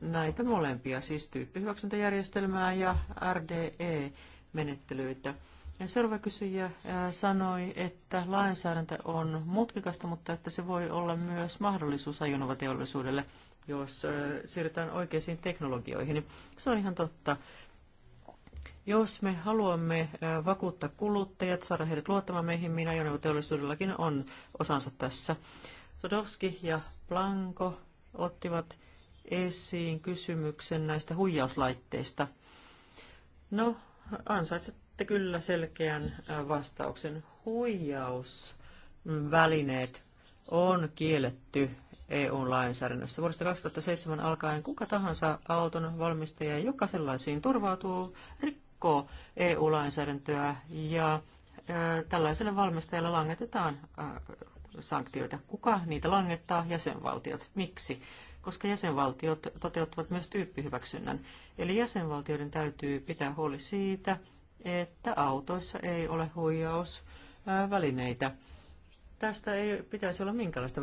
näitä molempia, siis tyyppihyväksyntäjärjestelmää ja RDE-menettelyitä. Seuraava kysyjä sanoi, että lainsäädäntö on mutkikasta, mutta että se voi olla myös mahdollisuus ajoneuvoteollisuudelle, jos siirrytään oikeisiin teknologioihin. Se on ihan totta. Jos me haluamme äh, vakuuttaa kuluttajat, saada heidät luottamaan meihin, ja teollisuudellakin on osansa tässä. Sodowski ja Blanco ottivat esiin kysymyksen näistä huijauslaitteista. No, ansaitsette kyllä selkeän äh, vastauksen. Huijausvälineet on kielletty EU-lainsäädännössä. Vuodesta 2007 alkaen kuka tahansa auton valmistaja, joka sellaisiin turvautuu, rik- rikkoo EU-lainsäädäntöä ja tällaiselle valmistajalle langetetaan sanktioita. Kuka niitä langettaa? Jäsenvaltiot. Miksi? Koska jäsenvaltiot toteuttavat myös tyyppihyväksynnän. Eli jäsenvaltioiden täytyy pitää huoli siitä, että autoissa ei ole huijausvälineitä. Tästä ei pitäisi olla minkäänlaista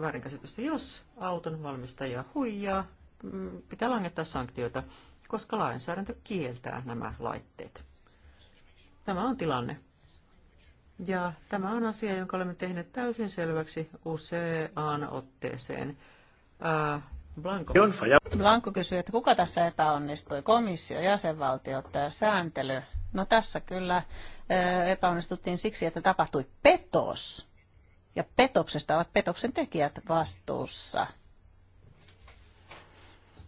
väärinkäsitystä. Jos auton valmistaja huijaa, mm, pitää langettaa sanktioita koska lainsäädäntö kieltää nämä laitteet. Tämä on tilanne. Ja tämä on asia, jonka olemme tehneet täysin selväksi useaan otteeseen. Ää, äh, Blanco. Blanco kysyy, että kuka tässä epäonnistui? Komissio, tai sääntely. No tässä kyllä äh, epäonnistuttiin siksi, että tapahtui petos. Ja petoksesta ovat petoksen tekijät vastuussa.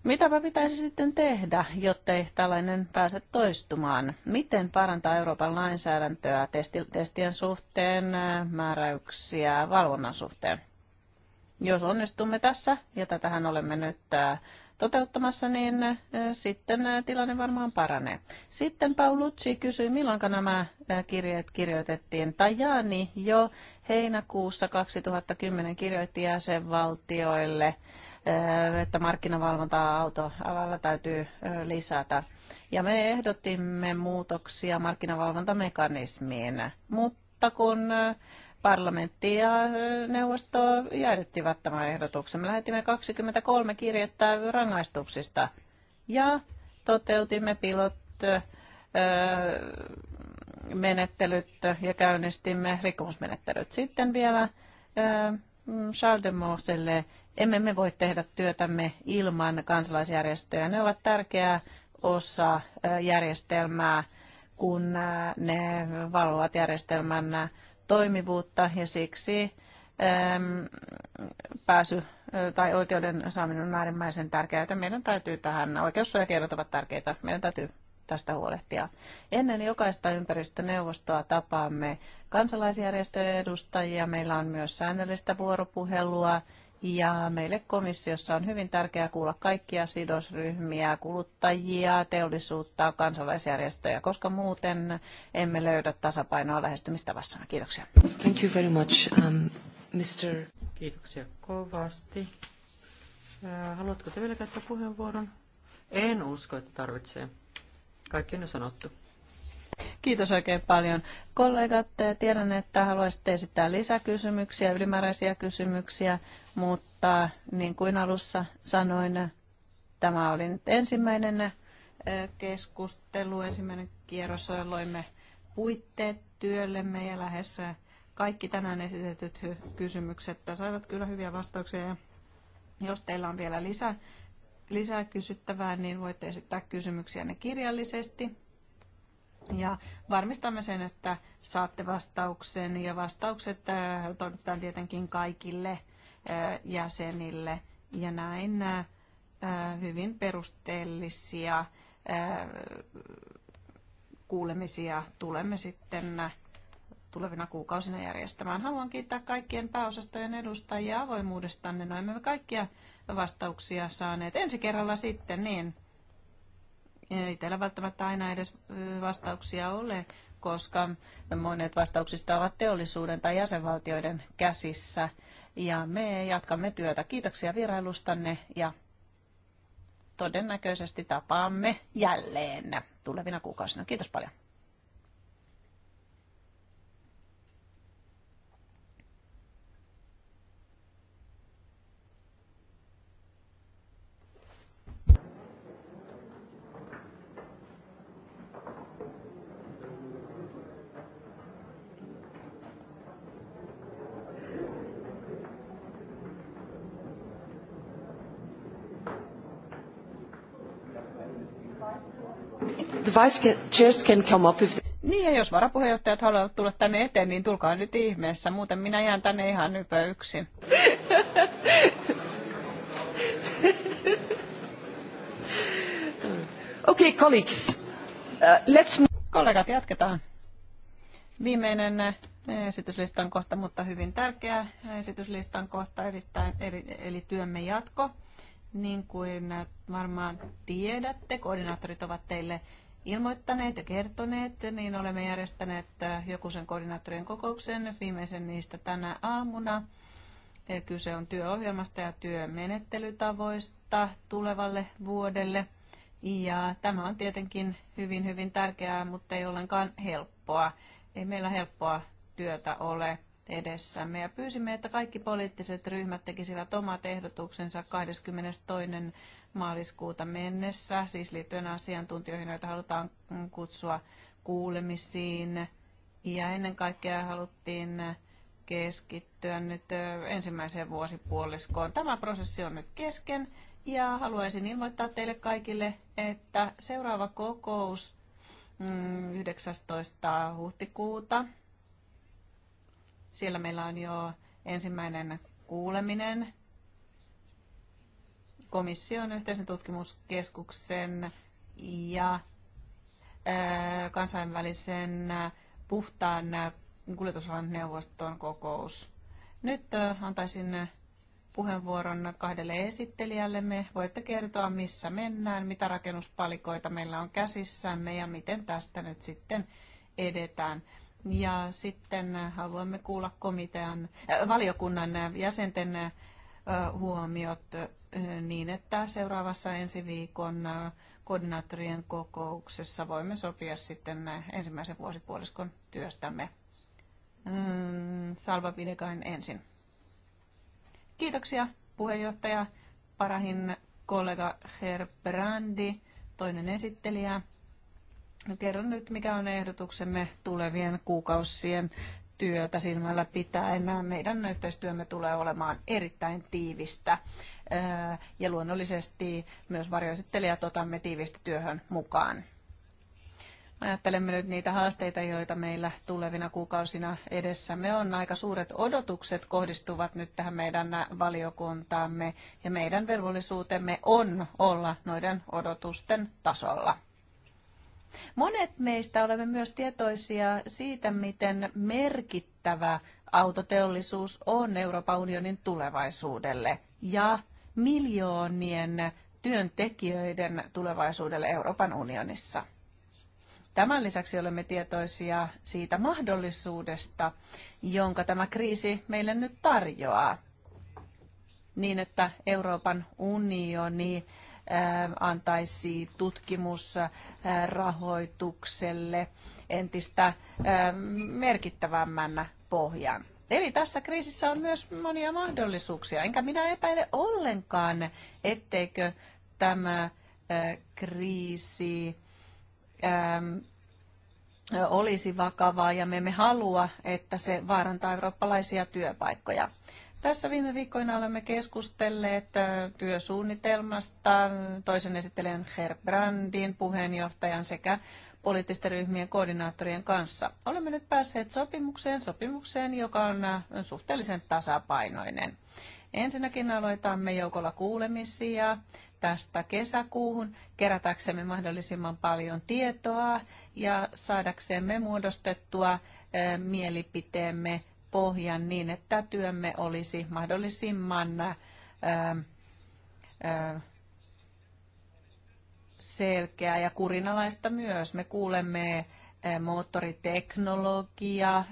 Mitäpä pitäisi sitten tehdä, ei tällainen pääse toistumaan? Miten parantaa Euroopan lainsäädäntöä testien suhteen, äh, määräyksiä, valvonnan suhteen? Jos onnistumme tässä, ja tätähän olemme nyt äh, toteuttamassa, niin äh, sitten tilanne varmaan paranee. Sitten Paulucci kysyi, milloin nämä kirjeet kirjoitettiin. Tajani jo heinäkuussa 2010 kirjoitti jäsenvaltioille – että markkinavalvontaa autoalalla täytyy lisätä. Ja me ehdotimme muutoksia markkinavalvontamekanismiin, mutta kun parlamentti ja neuvosto jäädyttivät tämän ehdotuksen, me lähetimme 23 kirjettä rangaistuksista ja toteutimme pilot menettelyt ja käynnistimme rikkomusmenettelyt. Sitten vielä Charles de emme me voi tehdä työtämme ilman kansalaisjärjestöjä. Ne ovat tärkeä osa järjestelmää, kun ne valvovat järjestelmän toimivuutta ja siksi pääsy tai oikeuden saaminen on äärimmäisen tärkeää, että meidän täytyy tähän, oikeussuojakeinot ovat tärkeitä, meidän täytyy tästä huolehtia. Ennen jokaista ympäristöneuvostoa tapaamme kansalaisjärjestöjen edustajia, meillä on myös säännöllistä vuoropuhelua ja meille komissiossa on hyvin tärkeää kuulla kaikkia sidosryhmiä, kuluttajia, teollisuutta, kansalaisjärjestöjä, koska muuten emme löydä tasapainoa lähestymistavassa. Kiitoksia. Thank you very much, um, Mr. Kiitoksia kovasti. Haluatko te vielä käyttää puheenvuoron? En usko, että tarvitsee. Kaikki on sanottu. Kiitos oikein paljon. Kollegat, tiedän, että haluaisitte esittää lisäkysymyksiä, ylimääräisiä kysymyksiä, mutta niin kuin alussa sanoin, tämä oli nyt ensimmäinen eh, keskustelu, ensimmäinen kierros. Loimme puitteet työllemme ja lähes kaikki tänään esitetyt kysymykset saivat kyllä hyviä vastauksia. Ja jos teillä on vielä lisää, lisää kysyttävää, niin voitte esittää kysymyksiä ne kirjallisesti ja varmistamme sen, että saatte vastauksen ja vastaukset äh, toimitetaan tietenkin kaikille äh, jäsenille ja näin äh, hyvin perusteellisia kuulemisia tulemme sitten tulevina kuukausina järjestämään. Haluan kiittää kaikkien pääosastojen edustajia avoimuudestanne. No me kaikkia vastauksia saaneet. Ensi kerralla sitten, niin ei välttämättä aina edes vastauksia ole, koska monet vastauksista ovat teollisuuden tai jäsenvaltioiden käsissä. Ja me jatkamme työtä. Kiitoksia vierailustanne ja todennäköisesti tapaamme jälleen tulevina kuukausina. Kiitos paljon. Niin, ja jos varapuheenjohtajat haluavat tulla tänne eteen, niin tulkaa nyt ihmeessä. Muuten minä jään tänne ihan ypö yksin. okay, colleagues. Uh, let's... Kollegat, jatketaan. Viimeinen eh, esityslistan kohta, mutta hyvin tärkeä esityslistan kohta, erittäin, eli, eli työmme jatko. Niin kuin eh, varmaan tiedätte, koordinaattorit ovat teille ilmoittaneet ja kertoneet, niin olemme järjestäneet äh, Jokusen koordinaattorien kokouksen viimeisen niistä tänä aamuna. Äh, kyse on työohjelmasta ja työmenettelytavoista tulevalle vuodelle. Ja tämä on tietenkin hyvin, hyvin tärkeää, mutta ei ollenkaan helppoa. Ei meillä helppoa työtä ole edessämme ja pyysimme, että kaikki poliittiset ryhmät tekisivät omat ehdotuksensa 22. maaliskuuta mennessä, siis liittyen asiantuntijoihin, joita halutaan kutsua kuulemisiin. Ja ennen kaikkea haluttiin keskittyä nyt ensimmäiseen vuosipuoliskoon. Tämä prosessi on nyt kesken ja haluaisin ilmoittaa teille kaikille, että seuraava kokous 19. Mm, huhtikuuta siellä meillä on jo ensimmäinen kuuleminen komission yhteisen tutkimuskeskuksen ja äh, kansainvälisen äh, puhtaan äh, kuljetusalan neuvoston kokous. Nyt antaisin puheenvuoron kahdelle esittelijällemme. Voitte kertoa, missä mennään, mitä rakennuspalikoita meillä on käsissämme ja miten tästä nyt sitten edetään. Ja sitten haluamme kuulla komitean, äh, valiokunnan jäsenten äh, huomiot äh, niin, että seuraavassa ensi viikon äh, koordinaattorien kokouksessa voimme sopia sitten äh, ensimmäisen vuosipuoliskon työstämme. Mm, Salva Pidekain ensin. Kiitoksia puheenjohtaja Parahin kollega Herr Brandi toinen esittelijä. No, kerron nyt, mikä on ehdotuksemme tulevien kuukausien työtä silmällä Enää Meidän yhteistyömme tulee olemaan erittäin tiivistä eh, ja luonnollisesti myös varjoesittelijät otamme tiivistä työhön mukaan. Ajattelemme nyt niitä haasteita, joita meillä tulevina kuukausina edessä. Me on. Aika suuret odotukset kohdistuvat nyt tähän meidän valiokuntaamme ja meidän velvollisuutemme on olla noiden odotusten tasolla. Monet meistä olemme myös tietoisia siitä, miten merkittävä autoteollisuus on Euroopan unionin tulevaisuudelle ja miljoonien työntekijöiden tulevaisuudelle Euroopan unionissa. Tämän lisäksi olemme tietoisia siitä mahdollisuudesta, jonka tämä kriisi meille nyt tarjoaa, niin että Euroopan unioni Ähm, antaisi tutkimusrahoitukselle entistä ähm, merkittävämmän pohjan. Eli tässä kriisissä on myös monia mahdollisuuksia, enkä minä epäile ollenkaan, etteikö tämä äh, kriisi ähm, olisi vakavaa ja me emme halua, että se vaarantaa eurooppalaisia työpaikkoja. Tässä viime viikkoina olemme keskustelleet työsuunnitelmasta toisen esittelijän Herbrandin puheenjohtajan sekä poliittisten ryhmien koordinaattorien kanssa. Olemme nyt päässeet sopimukseen, sopimukseen, joka on suhteellisen tasapainoinen. Ensinnäkin aloitamme joukolla kuulemisia tästä kesäkuuhun, kerätäksemme mahdollisimman paljon tietoa ja saadaksemme muodostettua mielipiteemme pohjan niin, että työmme olisi mahdollisimman ää, ää, selkeää ja kurinalaista myös. Me kuulemme moottoriteknologia,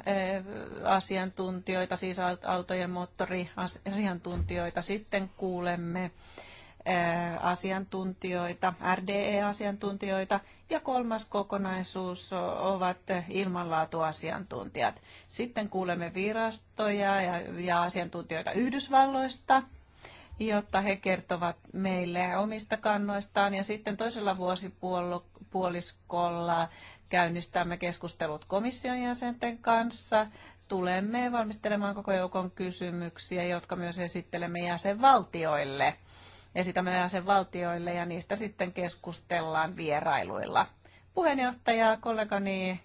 asiantuntijoita, siis autojen moottoriasiantuntijoita. Sitten kuulemme asiantuntijoita, RDE-asiantuntijoita ja kolmas kokonaisuus ovat ilmanlaatuasiantuntijat. Sitten kuulemme virastoja ja, ja asiantuntijoita Yhdysvalloista, jotta he kertovat meille omista kannoistaan ja sitten toisella vuosipuoliskolla käynnistämme keskustelut komission jäsenten kanssa. Tulemme valmistelemaan koko joukon kysymyksiä, jotka myös esittelemme jäsenvaltioille esitämme valtioille ja niistä sitten keskustellaan vierailuilla. Puheenjohtaja, kollegani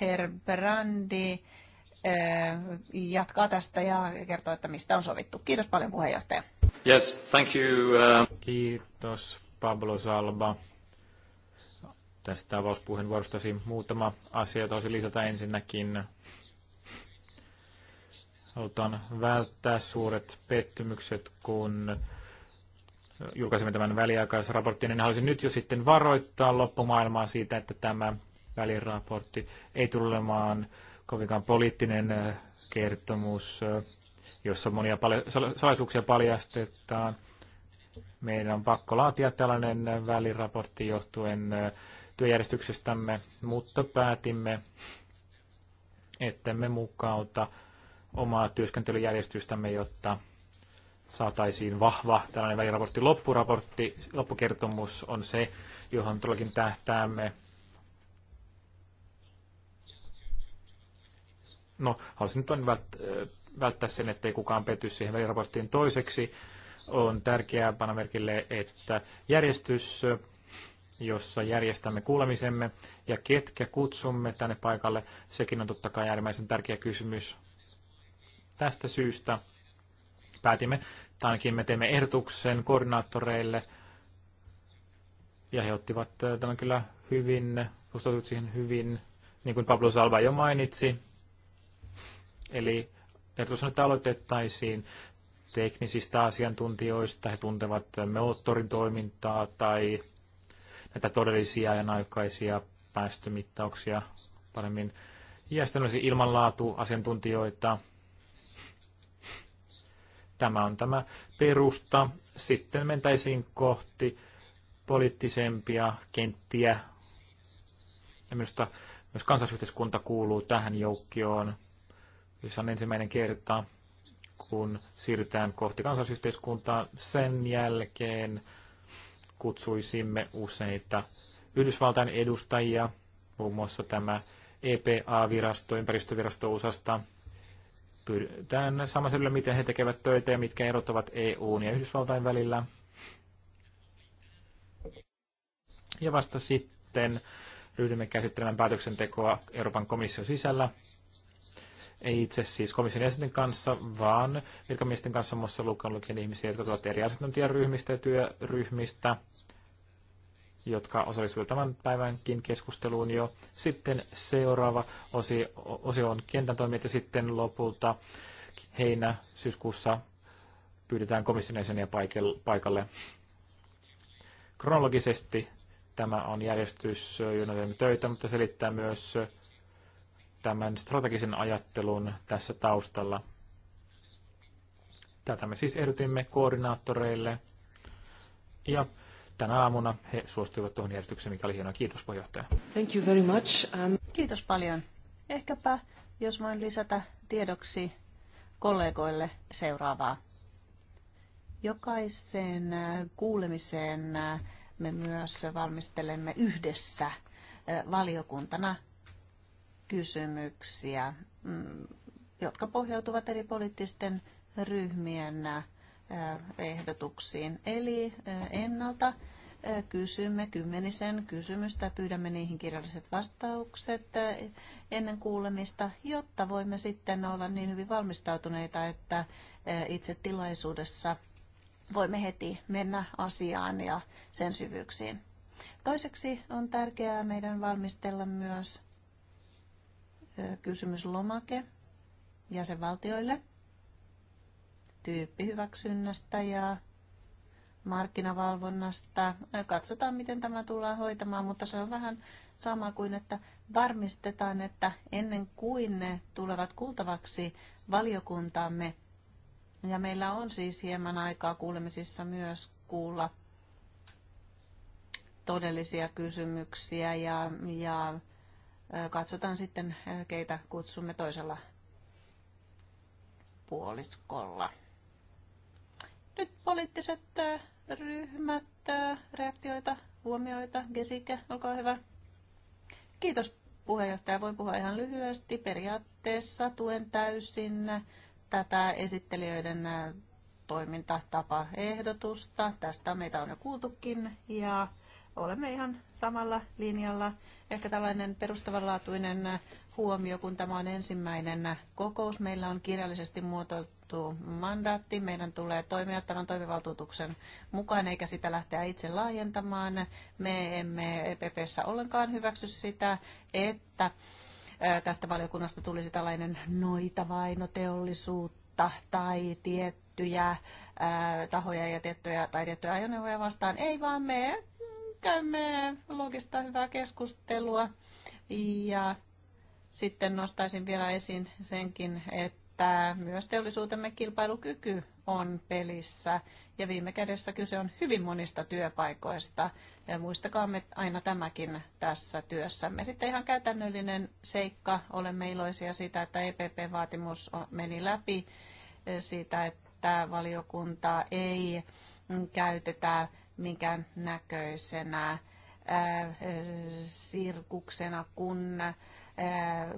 Herbrandi eh, jatkaa tästä ja kertoo, että mistä on sovittu. Kiitos paljon puheenjohtaja. Yes, thank you. Uh... Kiitos Pablo Salba tästä avauspuheenvuorostasi. Muutama asia tosi lisätä ensinnäkin. Halutaan välttää suuret pettymykset, kun julkaisimme tämän väliaikaisraportin, niin haluaisin nyt jo sitten varoittaa loppumaailmaa siitä, että tämä väliraportti ei tule olemaan kovinkaan poliittinen äh, kertomus, äh, jossa monia salaisuuksia paljastetaan. Meidän on pakko laatia tällainen väliraportti johtuen äh, työjärjestyksestämme, mutta päätimme, että me mukauta omaa työskentelyjärjestystämme, jotta saataisiin vahva tällainen väliraportti. Loppuraportti, loppukertomus on se, johon todellakin tähtäämme. No, haluaisin nyt välttää sen, ettei kukaan petty siihen väliraporttiin toiseksi. On tärkeää panna merkille, että järjestys, jossa järjestämme kuulemisemme ja ketkä kutsumme tänne paikalle, sekin on totta kai äärimmäisen tärkeä kysymys. Tästä syystä päätimme, tai ainakin me teemme ehdotuksen koordinaattoreille, ja he ottivat äh, tämän kyllä hyvin, suhtautuivat siihen hyvin, niin kuin Pablo Salva jo mainitsi. Eli ehdotus on, että aloitettaisiin teknisistä asiantuntijoista, he tuntevat moottorin toimintaa tai näitä todellisia ja aikaisia päästömittauksia paremmin. Ja sitten olisi ilmanlaatuasiantuntijoita, Tämä on tämä perusta. Sitten mentäisiin kohti poliittisempia kenttiä. Ja minusta myös kansallisyhteiskunta kuuluu tähän joukkioon, jossa on ensimmäinen kerta, kun siirrytään kohti kansallisyhteiskuntaa. Sen jälkeen kutsuisimme useita Yhdysvaltain edustajia, muun muassa tämä EPA-virasto, ympäristövirasto USAsta, pyritään samaisella, miten he tekevät töitä ja mitkä erot ovat EUn ja Yhdysvaltain välillä. Ja vasta sitten ryhdymme käsittelemään päätöksentekoa Euroopan komission sisällä. Ei itse siis komission jäsenten kanssa, vaan virkamiesten kanssa muassa lukien ihmisiä, jotka tulevat eri asiantuntijaryhmistä ja työryhmistä jotka osallistuivat tämän päivänkin keskusteluun jo. Sitten seuraava osio, osio on kentän toimijat ja sitten lopulta heinä syyskuussa pyydetään komission jäseniä paikalle. Kronologisesti tämä on järjestys, jona teemme töitä, mutta selittää myös tämän strategisen ajattelun tässä taustalla. Tätä me siis ehdotimme koordinaattoreille. Ja tänä aamuna he suostuivat tuohon järjestykseen, mikä oli hienoa. Kiitos puheenjohtaja. Thank you very much. Um... Kiitos paljon. Ehkäpä, jos voin lisätä tiedoksi kollegoille seuraavaa. Jokaisen äh, kuulemiseen äh, me myös valmistelemme yhdessä äh, valiokuntana kysymyksiä, mm, jotka pohjautuvat eri poliittisten ryhmien ehdotuksiin. Eli eh, ennalta eh, kysymme kymmenisen kysymystä, pyydämme niihin kirjalliset vastaukset eh, ennen kuulemista, jotta voimme sitten olla niin hyvin valmistautuneita, että itse tilaisuudessa voimme heti mennä asiaan ja sen syvyyksiin. Toiseksi on tärkeää meidän valmistella myös kysymyslomake jäsenvaltioille – tyyppihyväksynnästä ja markkinavalvonnasta. Katsotaan, miten tämä tullaan hoitamaan, mutta se on vähän sama kuin, että varmistetaan, että ennen kuin ne tulevat kuultavaksi valiokuntaamme, ja meillä on siis hieman aikaa kuulemisissa myös kuulla todellisia kysymyksiä ja, ja katsotaan sitten, keitä kutsumme toisella puoliskolla. Nyt poliittiset äh, ryhmät, äh, reaktioita, huomioita. Gesike, olkaa hyvä. Kiitos puheenjohtaja. Voin puhua ihan lyhyesti. Periaatteessa tuen täysin tätä esittelijöiden äh, toimintatapaehdotusta. Tästä meitä on jo kuultukin ja olemme ihan samalla linjalla. Ehkä tällainen perustavanlaatuinen huomio, kun tämä on ensimmäinen kokous. Meillä on kirjallisesti muotoiltu annettu mandaatti. Meidän tulee toimia tämän toimivaltuutuksen mukaan eikä sitä lähteä itse laajentamaan. Me emme EPPssä ollenkaan hyväksy sitä, että tästä valiokunnasta tulisi tällainen noita vainoteollisuutta tai tiettyjä tahoja ja tiettyjä, tai tiettyjä ajoneuvoja vastaan. Ei vaan me käymme logista hyvää keskustelua ja sitten nostaisin vielä esiin senkin, että että myös teollisuutemme kilpailukyky on pelissä ja viime kädessä kyse on hyvin monista työpaikoista. Ja muistakaamme aina tämäkin tässä työssämme. Sitten ihan käytännöllinen seikka. Olemme iloisia siitä, että EPP-vaatimus meni läpi siitä, että valiokunta ei käytetä minkään näköisenä sirkuksena, kun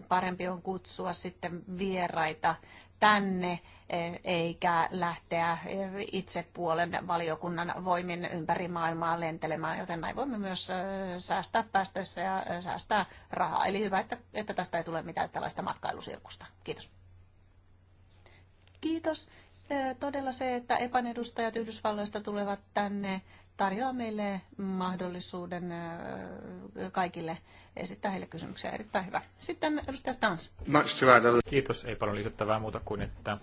parempi on kutsua sitten vieraita tänne eikä lähteä itse puolen valiokunnan voimin ympäri maailmaa lentelemään, joten näin voimme myös säästää päästöissä ja säästää rahaa. Eli hyvä, että, että tästä ei tule mitään tällaista matkailusirkusta. Kiitos. Kiitos. Todella se, että EPAN edustajat Yhdysvalloista tulevat tänne tarjoaa meille mahdollisuuden kaikille esittää heille kysymyksiä. Erittäin hyvä. Sitten edustaja Stans. Kiitos. Ei paljon lisättävää muuta kuin, että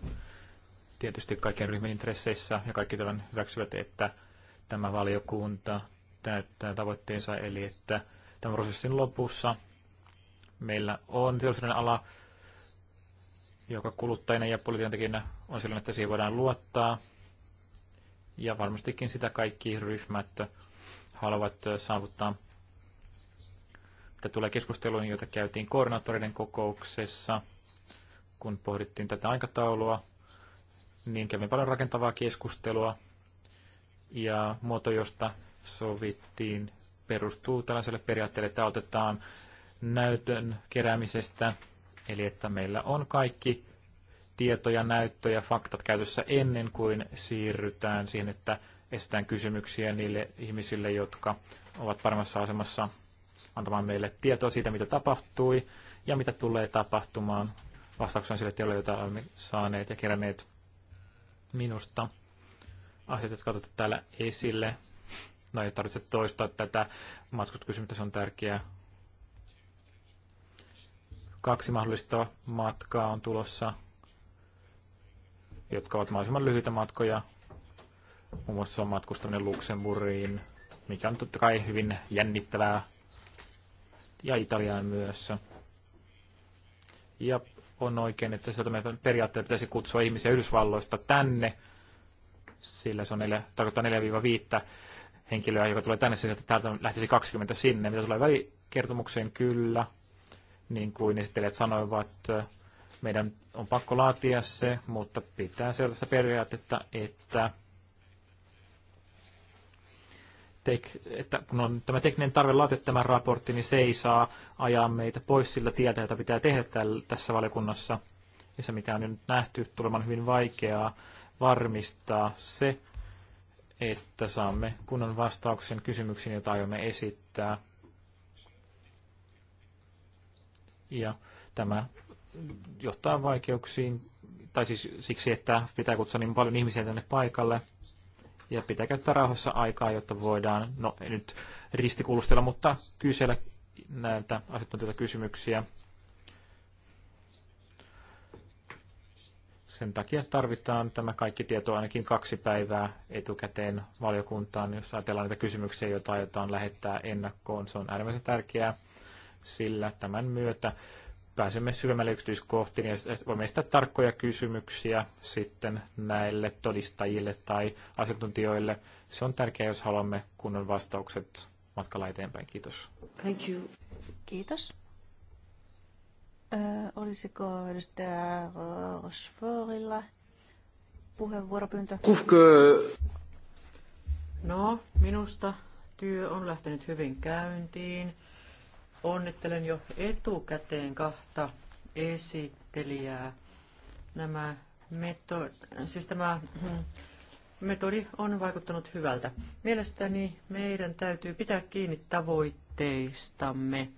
tietysti kaikkien ryhmän intresseissä ja kaikki tämän hyväksyvät, että tämä valiokunta täyttää tavoitteensa, eli että tämän prosessin lopussa meillä on teollisuuden ala, joka kuluttajina ja poliitikon on sellainen, että siihen voidaan luottaa, ja varmastikin sitä kaikki ryhmät haluavat saavuttaa. Mitä tulee keskusteluun, joita käytiin koordinaattoreiden kokouksessa, kun pohdittiin tätä aikataulua, niin kävi paljon rakentavaa keskustelua ja muoto, josta sovittiin, perustuu tällaiselle periaatteelle, että otetaan näytön keräämisestä, eli että meillä on kaikki tietoja, näyttöjä, faktat käytössä ennen kuin siirrytään siihen, että estetään kysymyksiä niille ihmisille, jotka ovat paremmassa asemassa antamaan meille tietoa siitä, mitä tapahtui ja mitä tulee tapahtumaan vastauksena sille tiedolle, jota olemme saaneet ja keränneet minusta. Asiat, jotka otettu täällä esille. No ei tarvitse toistaa tätä matkustuskysymystä, se on tärkeää. Kaksi mahdollista matkaa on tulossa jotka ovat mahdollisimman lyhyitä matkoja. Muun muassa matkustaminen Luxemburgiin, mikä on totta kai hyvin jännittävää. Ja Italiaan myös. Ja on oikein, että sieltä meidän periaatteessa pitäisi kutsua ihmisiä Yhdysvalloista tänne, sillä se on neljä, tarkoittaa 4-5 henkilöä, joka tulee tänne, sillä täältä lähtisi 20 sinne. Mitä tulee välikertomukseen, kyllä, niin kuin esittelijät sanoivat, meidän on pakko laatia se, mutta pitää seurata sitä periaatetta, että, tek, että kun on tämä tekninen tarve laatia tämä raportti, niin se ei saa ajaa meitä pois sillä tieltä, jota pitää tehdä täällä, tässä valiokunnassa. Ja se, mitä on nyt nähty, tulemaan hyvin vaikeaa varmistaa se, että saamme kunnon vastauksen kysymyksiin, joita aiomme esittää. Ja tämä johtaa vaikeuksiin, tai siis siksi, että pitää kutsua niin paljon ihmisiä tänne paikalle, ja pitää käyttää rauhassa aikaa, jotta voidaan, no ei nyt ristikulustella, mutta kysellä näiltä asiantuntijoilta kysymyksiä. Sen takia tarvitaan tämä kaikki tieto ainakin kaksi päivää etukäteen valiokuntaan, jos ajatellaan näitä kysymyksiä, joita aiotaan lähettää ennakkoon. Se on äärimmäisen tärkeää, sillä tämän myötä pääsemme syvemmälle yksityiskohtiin ja voimme esittää tarkkoja kysymyksiä sitten näille todistajille tai asiantuntijoille. Se on tärkeää, jos haluamme kunnon vastaukset matkalla eteenpäin. Kiitos. Thank you. Kiitos. Äh, olisiko edustaja Rochefortilla puheenvuoropyyntö? Kufke. No, minusta työ on lähtenyt hyvin käyntiin. Onnittelen jo etukäteen kahta esittelijää. Nämä meto- siis tämä hmm, metodi on vaikuttanut hyvältä. Mielestäni meidän täytyy pitää kiinni tavoitteistamme.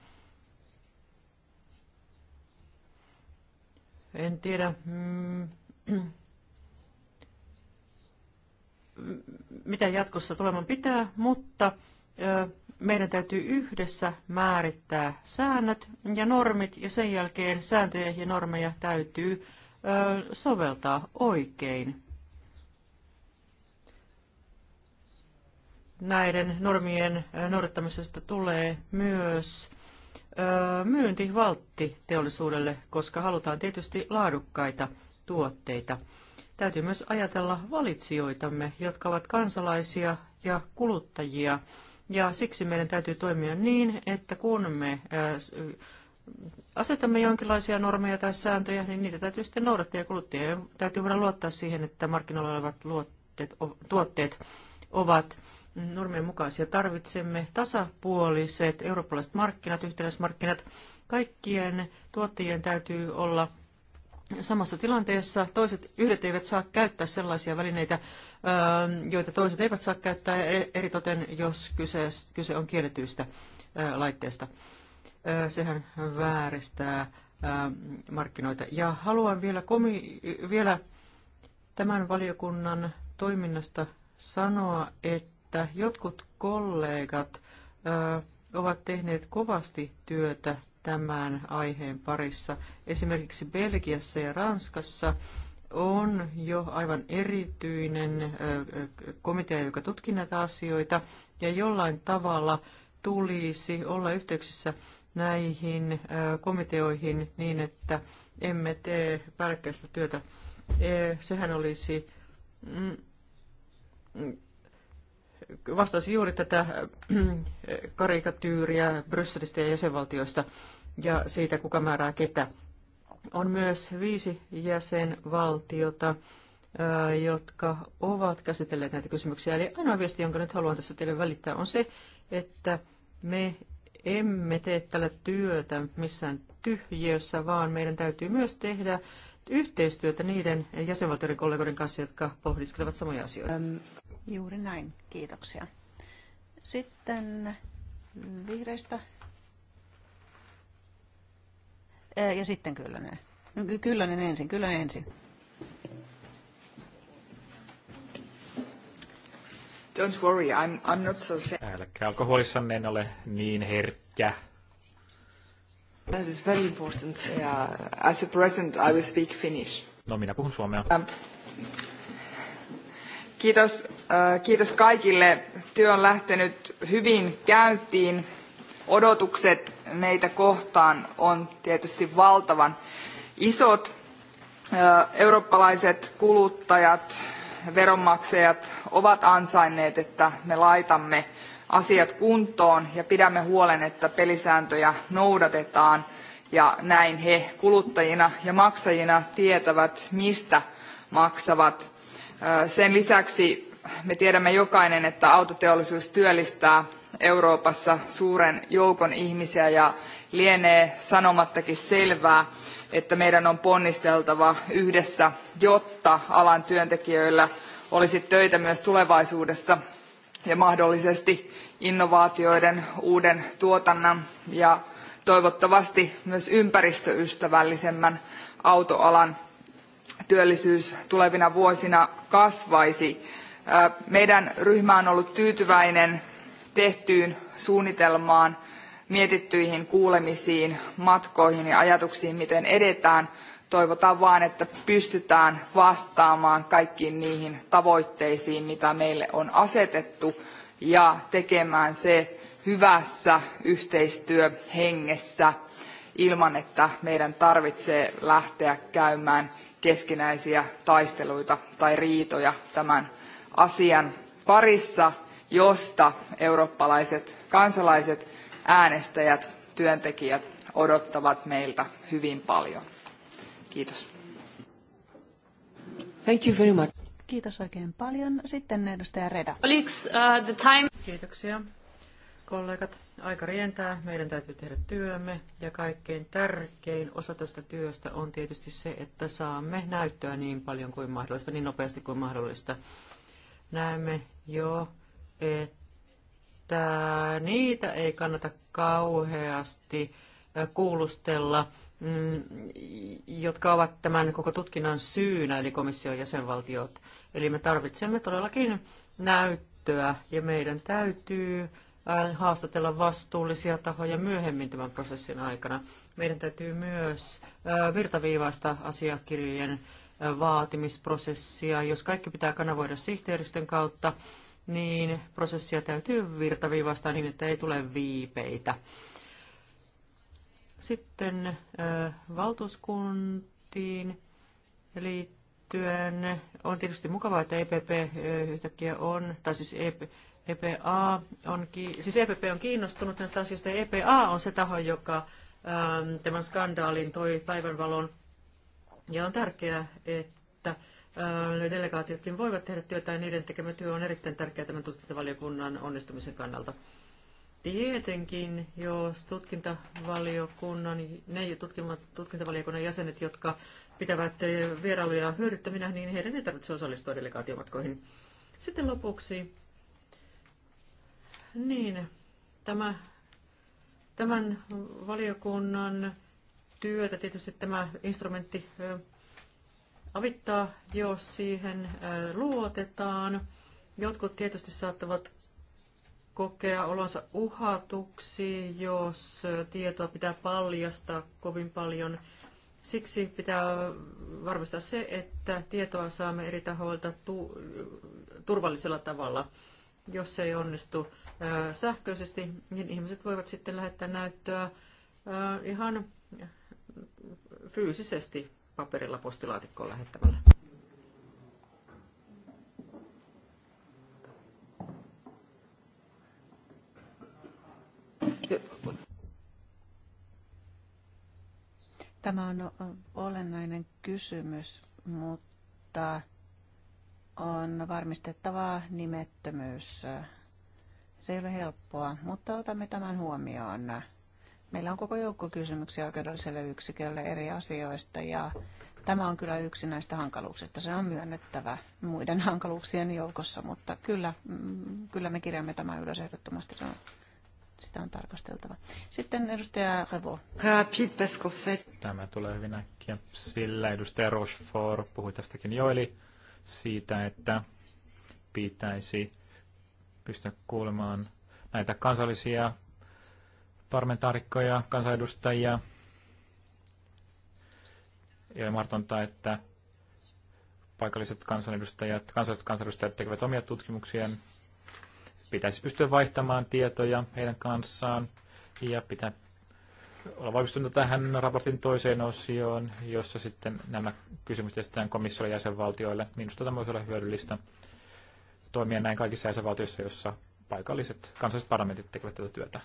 En tiedä, hmm, mitä jatkossa tuleman pitää, mutta meidän täytyy yhdessä määrittää säännöt ja normit, ja sen jälkeen sääntöjä ja normeja täytyy ö, soveltaa oikein. Näiden normien noudattamisesta tulee myös ö, myyntivaltti teollisuudelle, koska halutaan tietysti laadukkaita tuotteita. Täytyy myös ajatella valitsijoitamme, jotka ovat kansalaisia ja kuluttajia ja siksi meidän täytyy toimia niin, että kun me asetamme jonkinlaisia normeja tai sääntöjä, niin niitä täytyy sitten noudattaa ja kuluttajien täytyy voida luottaa siihen, että markkinoilla olevat luotteet, tuotteet ovat normien mukaisia. Tarvitsemme tasapuoliset eurooppalaiset markkinat, yhtenäismarkkinat. Kaikkien tuottajien täytyy olla samassa tilanteessa toiset, yhdet eivät saa käyttää sellaisia välineitä, ähm, joita toiset eivät saa käyttää, e- eritoten jos kyse, kyse on kielletyistä äh, laitteista. Äh, sehän vääristää ähm, markkinoita. Ja haluan vielä, komi, vielä tämän valiokunnan toiminnasta sanoa, että jotkut kollegat äh, ovat tehneet kovasti työtä tämän aiheen parissa. Esimerkiksi Belgiassa ja Ranskassa on jo aivan erityinen komitea, joka tutkii näitä asioita, ja jollain tavalla tulisi olla yhteyksissä näihin komiteoihin niin, että emme tee päällekkäistä työtä. E, sehän olisi mm, vastasi juuri tätä karikatyyriä Brysselistä ja jäsenvaltioista ja siitä, kuka määrää ketä. On myös viisi jäsenvaltiota, jotka ovat käsitelleet näitä kysymyksiä. Eli ainoa viesti, jonka nyt haluan tässä teille välittää, on se, että me emme tee tällä työtä missään tyhjiössä, vaan meidän täytyy myös tehdä yhteistyötä niiden jäsenvaltioiden kollegoiden kanssa, jotka pohdiskelevat samoja asioita. Juuri näin, kiitoksia. Sitten vihreistä ja sitten Kyllönen. No, Kyllönen ensin, Kyllönen ensin. Don't worry, I'm, I'm not so sad. Älkää olko huolissanne, en ole niin herkkä. That is very important. Yeah. As a present, I will speak Finnish. No, minä puhun suomea. Um, kiitos, uh, kiitos kaikille. Työ on lähtenyt hyvin käyntiin odotukset meitä kohtaan on tietysti valtavan isot. Eurooppalaiset kuluttajat, veronmaksajat ovat ansainneet, että me laitamme asiat kuntoon ja pidämme huolen, että pelisääntöjä noudatetaan ja näin he kuluttajina ja maksajina tietävät, mistä maksavat. Sen lisäksi me tiedämme jokainen, että autoteollisuus työllistää Euroopassa suuren joukon ihmisiä ja lienee sanomattakin selvää, että meidän on ponnisteltava yhdessä, jotta alan työntekijöillä olisi töitä myös tulevaisuudessa ja mahdollisesti innovaatioiden, uuden tuotannon ja toivottavasti myös ympäristöystävällisemmän autoalan työllisyys tulevina vuosina kasvaisi. Meidän ryhmä on ollut tyytyväinen tehtyyn suunnitelmaan, mietittyihin kuulemisiin, matkoihin ja ajatuksiin, miten edetään. Toivotaan vaan, että pystytään vastaamaan kaikkiin niihin tavoitteisiin, mitä meille on asetettu, ja tekemään se hyvässä yhteistyöhengessä ilman, että meidän tarvitsee lähteä käymään keskinäisiä taisteluita tai riitoja tämän asian parissa josta eurooppalaiset kansalaiset, äänestäjät, työntekijät odottavat meiltä hyvin paljon. Kiitos. Thank you very much. Kiitos oikein paljon. Sitten edustaja Reda. Oliks, uh, the time... Kiitoksia. Kollegat, aika rientää. Meidän täytyy tehdä työmme. Ja kaikkein tärkein osa tästä työstä on tietysti se, että saamme näyttöä niin paljon kuin mahdollista, niin nopeasti kuin mahdollista. Näemme jo että niitä ei kannata kauheasti kuulustella, mm, jotka ovat tämän koko tutkinnan syynä, eli komission jäsenvaltiot. Eli me tarvitsemme todellakin näyttöä ja meidän täytyy haastatella vastuullisia tahoja myöhemmin tämän prosessin aikana. Meidän täytyy myös virtaviivaista asiakirjojen vaatimisprosessia. Jos kaikki pitää kanavoida sihteeristön kautta, niin prosessia täytyy virtaviivastaa niin, että ei tule viipeitä. Sitten valtuuskuntiin liittyen on tietysti mukavaa, että EPP yhtäkkiä on, tai siis EP, EPA on, siis EPP on kiinnostunut näistä asioista, ja EPA on se taho, joka tämän skandaalin toi päivänvalon. Ja on tärkeää, että Äh, delegaatiotkin niin voivat tehdä työtä ja niiden tekemä työ on erittäin tärkeää tämän tutkintavaliokunnan onnistumisen kannalta. Tietenkin, jos tutkintavaliokunnan, ne tutkintavaliokunnan jäsenet, jotka pitävät vierailuja hyödyttäminä, niin heidän ei tarvitse osallistua delegaatiomatkoihin. Sitten lopuksi, niin, tämä, tämän valiokunnan työtä tietysti tämä instrumentti avittaa, jos siihen äh, luotetaan. Jotkut tietysti saattavat kokea olonsa uhatuksi, jos äh, tietoa pitää paljastaa kovin paljon. Siksi pitää varmistaa se, että tietoa saamme eri tahoilta tu- turvallisella tavalla. Jos se ei onnistu äh, sähköisesti, niin ihmiset voivat sitten lähettää näyttöä ihan fyysisesti paperilla postilaatikkoon lähettämällä. Tämä on olennainen kysymys, mutta on varmistettava nimettömyys. Se ei ole helppoa, mutta otamme tämän huomioon. Meillä on koko joukko kysymyksiä oikeudelliselle yksikölle eri asioista ja tämä on kyllä yksi näistä hankaluuksista. Se on myönnettävä muiden hankaluuksien joukossa, mutta kyllä, mm, kyllä me kirjaamme tämä ylös ehdottomasti. Se on, sitä on tarkasteltava. Sitten edustaja Revo. Tämä tulee hyvin äkkiä, sillä edustaja Rochefort puhui tästäkin jo, eli siitä, että pitäisi pystyä kuulemaan näitä kansallisia parlamentaarikkoja, kansanedustajia. ja martonta, että paikalliset kansanedustajat, kansalliset kansanedustajat tekevät omia tutkimuksiaan. Pitäisi pystyä vaihtamaan tietoja heidän kanssaan ja pitää olla valmistunut tähän raportin toiseen osioon, jossa sitten nämä kysymykset esitetään komissiolle ja jäsenvaltioille. Minusta tämä voisi olla hyödyllistä toimia näin kaikissa jäsenvaltioissa, jossa paikalliset kansalliset parlamentit tekevät tätä työtä.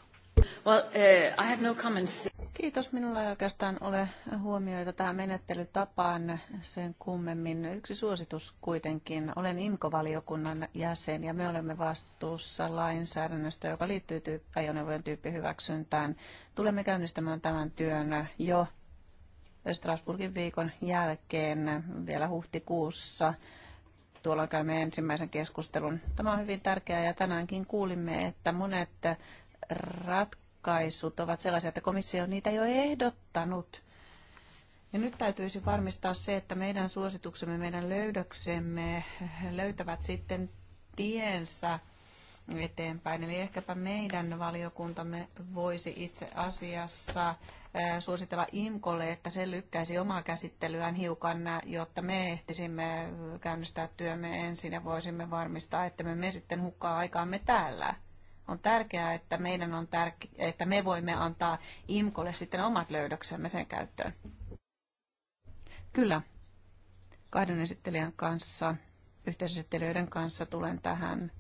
Well, uh, I have no comments. Kiitos. Minulla ei oikeastaan ole huomioita tähän menettelytapaan sen kummemmin. Yksi suositus kuitenkin. Olen IMKO-valiokunnan jäsen ja me olemme vastuussa lainsäädännöstä, joka liittyy ajoneuvojen tyyppihyväksyntään. Tulemme käynnistämään tämän työn jo Strasburgin viikon jälkeen vielä huhtikuussa. Tuolla käymme ensimmäisen keskustelun. Tämä on hyvin tärkeää ja tänäänkin kuulimme, että monet ratkaisut ovat sellaisia, että komissio on niitä jo ehdottanut. Ja nyt täytyisi varmistaa se, että meidän suosituksemme, meidän löydöksemme löytävät sitten tiensä eteenpäin. Eli ehkäpä meidän valiokuntamme voisi itse asiassa suositella Imkolle, että se lykkäisi omaa käsittelyään hiukan, jotta me ehtisimme käynnistää työmme ensin ja voisimme varmistaa, että me, me sitten hukkaa aikaamme täällä on tärkeää, että, meidän on tärke- että me voimme antaa IMKOlle sitten omat löydöksemme sen käyttöön. Kyllä, kahden esittelijän kanssa, yhteisesittelijöiden kanssa tulen tähän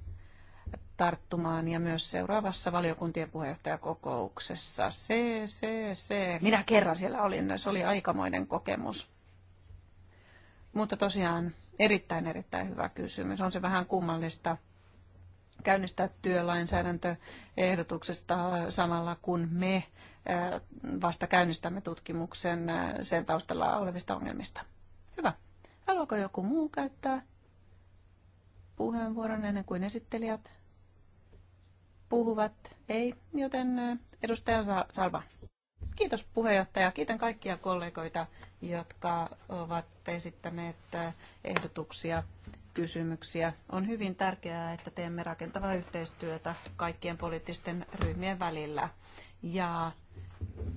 tarttumaan ja myös seuraavassa valiokuntien puheenjohtajakokouksessa. Se, se, se. Minä kerran siellä olin, se oli aikamoinen kokemus. Mutta tosiaan erittäin, erittäin hyvä kysymys. On se vähän kummallista, käynnistää työlainsäädäntöehdotuksesta samalla kun me vasta käynnistämme tutkimuksen sen taustalla olevista ongelmista. Hyvä. Haluaako joku muu käyttää puheenvuoron ennen kuin esittelijät puhuvat? Ei, joten edustaja Salva. Kiitos puheenjohtaja. Kiitän kaikkia kollegoita, jotka ovat esittäneet ehdotuksia kysymyksiä. On hyvin tärkeää, että teemme rakentavaa yhteistyötä kaikkien poliittisten ryhmien välillä. Ja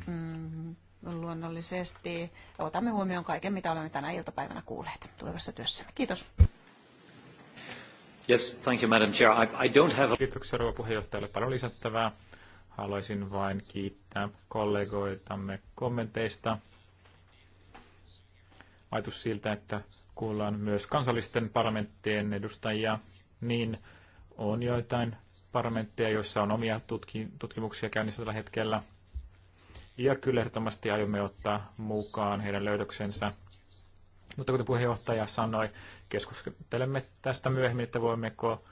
mm, luonnollisesti otamme huomioon kaiken, mitä olemme tänä iltapäivänä kuulleet tulevassa työssä. Kiitos. Yes, thank you, Madam Chair. I, I don't have... Kiitoksia rouva puheenjohtajalle. Paljon lisättävää. Haluaisin vain kiittää kollegoitamme kommenteista. Ajatus siltä, että kuullaan myös kansallisten parlamenttien edustajia, niin on joitain parlamentteja, joissa on omia tutki- tutkimuksia käynnissä tällä hetkellä. Ja kyllä ehdottomasti aiomme ottaa mukaan heidän löydöksensä. Mutta kuten puheenjohtaja sanoi, keskustelemme tästä myöhemmin, että voimmeko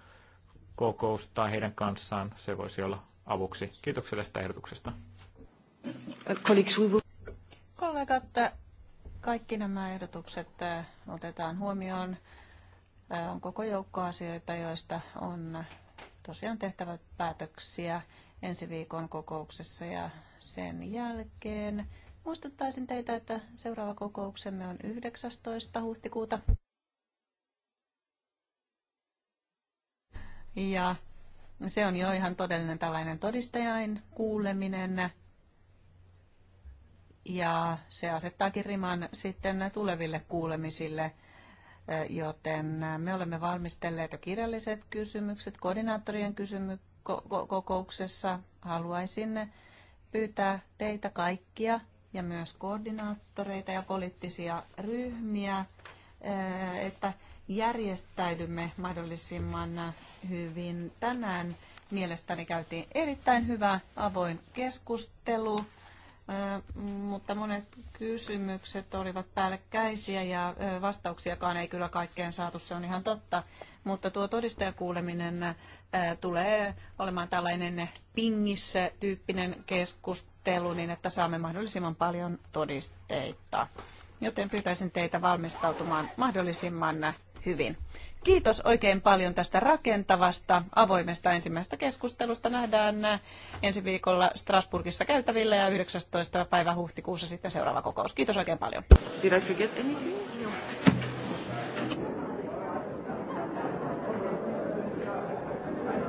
kokoustaa heidän kanssaan. Se voisi olla avuksi. Kiitoksia tästä ehdotuksesta. Kollegat, kaikki nämä ehdotukset äh, otetaan huomioon. Äh, on koko joukko asioita, joista on äh, tosiaan tehtävä päätöksiä ensi viikon kokouksessa ja sen jälkeen. Muistuttaisin teitä, että seuraava kokouksemme on 19. huhtikuuta. Ja se on jo ihan todellinen tällainen todistajain kuuleminen ja se asettaakin riman sitten tuleville kuulemisille, joten me olemme valmistelleet jo kirjalliset kysymykset koordinaattorien kysymy- ko- kokouksessa. Haluaisin pyytää teitä kaikkia ja myös koordinaattoreita ja poliittisia ryhmiä, että järjestäydymme mahdollisimman hyvin. Tänään mielestäni käytiin erittäin hyvä avoin keskustelu mutta monet kysymykset olivat päällekkäisiä ja vastauksiakaan ei kyllä kaikkeen saatu, se on ihan totta. Mutta tuo todistajakuuleminen kuuleminen tulee olemaan tällainen pingissä tyyppinen keskustelu niin, että saamme mahdollisimman paljon todisteita. Joten pyytäisin teitä valmistautumaan mahdollisimman hyvin. Kiitos oikein paljon tästä rakentavasta, avoimesta ensimmäisestä keskustelusta. Nähdään ensi viikolla Strasburgissa käytävillä ja 19. päivä huhtikuussa sitten seuraava kokous. Kiitos oikein paljon. Did I forget anything? No.